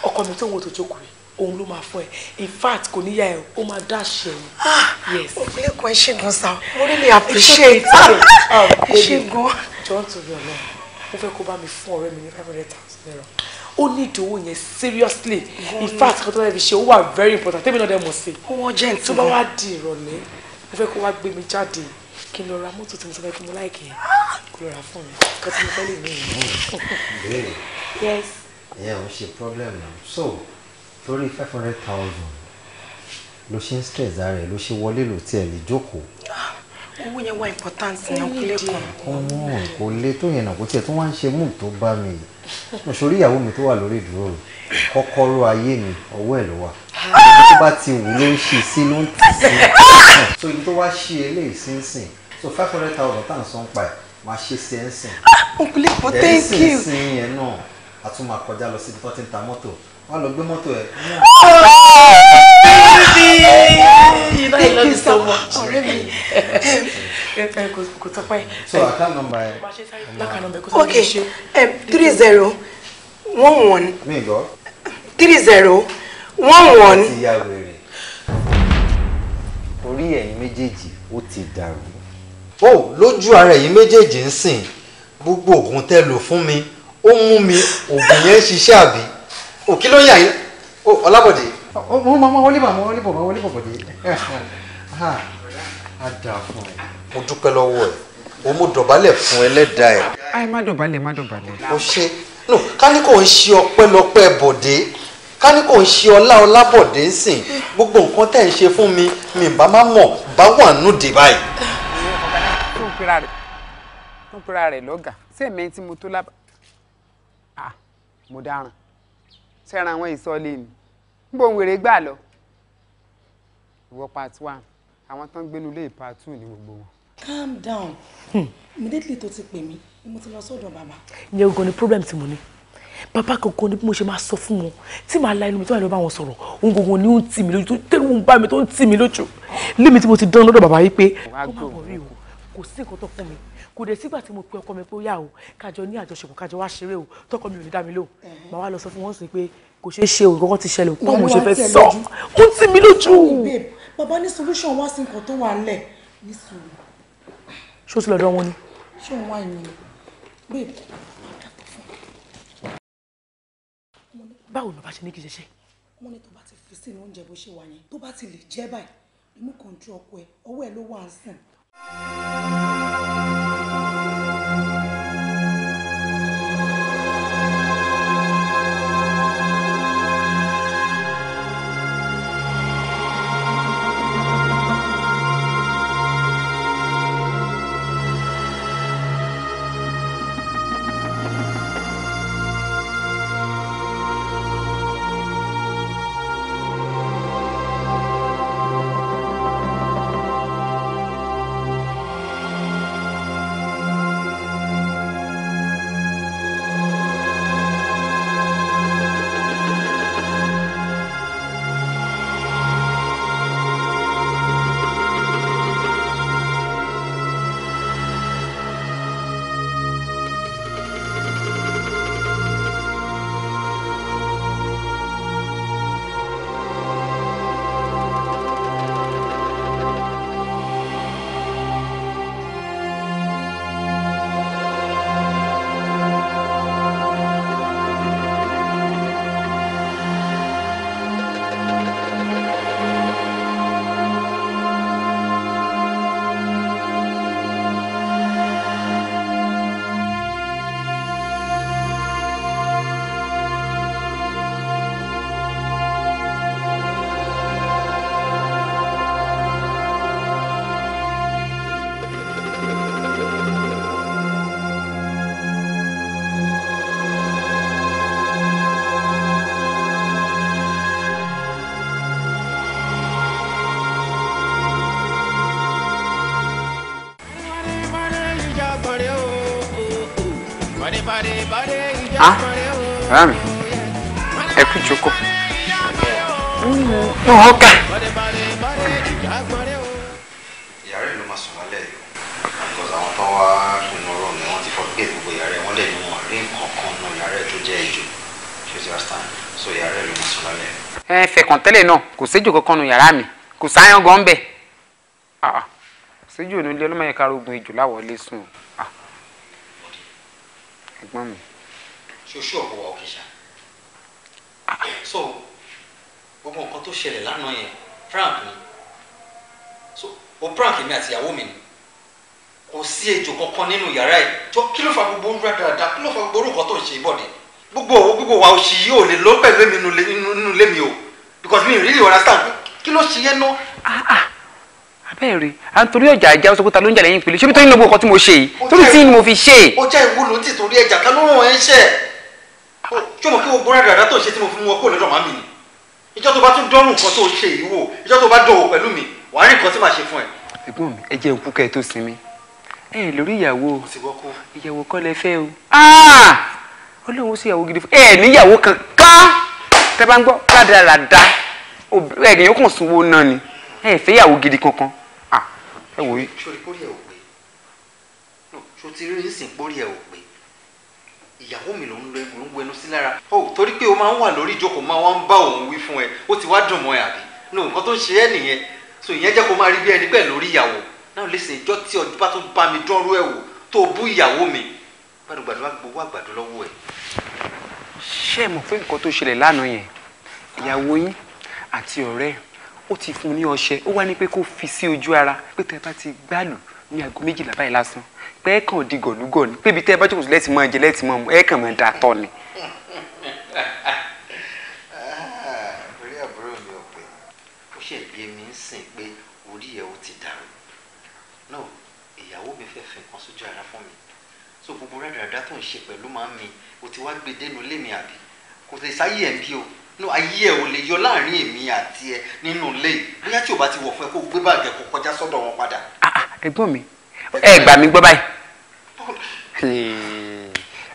ọkọ mi tó wo tó jókòó rẹ̀ òun ló máa fún ẹ in fact kò níyà ẹ o máa dá ṣe ẹ. Ah! yes òpilẹ̀kùn ẹ ṣe gan sa mo really appreciate ah! Ah, ẹ ṣe gan. jọ́n tó yọ̀ náà mo fẹ́ kó bá mi fún ọ̀rẹ́ mi ní five hundred thousand naira ó ní ìdòwò yẹn seriously in fact kí wọ́n tó lè fi ṣe ó wà very important tẹ́mi náà dẹ̀ mọ̀ sí. ó wọ́n jẹ́ ǹtí tó bá wá di ìrọ̀lẹ́ mo fẹ́ kó wá gbé mi jáde kí n lọ ra mọ́tò tí mo sọ fẹ́ kí mo láìkì yẹn kó lọ ra fún mi kó tí mo fẹ́ lè ní ìyẹn. yes. ìyá ṣe problem now so torí five hundred thousand ló ṣe ń stress ara ẹ ló ṣe wọlé lò tí ẹ lè jókòó owó yẹn wá important ní ọkùnrin kan. ọmọ kò le tó yẹn náà kò tiẹ̀ tó wá ń ṣe mú tó bá mi yìí sórí ìyàwó mi tó wà lórí ìdúró rẹ̀ kọ́kọ́rọ́ ayé mi ọwọ́ ẹ̀ ló wà ibi tó bá ti wù ló ń ṣe sí ló ń tì sí so ibi tó wá ṣe eléyìí sí ń sìn so five hundred thousand tá à ń san pa ẹ̀ máa ṣe sí ẹ̀ ń sìn ọkùnrin ah, kan ń sìn yẹn náà a tún máa kọjá lọ síbi tó ti ń ta mọ́tò wọ́n lọ gbé mọ́tò ẹ̀. Ah! baby you know I love so account number ẹ. ok three zero one one. mi gbọ́. three zero one one. ti ya wèrè orí ẹ̀yin méjèèjì ó ti dàrú. ó lójú ara ẹ̀yin méjèèjì ń sìn gbogbo oògùn tẹ́ lò fún mi ó mú mi oògùn yẹn ṣiṣẹ́ àbí òkí ló ń yà yín ọlábọ̀dé. mo máa wọlé bọ̀ mo wọlé bọ̀ mo wọlé bọ̀ bọ̀dé. a dà fún ẹ mo dúpẹ́ lọ́wọ́ ẹ̀ o mo dọ̀bálẹ̀ fún ẹlẹ́dàá ẹ̀. ayé má dọ̀bálẹ̀ má dọ̀bálẹ̀. o ṣe no ká ní kò ń ṣe ọpẹ́lọpẹ́ bọ̀dé ká ní kò ń ṣe ọlá ọlá bọ̀dé sìn gbogbo nǹkan tẹ̀ ń ṣe fún mi mi bá má mọ̀ bá wà núdè báyìí. tó ń pera rẹ̀ tó ń pera rẹ̀ lọ́gàá sẹ́ẹ̀mẹ́ tí mo tó lábàá ah mo dáràn sẹ́ran àwọn ìsọ̀lẹ̀ mi ń bò ń wèrè gbà lọ ìwọ part one àwọn tó ń gbénu lé part two ní gbogbo wọn calm down hmm. immediately to ti pè mí mo ti lọ sọ́dọ̀ bàbá. ìyẹn ogun ni problem tí mo ní bàbá kankan ni bí mo ṣe máa sọ fún wọn tí màá la inú mi tí màá lọ bá wọn sọ̀rọ̀ ohun gbogbo ni ó ń tì mí lójú tó tẹ́lẹ̀ ń bá mi tó ń tì mí lójú lémi tí mo ti dán lọ́dọ̀ bàbá yìí pé ó má wọ̀rí o kò sí nǹkan tó fún mi kò dé sígbà tí mo pe ọkọ mi pé ó yà o kájọ ní àjọṣepọ̀ kájọ wá ṣeré o tọkọ mi ò ní dá mi lóhùn màá wá lọ sọ fún wọn sí pé kò ṣeé ṣe o kọ́kọ́ ti ṣẹlẹ̀ òkú àwọn òṣèfẹ́ sọ ó ń tì mí lójú. bàbá ní solution wá sí nǹkan tó wà ń lẹ̀ ní sùúrù ṣó ti lọ́dọ̀ wọn ni. ṣé òun wà ní ilé babe dàpọ̀ fún un. báwo ló bá ṣe ní kí n ṣe ṣe. mo ní tó bá ti fi sínú oúnjẹ bó ṣe wà yẹn tó bá ti lè jẹ́ báyìí remote control ọkọ ẹ ọwọ́ ẹ ló wà ń sìn. agbọ̀nrẹ́ o. ìyàrá ìlú máa sùn lálẹ́ yìí because àwọn tó wá pinnu ọ̀rọ̀ mi wọ́n ti fọ́ pé gbogbo ìyàrá wọn lè ní wọn rí nù ìyàrá tó jẹ́ ìjò ṣé ti understand so ìyàrá ìlú máa sùn lálẹ́. ẹ fẹ̀kàn tẹ́lẹ̀ náà kò séjò kankan nù yàrá mi kò sáyán gan bẹ̀ ah, ah. séjò nílé ọlọ́mọye ká rogun ìjò láwọlé sùn o ah. ẹ̀gbọ́n mi. ṣoṣo ọ̀pọ̀ wa òkè ṣá so gbogbo nǹkan tó ṣẹlẹ̀ lánàá yẹn Frank ni so o prank mi àti ìyàwó mi ni kò sí ejò kankan nínú yàrá ẹ̀ jọ kí ló fa gbogbo ń rà dáadáa kí ló fa gbogbo orúkọ tó ń ṣe ìbọ̀dẹ̀ gbogbo gbogbo wa òṣì yìí ò lè lọ pẹ̀lú mi nínú ilé mi o because mi really understand kí ló ṣe yẹn ná. Ah, ah. abẹ́ẹ̀ rí a torí ọjà ajá sọ pé ta ló ń jà lẹ́yìn ìpele ṣé bí torí lóògùn ọkọ tí mo ṣe yìí torí tí mo fi ṣe. ó jẹ́ ìwúlò tí torí ẹja ká ló ràn ẹ́ ṣẹ́ ṣé mo kí wo bóra dáadáa tó ṣe tí mo fi mú ọkọ lọ́dọ̀ màmí ni ìjọ́ tó bá tún dọ́rùn nǹkan tó ṣe yìí wò ìjọ́ tó bá dọ̀wọ̀ wàá rí nǹkan tí màá ṣe fún ẹ. ẹ̀gbọ́n mi ẹ jẹ́ òkú kẹ́ ẹ tó sinmi ẹ lórí ìyàwó ìyàwó kọ́ lẹ fẹ́ o ah! ọlọ́run sí ìyàwó gidi fún ẹ níyàwó kankan tẹ bá ń gbọ́ rádaràda ẹ̀rìn yókùn sunwó náà ni ẹ fẹ́ ìyàwó gidi kankan ah! ẹ wò yìí. sori kórì ẹ ò pé so ti rí nísìn kórì ẹ o pé ìyàwó mi ló ń lọ ń wẹnu sí lára o torí pé o máa ń wà lórí ìjókòó máa wá ń bá òun wí fún ẹ ó ti wá dùn mọ́ ẹ àbí nǹkan tó ń ṣe ẹ nìyẹn so ìyẹn jẹ́ kó máa rí bí ẹni bẹ́ẹ̀ lórí ìyàwó now listen ìjọ tí ọdún bá tún bá mi dánrú ẹ̀ wò tó bú ìyàwó mi gbàdúgbàdú gbogbo àgbàdo lọ́wọ́ ẹ̀. ṣé ẹ mọ̀ pé nǹkan tó ṣẹlẹ̀ lánàá yẹn ìyàwó yín àti ọ̀rẹ́ ó ti fún un ní ọṣẹ ó wá ní pé kó fi sí ojú ara pé tẹ bá ti gbàlù ní aago méjìlá báyìí lásán pé ẹ kàn di gọ̀lúgọ̀ ni pébi tẹ bá jókòó lẹ́sìn máa jẹ lẹ́sìn máa mú ẹ kàn máa dà tọ́ ni. so gbogbo rádaràdá tó ń ṣe pẹ̀lú máa ń mi o ti wá gbé dénú lé mi àbí kò sì sáyé ẹ̀ ń bí o no ayé ẹ ò lè yọ láàrin èmi àti ẹ nínú ilé bóyá tí o bá ti wọ̀ fún ẹ kó o gbé bàgẹ́ kó kọjá sọ́dọ̀ wọn padà. Ah, ah, ẹ̀gbọ́n mi ẹ gbà mí gbọ́ báyìí.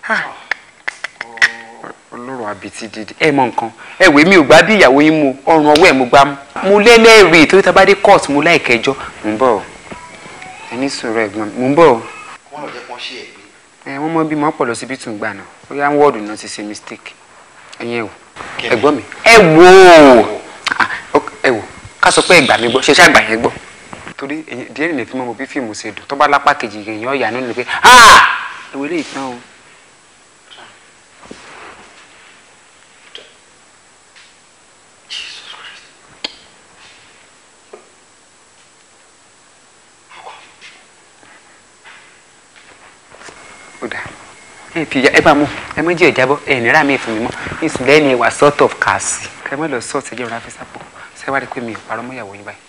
Ah. ọlọ́run àbètì dìde ẹ mọ nǹkan ẹ wèé mi ò gbá bí ìyàwó yín mu ọrùn ọwọ́ ẹ̀ mo gbá mú mo lẹ́lẹ́rìí torí tabadé court mo láìkẹjọ́ mo ń bọ̀ ẹ ní sùúrù ẹ̀gbọ́n mo ń bọ̀. wọ́n lọ jẹ́ kán ṣe ẹ̀ wọ́n mọ bímọ pọ̀ lọ síbi tún gbà náà bóyá wọ́ọ̀dù náà ti ṣe mistake ẹ̀yin ẹ̀wò ẹ̀gbọ́n mi ẹ̀wò ah, ẹ̀wò ká sọ pé ẹ̀gbà mi gbọ́ ṣe ṣe àgbà yẹn gbọ́ torí díẹ̀ nìyẹn fi mọ́ mo bí fíìmù ṣe dùn tó bá lápá kejì èèyàn ọ̀yà nínú pé ah ìwé lè tán o. ó dà ẹ fi ẹ bá mú ẹ mọ jí ẹ jábọ ẹ nira mi fún mi mọ ìsìlẹ ni wà sort of kàásì kẹ mọ lọ sọọsì ẹjẹ ọ̀rọ̀ afẹsà pọ ṣé wàá rí pé mi ò parọ́ mọ́ ìyàwó yín báyìí.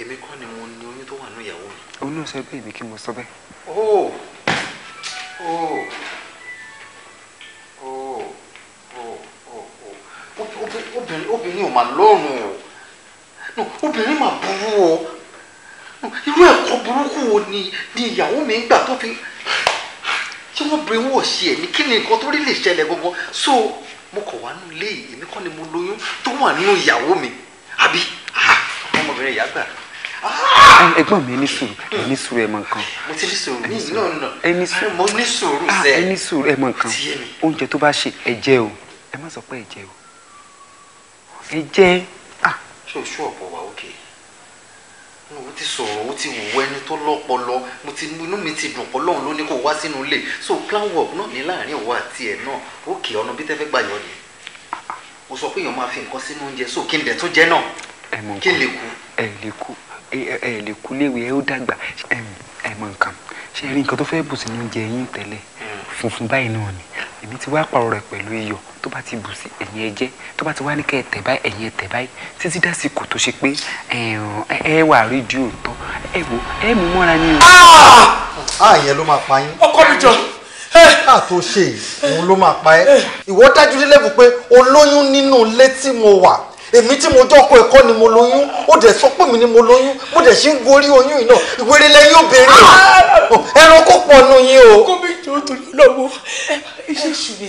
èmi kọ́ ni mo ní oyún tó wà ní ìyàwó mi. òun náà sọ bẹ́ẹ̀ mi kí mo sọ bẹ́ẹ̀. ooo ooo ooo ooo obìnrin ò mà lọ́rùn o obìnrin mà burú o irú ẹ̀kọ́ burúkú wo ni ìyàwó mi ń gbà tó fi ṣé wọ́n bẹ̀rẹ̀ wò sí ẹ̀ ní kí ni nǹkan tó rí lè ṣẹlẹ̀ gbogbo so mo kàn wá nù lé èmi kọ́ ni mo lóyún tó wà nínú ìyàwó mi àbí ah, ọmọbìnrin ìyá gbà ah! ẹ̀gbọ́n mi ẹni sùúrù ẹni sùúrù ẹ mọ nǹkan. mo ti ní sùúrù ní ìlú náà ẹni sùúrù mo ní sùúrù sẹ. Ah, ẹni sùúrù ẹ mọ nǹkan oúnjẹ tó bá ṣe ẹ jẹ o ẹ má sọ pé ẹ jẹ o ẹ jẹ. ṣé o ṣú ọ̀pọ̀ wa mo ti sọ̀rọ̀ ó ti wò ẹni tó lọ́pọlọ mo ti inú mi ti dùn pọ̀lọ́hún ló ní kó wá sínú ilé so plan work náà ní láàrin òwò àti ẹ̀ náà òkè ọ̀nà bí tẹ́fẹ́ gbà yọ nìyẹn mo sọ pé èèyàn máa fi nǹkan sínú oúnjẹ so kí n dẹ̀ tó jẹ́ náà kí n lè kú. ẹ lè kú ẹ lè kú léwe ẹ ó dàgbà ẹ mọ nǹkan ṣe rí nǹkan tó fẹ́ bù sínú oúnjẹ yín tẹ́lẹ̀ hmm. funfun báyìí náà ni èmi ti wá pààrọ̀ rẹ̀ pẹ̀lú iyọ̀ tó bá ti bù sí ẹ̀yìn ẹ̀jẹ̀ tó bá ti wá ní kẹ́ ẹ tẹ̀ báyìí ẹ̀yìn ẹ tẹ̀ báyìí títí dásìkò tó ṣe pé ẹ wà rí di òótọ́ ẹ wo ẹ mú mọ́ra ní o. ààyè ah! ah, ló máa pa yín. ọkọ mi jọ. ká tó ṣe òun ló máa pa ẹ. ìwọ dájú dé lẹ́bùn pé olóyún nínú ilé tí mo wà èmi tí mo jọ́kọ̀ ẹ̀kọ́ ni mo lóyún ó dẹ̀ sọ pé mi ni mo lóyún mo dẹ̀ ṣe ń gorí oyún yìí náà ìwéré lẹ́yìn obìnrin o ah! ẹranko pọ̀ nù yín o. kó mi jọ torí lọ́wọ́ iṣẹ́ ìṣúni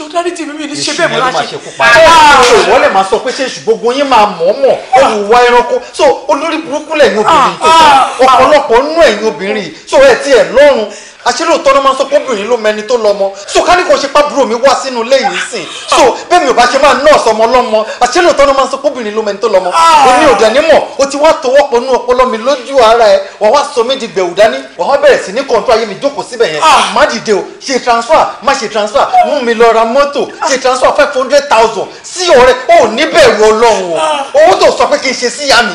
so dáríjì mi ṣe bẹ́ẹ̀ mọ́ láṣẹ. Ah! ṣé ìwọ lè máa sọ pé ṣé gbogbo yín máa mọ̀ mọ̀ olùwà ẹranko so olórí burúkú lẹ́yìn obìnrin tó ah! sọ ah! ọ̀pọ̀lọpọ̀ nínú ẹ̀yìn obìnrin so ẹ̀ tiẹ̀ lọ́rùn àṣírí òótọ́ ló máa ń sọ pé obìnrin ló mẹni tó lọ́mọ so ká ní kò ṣe pa búrò mi wá sínú ilé yìí sìn so bẹ́ẹ̀ mi ò bá ṣe máa nọ́ọ̀sì ọmọ lọ́mọ àṣírí òótọ́ ló máa ń sọ pé obìnrin ló mẹni tó lọ́mọ o ah! ní òdà nímọ̀ o ti wá tọwọ́ pọnú ọpọlọ mi lójú ara ẹ wà wá sọ mí di gbẹ̀wù dání wà wá bẹ̀rẹ̀ sí ní kọ̀ǹtọ́ ayé mi jókòó síbẹ̀ yẹn ah! má dìde o ṣe transfer má ṣe transfer ah! mú mi lọ ra mọ́tò ṣe transfer five hundred thousand sí ọ̀rẹ́ o ò ní bẹ̀rù ọlọ́run o owó tó sọ pé kí n ṣe síyá mi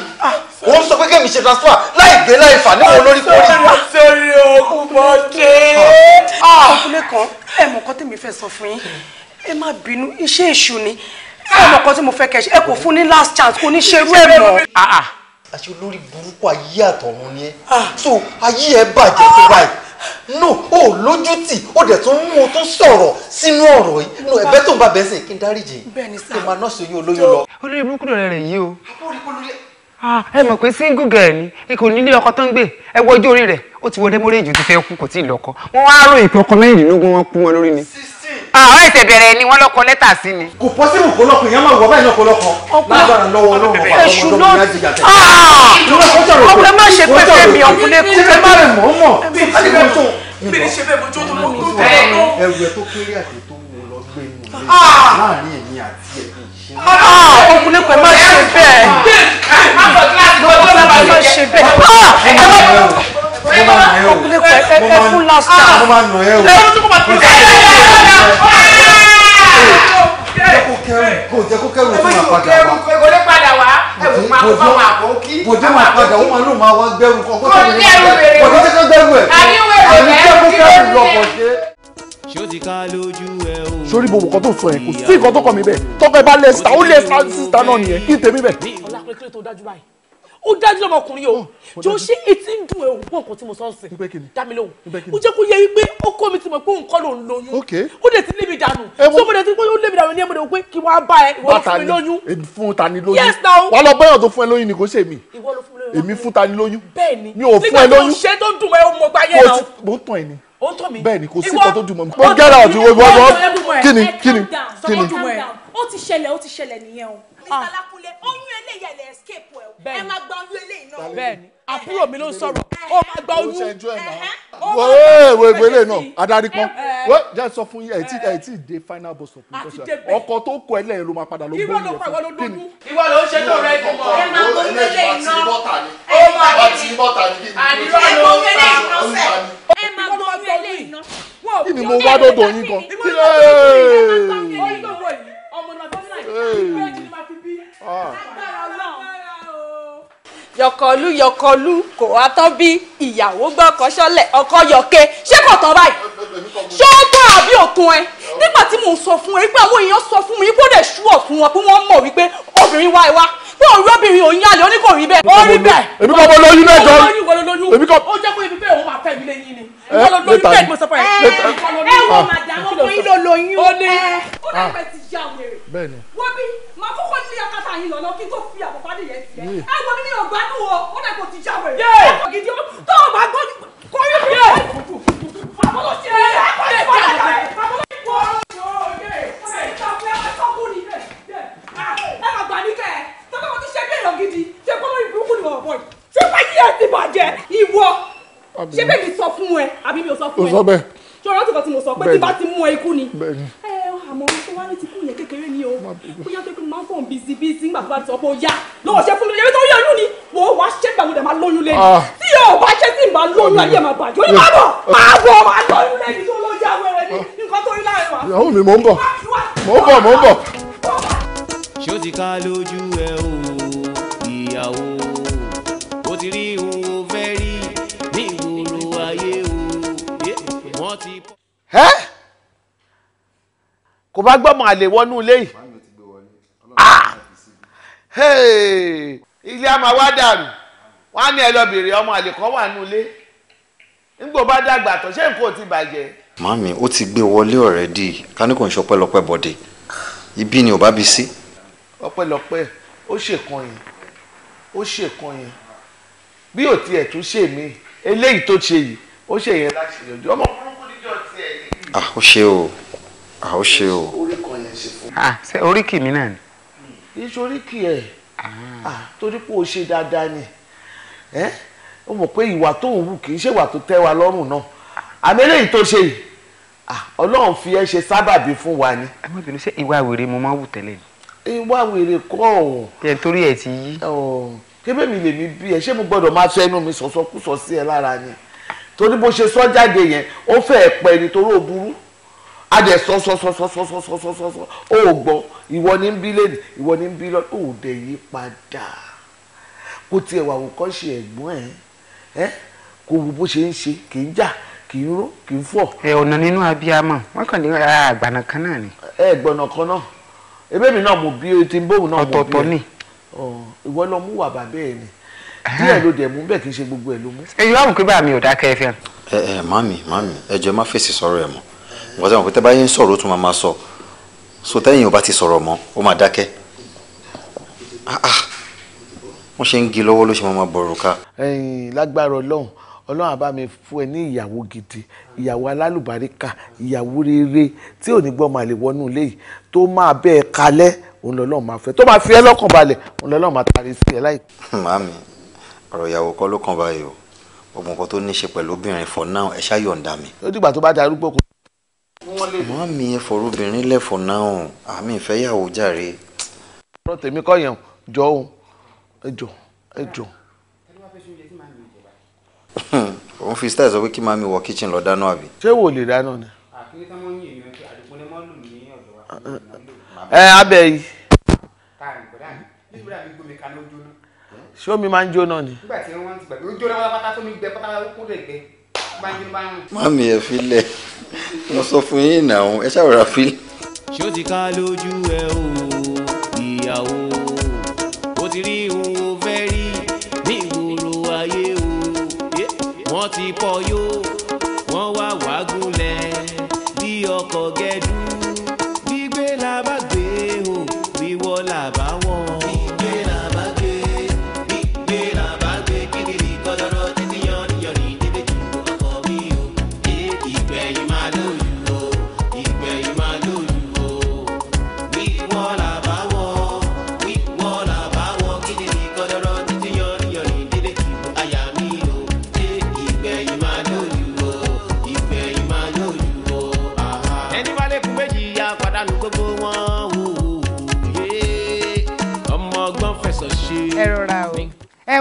wọ́n sọ pé kẹ́mi ṣe transfer láì gbé láì fà níwọ̀n lórí kórì. sórí okùn bọ́dé. ọkùnrin kan ẹ mọ̀ nǹkan tèmi fẹ́ sọ fún yín ẹ má bínú iṣẹ́ èṣù ni ẹ mọ̀ nǹkan tí mo fẹ́ kẹ́ ẹ kò fún ní last chance kò ní ṣerú ẹ̀ mọ́ ah, ah. àti olórí burúkú ayé àtọ̀run ni ẹ ah. so ayé ẹ bàjẹ́ tó báyìí no o lójútì o dẹ̀ tún mú o tún sọ̀rọ̀ sínú ọ̀rọ̀ yìí no ẹ̀bẹ̀ tó ń bá bẹ́ẹ̀ kí n dáríjì kí n máa nọ́ọ̀sì oyún olóyún lọ. olórí burúkú rẹ̀ rẹ̀ yìí o. àbúrò ìpolówó Ah, ẹ mọ̀ pé single girl ni ẹ kò nílé ọkọ tó ń gbé ẹ wọ ojú orí rẹ̀ ó ti wọlé mọ́rẹ́jù ti fẹ́ kú kò tí ì lọ́kọ wọ́n wá ròyìn pé ọkọ mẹ́rìndínlógún wọn kú wọn lórí ni. Ah, àwọn ètè bẹ̀rẹ̀ ni wọ́n lọ́kọ lẹ́tà sí ni. kò pọ́sibù kó lọ́kọ ìyá máa wọ báyìí lọ́kọ lọ́kọ lágbára lọ́wọ́ ọlọ́run wà lọ́wọ́ ọlọ́run. ọkùnrin pẹ̀ ah! má ṣe bẹ́ẹ̀ bòdé máa padà wọn máa lò máa wá gbẹrù ọgọ́ta bòdé jẹ́ kó gbẹrù ẹ̀ àní jẹ́ kó gbẹrù lọ́pọ̀ ṣe sórí gbogbo kan tó sọ yẹn kò sí nǹkan tó kọ mi bẹ́ẹ̀ tọ́kọ ẹ bá lẹ sita ó lẹ sita náà nìyẹn kí n tèmi bẹ́ẹ̀. ọlá pé kílẹ̀ tó dájú báyìí ó dájú lọmọkùnrin o jọ ṣé etí ń dùn ẹ o gbọ́ nǹkan tí mo sọ ń sìn dámi lóhùn ó jẹ́ kó yẹ wípé ọkọ mi ti mọ̀ pé òun kọ́ ló ń lóyún ó dẹ̀ ti lé mi dànù tó mo dẹ̀ ti pé ó lé mi dànù ní ẹ̀mọ́dé pé kí wọ́n á bá ẹ ìwọ ló fún mi lóyún fún ta ni lóyún wà á lọ bẹ́yàn tó fún ẹ lóyún ni kò ṣe mi èmi fún ta ni lóyún mi ò fún ẹ lóyún bẹ́ẹ̀ ni nígbà tó ń ṣe tó dùn mọ́ ẹ ó mọ gbáyé náà mo tàn ẹ ni ó tọ̀ mí. bẹ́ẹ̀ni kò sí ìtọ́jú mọ́ mi pé get out ìwé wọ́n kíni kíni kíni. ó ti ṣẹlẹ̀ ó ti ṣẹlẹ̀ nìyẹn o. mr lakunle oyún eléyà lè escape ẹ máa gba oyún eléyìí náà. bẹ́ẹ̀ni àbúrò mi ló ń sọ̀rọ̀ ó máa gba oyún. wọ́ọ̀ ìwélé náà eh, adarí pọ́n wọ́ọ̀ jẹ́ sọ fún yín ẹ̀ tí ẹ̀ tí dé final bus stop ní kọ́sọ̀ ọkọ̀ tó kọ ẹlẹ́yìn ló máa padà ló gbóyè fún kí ni. ìwọ ló ń ṣètò rẹ jù mọ́ ẹ máa gbóyún lélẹ̀ iná ẹ máa gbóyún lélẹ̀ iná ẹ máa gbóyún lélẹ̀ iná. kí ni mo wá dọ̀dọ̀ yín gan kí ló ń ọmọ náà tó ń láì yọkọlú yọkọlú kò wá tán bí ìyàwó gbọ́kọ ṣọlẹ̀ ọkọ yọ̀ke ṣé kò tán báyìí ṣé ó tán àbí òtún ẹ nígbà tí mò ń sọ fún ẹ pé àwọn èèyàn sọ fún mi kó dẹ̀ ṣú ọ̀fun wọn pé wọ́n mọ̀ wípé obìnrin wa ìwà pé òun obìnrin òun yàn lé oníkò rí bẹ́ẹ̀. ó rí bẹ́ẹ̀ ó jẹ́ pé ibi bẹ́ẹ̀ òun máa fẹ́ mi lẹ́yìn ni ẹ eh, lọ lóyún bẹ́ẹ̀ mo sọ fún ẹ. ẹ wo màdà ọkùnrin ló lóyún. ó ní eh, ó náà fẹ́ ah. ti já wèrè. bẹ́ẹ̀ni. wọ́n bí màá kọ́kọ́ lé akátá yìí lọ́nà kí n tó fi àbọ̀fá dè yẹn tiẹ̀. ẹ wo mi ní ọgbà tó wọ ó náà kò ti já wèrè. yé ẹ eh, gidi tó o bá gbọ́ kórè mi. yé bàbá ló ṣe é bàbá ló ṣe é bàbá ló ṣe é. ṣe kọ́ lórí burúkú ni wọ́n bọ̀ yìí ṣé wáyé ẹ̀ ti bàjẹ́ ìwọ ṣé bẹ́ẹ̀ mi sọ fún ẹ àbí mi ò sọ fún ẹ. o sọ bẹ́ẹ̀. ṣé ọ̀rọ̀ tìkan tí mo sọ pé tí bá ti mú ẹ ikú ni. bẹ́ẹ̀ni. ẹ àmọ́ tó wá ní ti kú yẹn kékeré ni o bóyá tó kí n máa ń fọ̀n bíi bíi nígbà tó bá ti sọ pé ó yá lọ́wọ́ ṣe fún mi lóyún tó yẹ oyún ni wò ó wá ṣẹ́ gbàgbọ́dọ̀ máa lóyún lẹ́yìn ah. tí yóò bá ṣẹ́ tí n bá lóyún ayé máa bàjẹ́ ó ní máa bọ̀ ah. máa bọ̀ máa lóyún lẹ́yìn tó lọ́jà wẹ̀rẹ̀ ni ah. nǹkan tó rí láàrin wa. ìyàwó mi mò ń bọ̀ mò ń bọ̀ mò ń bọ̀. ṣó ti ká lójú ẹ o ẹ́ kò bá gbọ́mọ àlè wọnú ilé yìí ah! ilé àmà wá dàrú wọn á ní ẹ lọ bèrè ọmọ àlè kan wà nù ilé nígbò bá dàgbà tó ṣé nǹkan ò ti bàjẹ́. màmí ó ti gbé wọlé already káníkò ń ṣọpẹ́lọpẹ́ bọ̀dé ibi ni ò bá bí sí. ọpẹ́lọpẹ́ ó ṣèkan yẹn ó ṣèkan yẹn bí ò tiẹ̀ tún ṣe mí eléyìí tó ṣe yìí ó ṣe yẹn láṣeyọjú ọmọ burúkú níjọ tí ah ó ṣe o ah ó ṣe o. ah ṣe oríkì mi náà ni. kì í ṣe oríkì ẹ ah torí pé o ṣe dáadáa ni ẹ ó mọ̀ pé ìwà tó ń wù kì í ṣe ìwà tó tẹ́ wa lọ́rùn náà àmì eléyìí tó ṣe yìí ọlọ́run fi ẹ ṣe sábàbí fún wa ni. ẹ má bínú ṣe ìwà wèrè mo máa wù tẹ́lẹ̀ ni. ìwà wèrè kọ́ ọ̀hún. ẹ torí ẹ ti yí. kébé mi lèmi bí ẹ ṣé mo gbọ́dọ̀ máa fẹ́nu mi sọ̀sọ́kùsọ sí ẹ lára ni. torí bó ṣe sọ jáde yẹn ó fẹ́ pẹ́ nítorí ó burú a jẹ sọ sọ sọ sọ sọ sọ sọ sọ sọ sọ ó ìwọ ní ìwọ ní ó dẹ̀ yí padà kò tiẹ̀ wà wò ṣe ẹ̀gbọ́n ẹ ọ̀nà nínú abiyamọ wọn kàn ní náà ni. ẹ gbọ́nà kan náà náà mo bí o ti bóun náà mo bí o ọ̀tọ̀ọ̀tọ̀ ni. ìwọ wà bàbá ni. díẹ̀ ló dẹ̀ mú bẹ́ẹ̀ kì í ṣe gbogbo ẹ̀ ló mú. èyí wàá mú pé bá mi ò dákẹ́ fm. ẹ ẹ mami mami ẹ jọ̀ọ́ má fèsì sọ̀rọ̀ ẹ mọ́ nǹkan tí wọn pé tẹ bá yín sọ̀rọ̀ ó tún máa máa sọ so tẹ̀yin ò bá ti sọ̀rọ̀ mọ́ ó máa dákẹ́ wọn ah, ah. ṣe ń gi lọ́wọ́ ló ṣe máa máa bọ̀rọ̀ ká. ẹyin lágbára Ọlọ́run Ọlọ́run àbá mi fún ẹ ní ìyàwó gidi ìyàwó alálùbáríkà ìyàwó rere tí ò ní gbọ́ máa lè wọnú ilé yìí tó máa bẹ́ẹ̀ kalẹ̀ òun lọ́lọ́run máa fẹ́ tó máa fi ẹ́ lọ́kàn balẹ̀ òun lọ́lọ́run máa taari sí ẹ láì. màámi ọ̀rọ̀ ìyàwó kọ́ ló kàn báyìí o gbogbo nǹkan tó ní ṣe pẹ̀lú obìnrin for now ẹ ṣá yọ̀ǹda mi. ó dìgbà tó bá darúgbó kù. wọ́n mi ẹ fọ̀rọ̀ obìnrin lẹ̀ for now àmì ìfẹ́yàwó jàre. ọ̀rọ̀ tèmi kọ́ yẹn jọ ohun ẹ jọ ẹ jọ. òun fi style sọ pé kí máa mi wọ kitchen lọ dáná àbí. ṣé wò lè dáná ni. àkíní ká mọ́ ni mọ́ lù ní ọ̀dọ̀ ṣé omi máa ń jóná ni. nígbà tí wọ́n ti gbàgbé ó jóná wọn pátá tómi gbẹ pátá ó kúrò gbẹ bá ń jóná bá ń rìn. mami ẹ filẹ mo sọ fún yín ìnáwó ẹ ṣàwòrán filẹ. ṣé ó ti ká lójú ẹ o ìyàwó ó ti rí ohun fẹ́ rí ní ìgboro ayé o wọ́n ti pọ̀ yó wọ́n wá wàgúnlẹ̀ bí ọkọ̀ gẹ́dú gbígbé làbàgbé o wíwọ́ làbáwọn.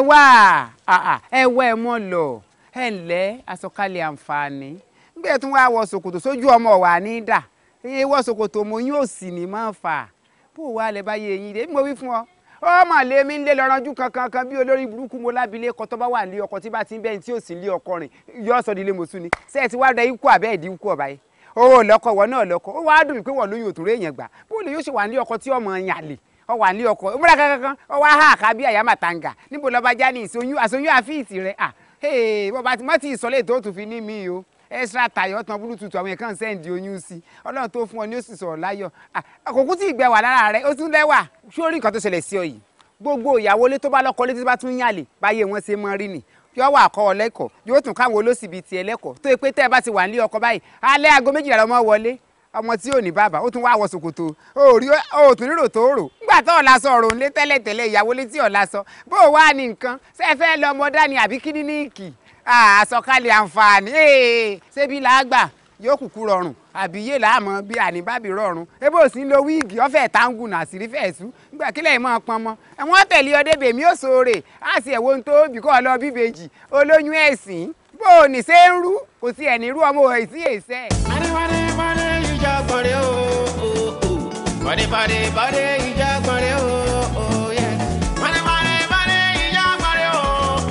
wá ah, ah. ẹ wá ẹ mọ lọ ẹ ǹlẹ́ àsọkalẹ̀ àǹfààní nígbà tí wọ́n á wọ ṣòkòtò sójú ọmọ wà ní dà ẹ wọ ṣòkòtò mo yóò sì ní máa fà bó wà lẹ bá yẹ eyín dé mo wí fún ọ ọmọ lè mi ń lé lọ́rọ́jú kankan kan bí olórí burúkú mo lábílẹ̀ ọkọ tó bá wà ní ọkọ tí bá ti ń bẹ́ẹ̀ tí ò sì lé ọkọ rìn yọ sọ nílé mọ̀sùn ni ṣé ẹ ti wá da ikú àbẹ́ ìdí ikú ọ̀bá yìí owó lọ́kọ̀ wọ náà lọ́kọ̀ ó wàá dùn pé wọ́n lóyún òtún rẹ̀ èèyàn gbà bó lè yóò ṣe wà ní ọkọ tí ọmọ yàn lè ọ wà ní ọkọ̀ múra kankan ọ wá hà ká bí àyàmà tàǹgà níbo lọ́ba já ní ìsoyún àsoyún àfíìsì rẹ̀ à bọ́ba mọ́ ti ìsọ̀lẹ̀ tó tún fi ní mi o extra tayọ tán burú tutù àwọn èèkàn sẹ́ǹdì oyún sí ọlọ́run tó fún ọ ní ó sì sọ̀rọ̀ láyọ̀ àkókò tí ìgbẹ́ wà lára rẹ̀ ó tún lẹ́wà sórí nǹkan tó ṣẹlẹ̀ sí ọ yìí gbogbo ìyàwó ilé tó bá lọ́kọ ilé tó bá tún yàlè báyé wọn ṣe mọ́ rí ni yóò wà kọ́ ọ lẹ́kọ̀ọ́ yóò tún káwọn olóṣìbí tiẹ̀ lẹ́kọ̀ọ́ tó yẹ pé tẹ́ ẹ bá ti wà ní ọkọ báyìí alẹ́ aago méjìlá lọ́mọ wọlé ọmọ tí ò ní bàbá ó tún wá wọ ṣòkòtò òòrí òòtún rírò tó nígbà tó ọ̀la sọ ọ̀rọ̀ ńlé tẹ́lẹ̀tẹ́lẹ̀ ìyàwó létí ọ̀la sọ bó o wá ní nǹkan ṣe fẹ́ lọ ọmọ dání àbí kíníníìkì àsọkalẹ̀ àǹfààní ṣébi làágbà yóò kúkú rọrùn àbí yé làámọ bí àníbàbí rọrùn ebó ò ń lo wíìgì ọ̀fẹ́ táǹgù nà sí rífẹ ẹsù nígbà kílẹ̀ ìmọ̀ pọn mọ́ ẹ̀wọ̀n tẹ̀lé ọdẹbẹ̀ mi ò sóore á sì ẹ̀wọ̀ ń tó bìkọ́ lọ bíbejì olóyún ẹ̀sìn bó o nì ṣe ń rú kò sí ẹ̀ ní rú ọmọ ẹ̀ sí èsẹ̀. wáníwáníwáni ìjà gbọ̀nrẹ́ o bọ́dé bọ́dé bọ́dé ìjà gbọ́nrẹ́ o oyè. bọ́dé bọ́dé bọ́dé ìjà gbọ́nrẹ́ o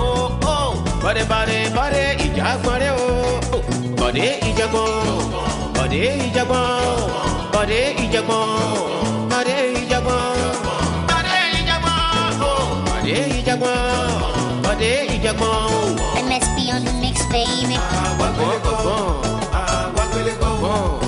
o o. bọ́dé bọ́dé bọ́dé ìjà gbọ́nrẹ́ o. bọ́dé ìjẹ̀gbọ́n bọ́dé ìjẹ̀gbọ́n bọ́dé ìjẹ̀gbọ́n bọ́dé ìjẹ̀gbọ́n bọ́dé ìjẹ̀gbọ́n bọ́dé ìjẹ̀gbọ́n bọ́dé ìjẹ̀gbọ́n. MSP on the mix baby. àwa gbẹlẹ́gbọ̀n àwa gbẹlẹ́gbọ̀n.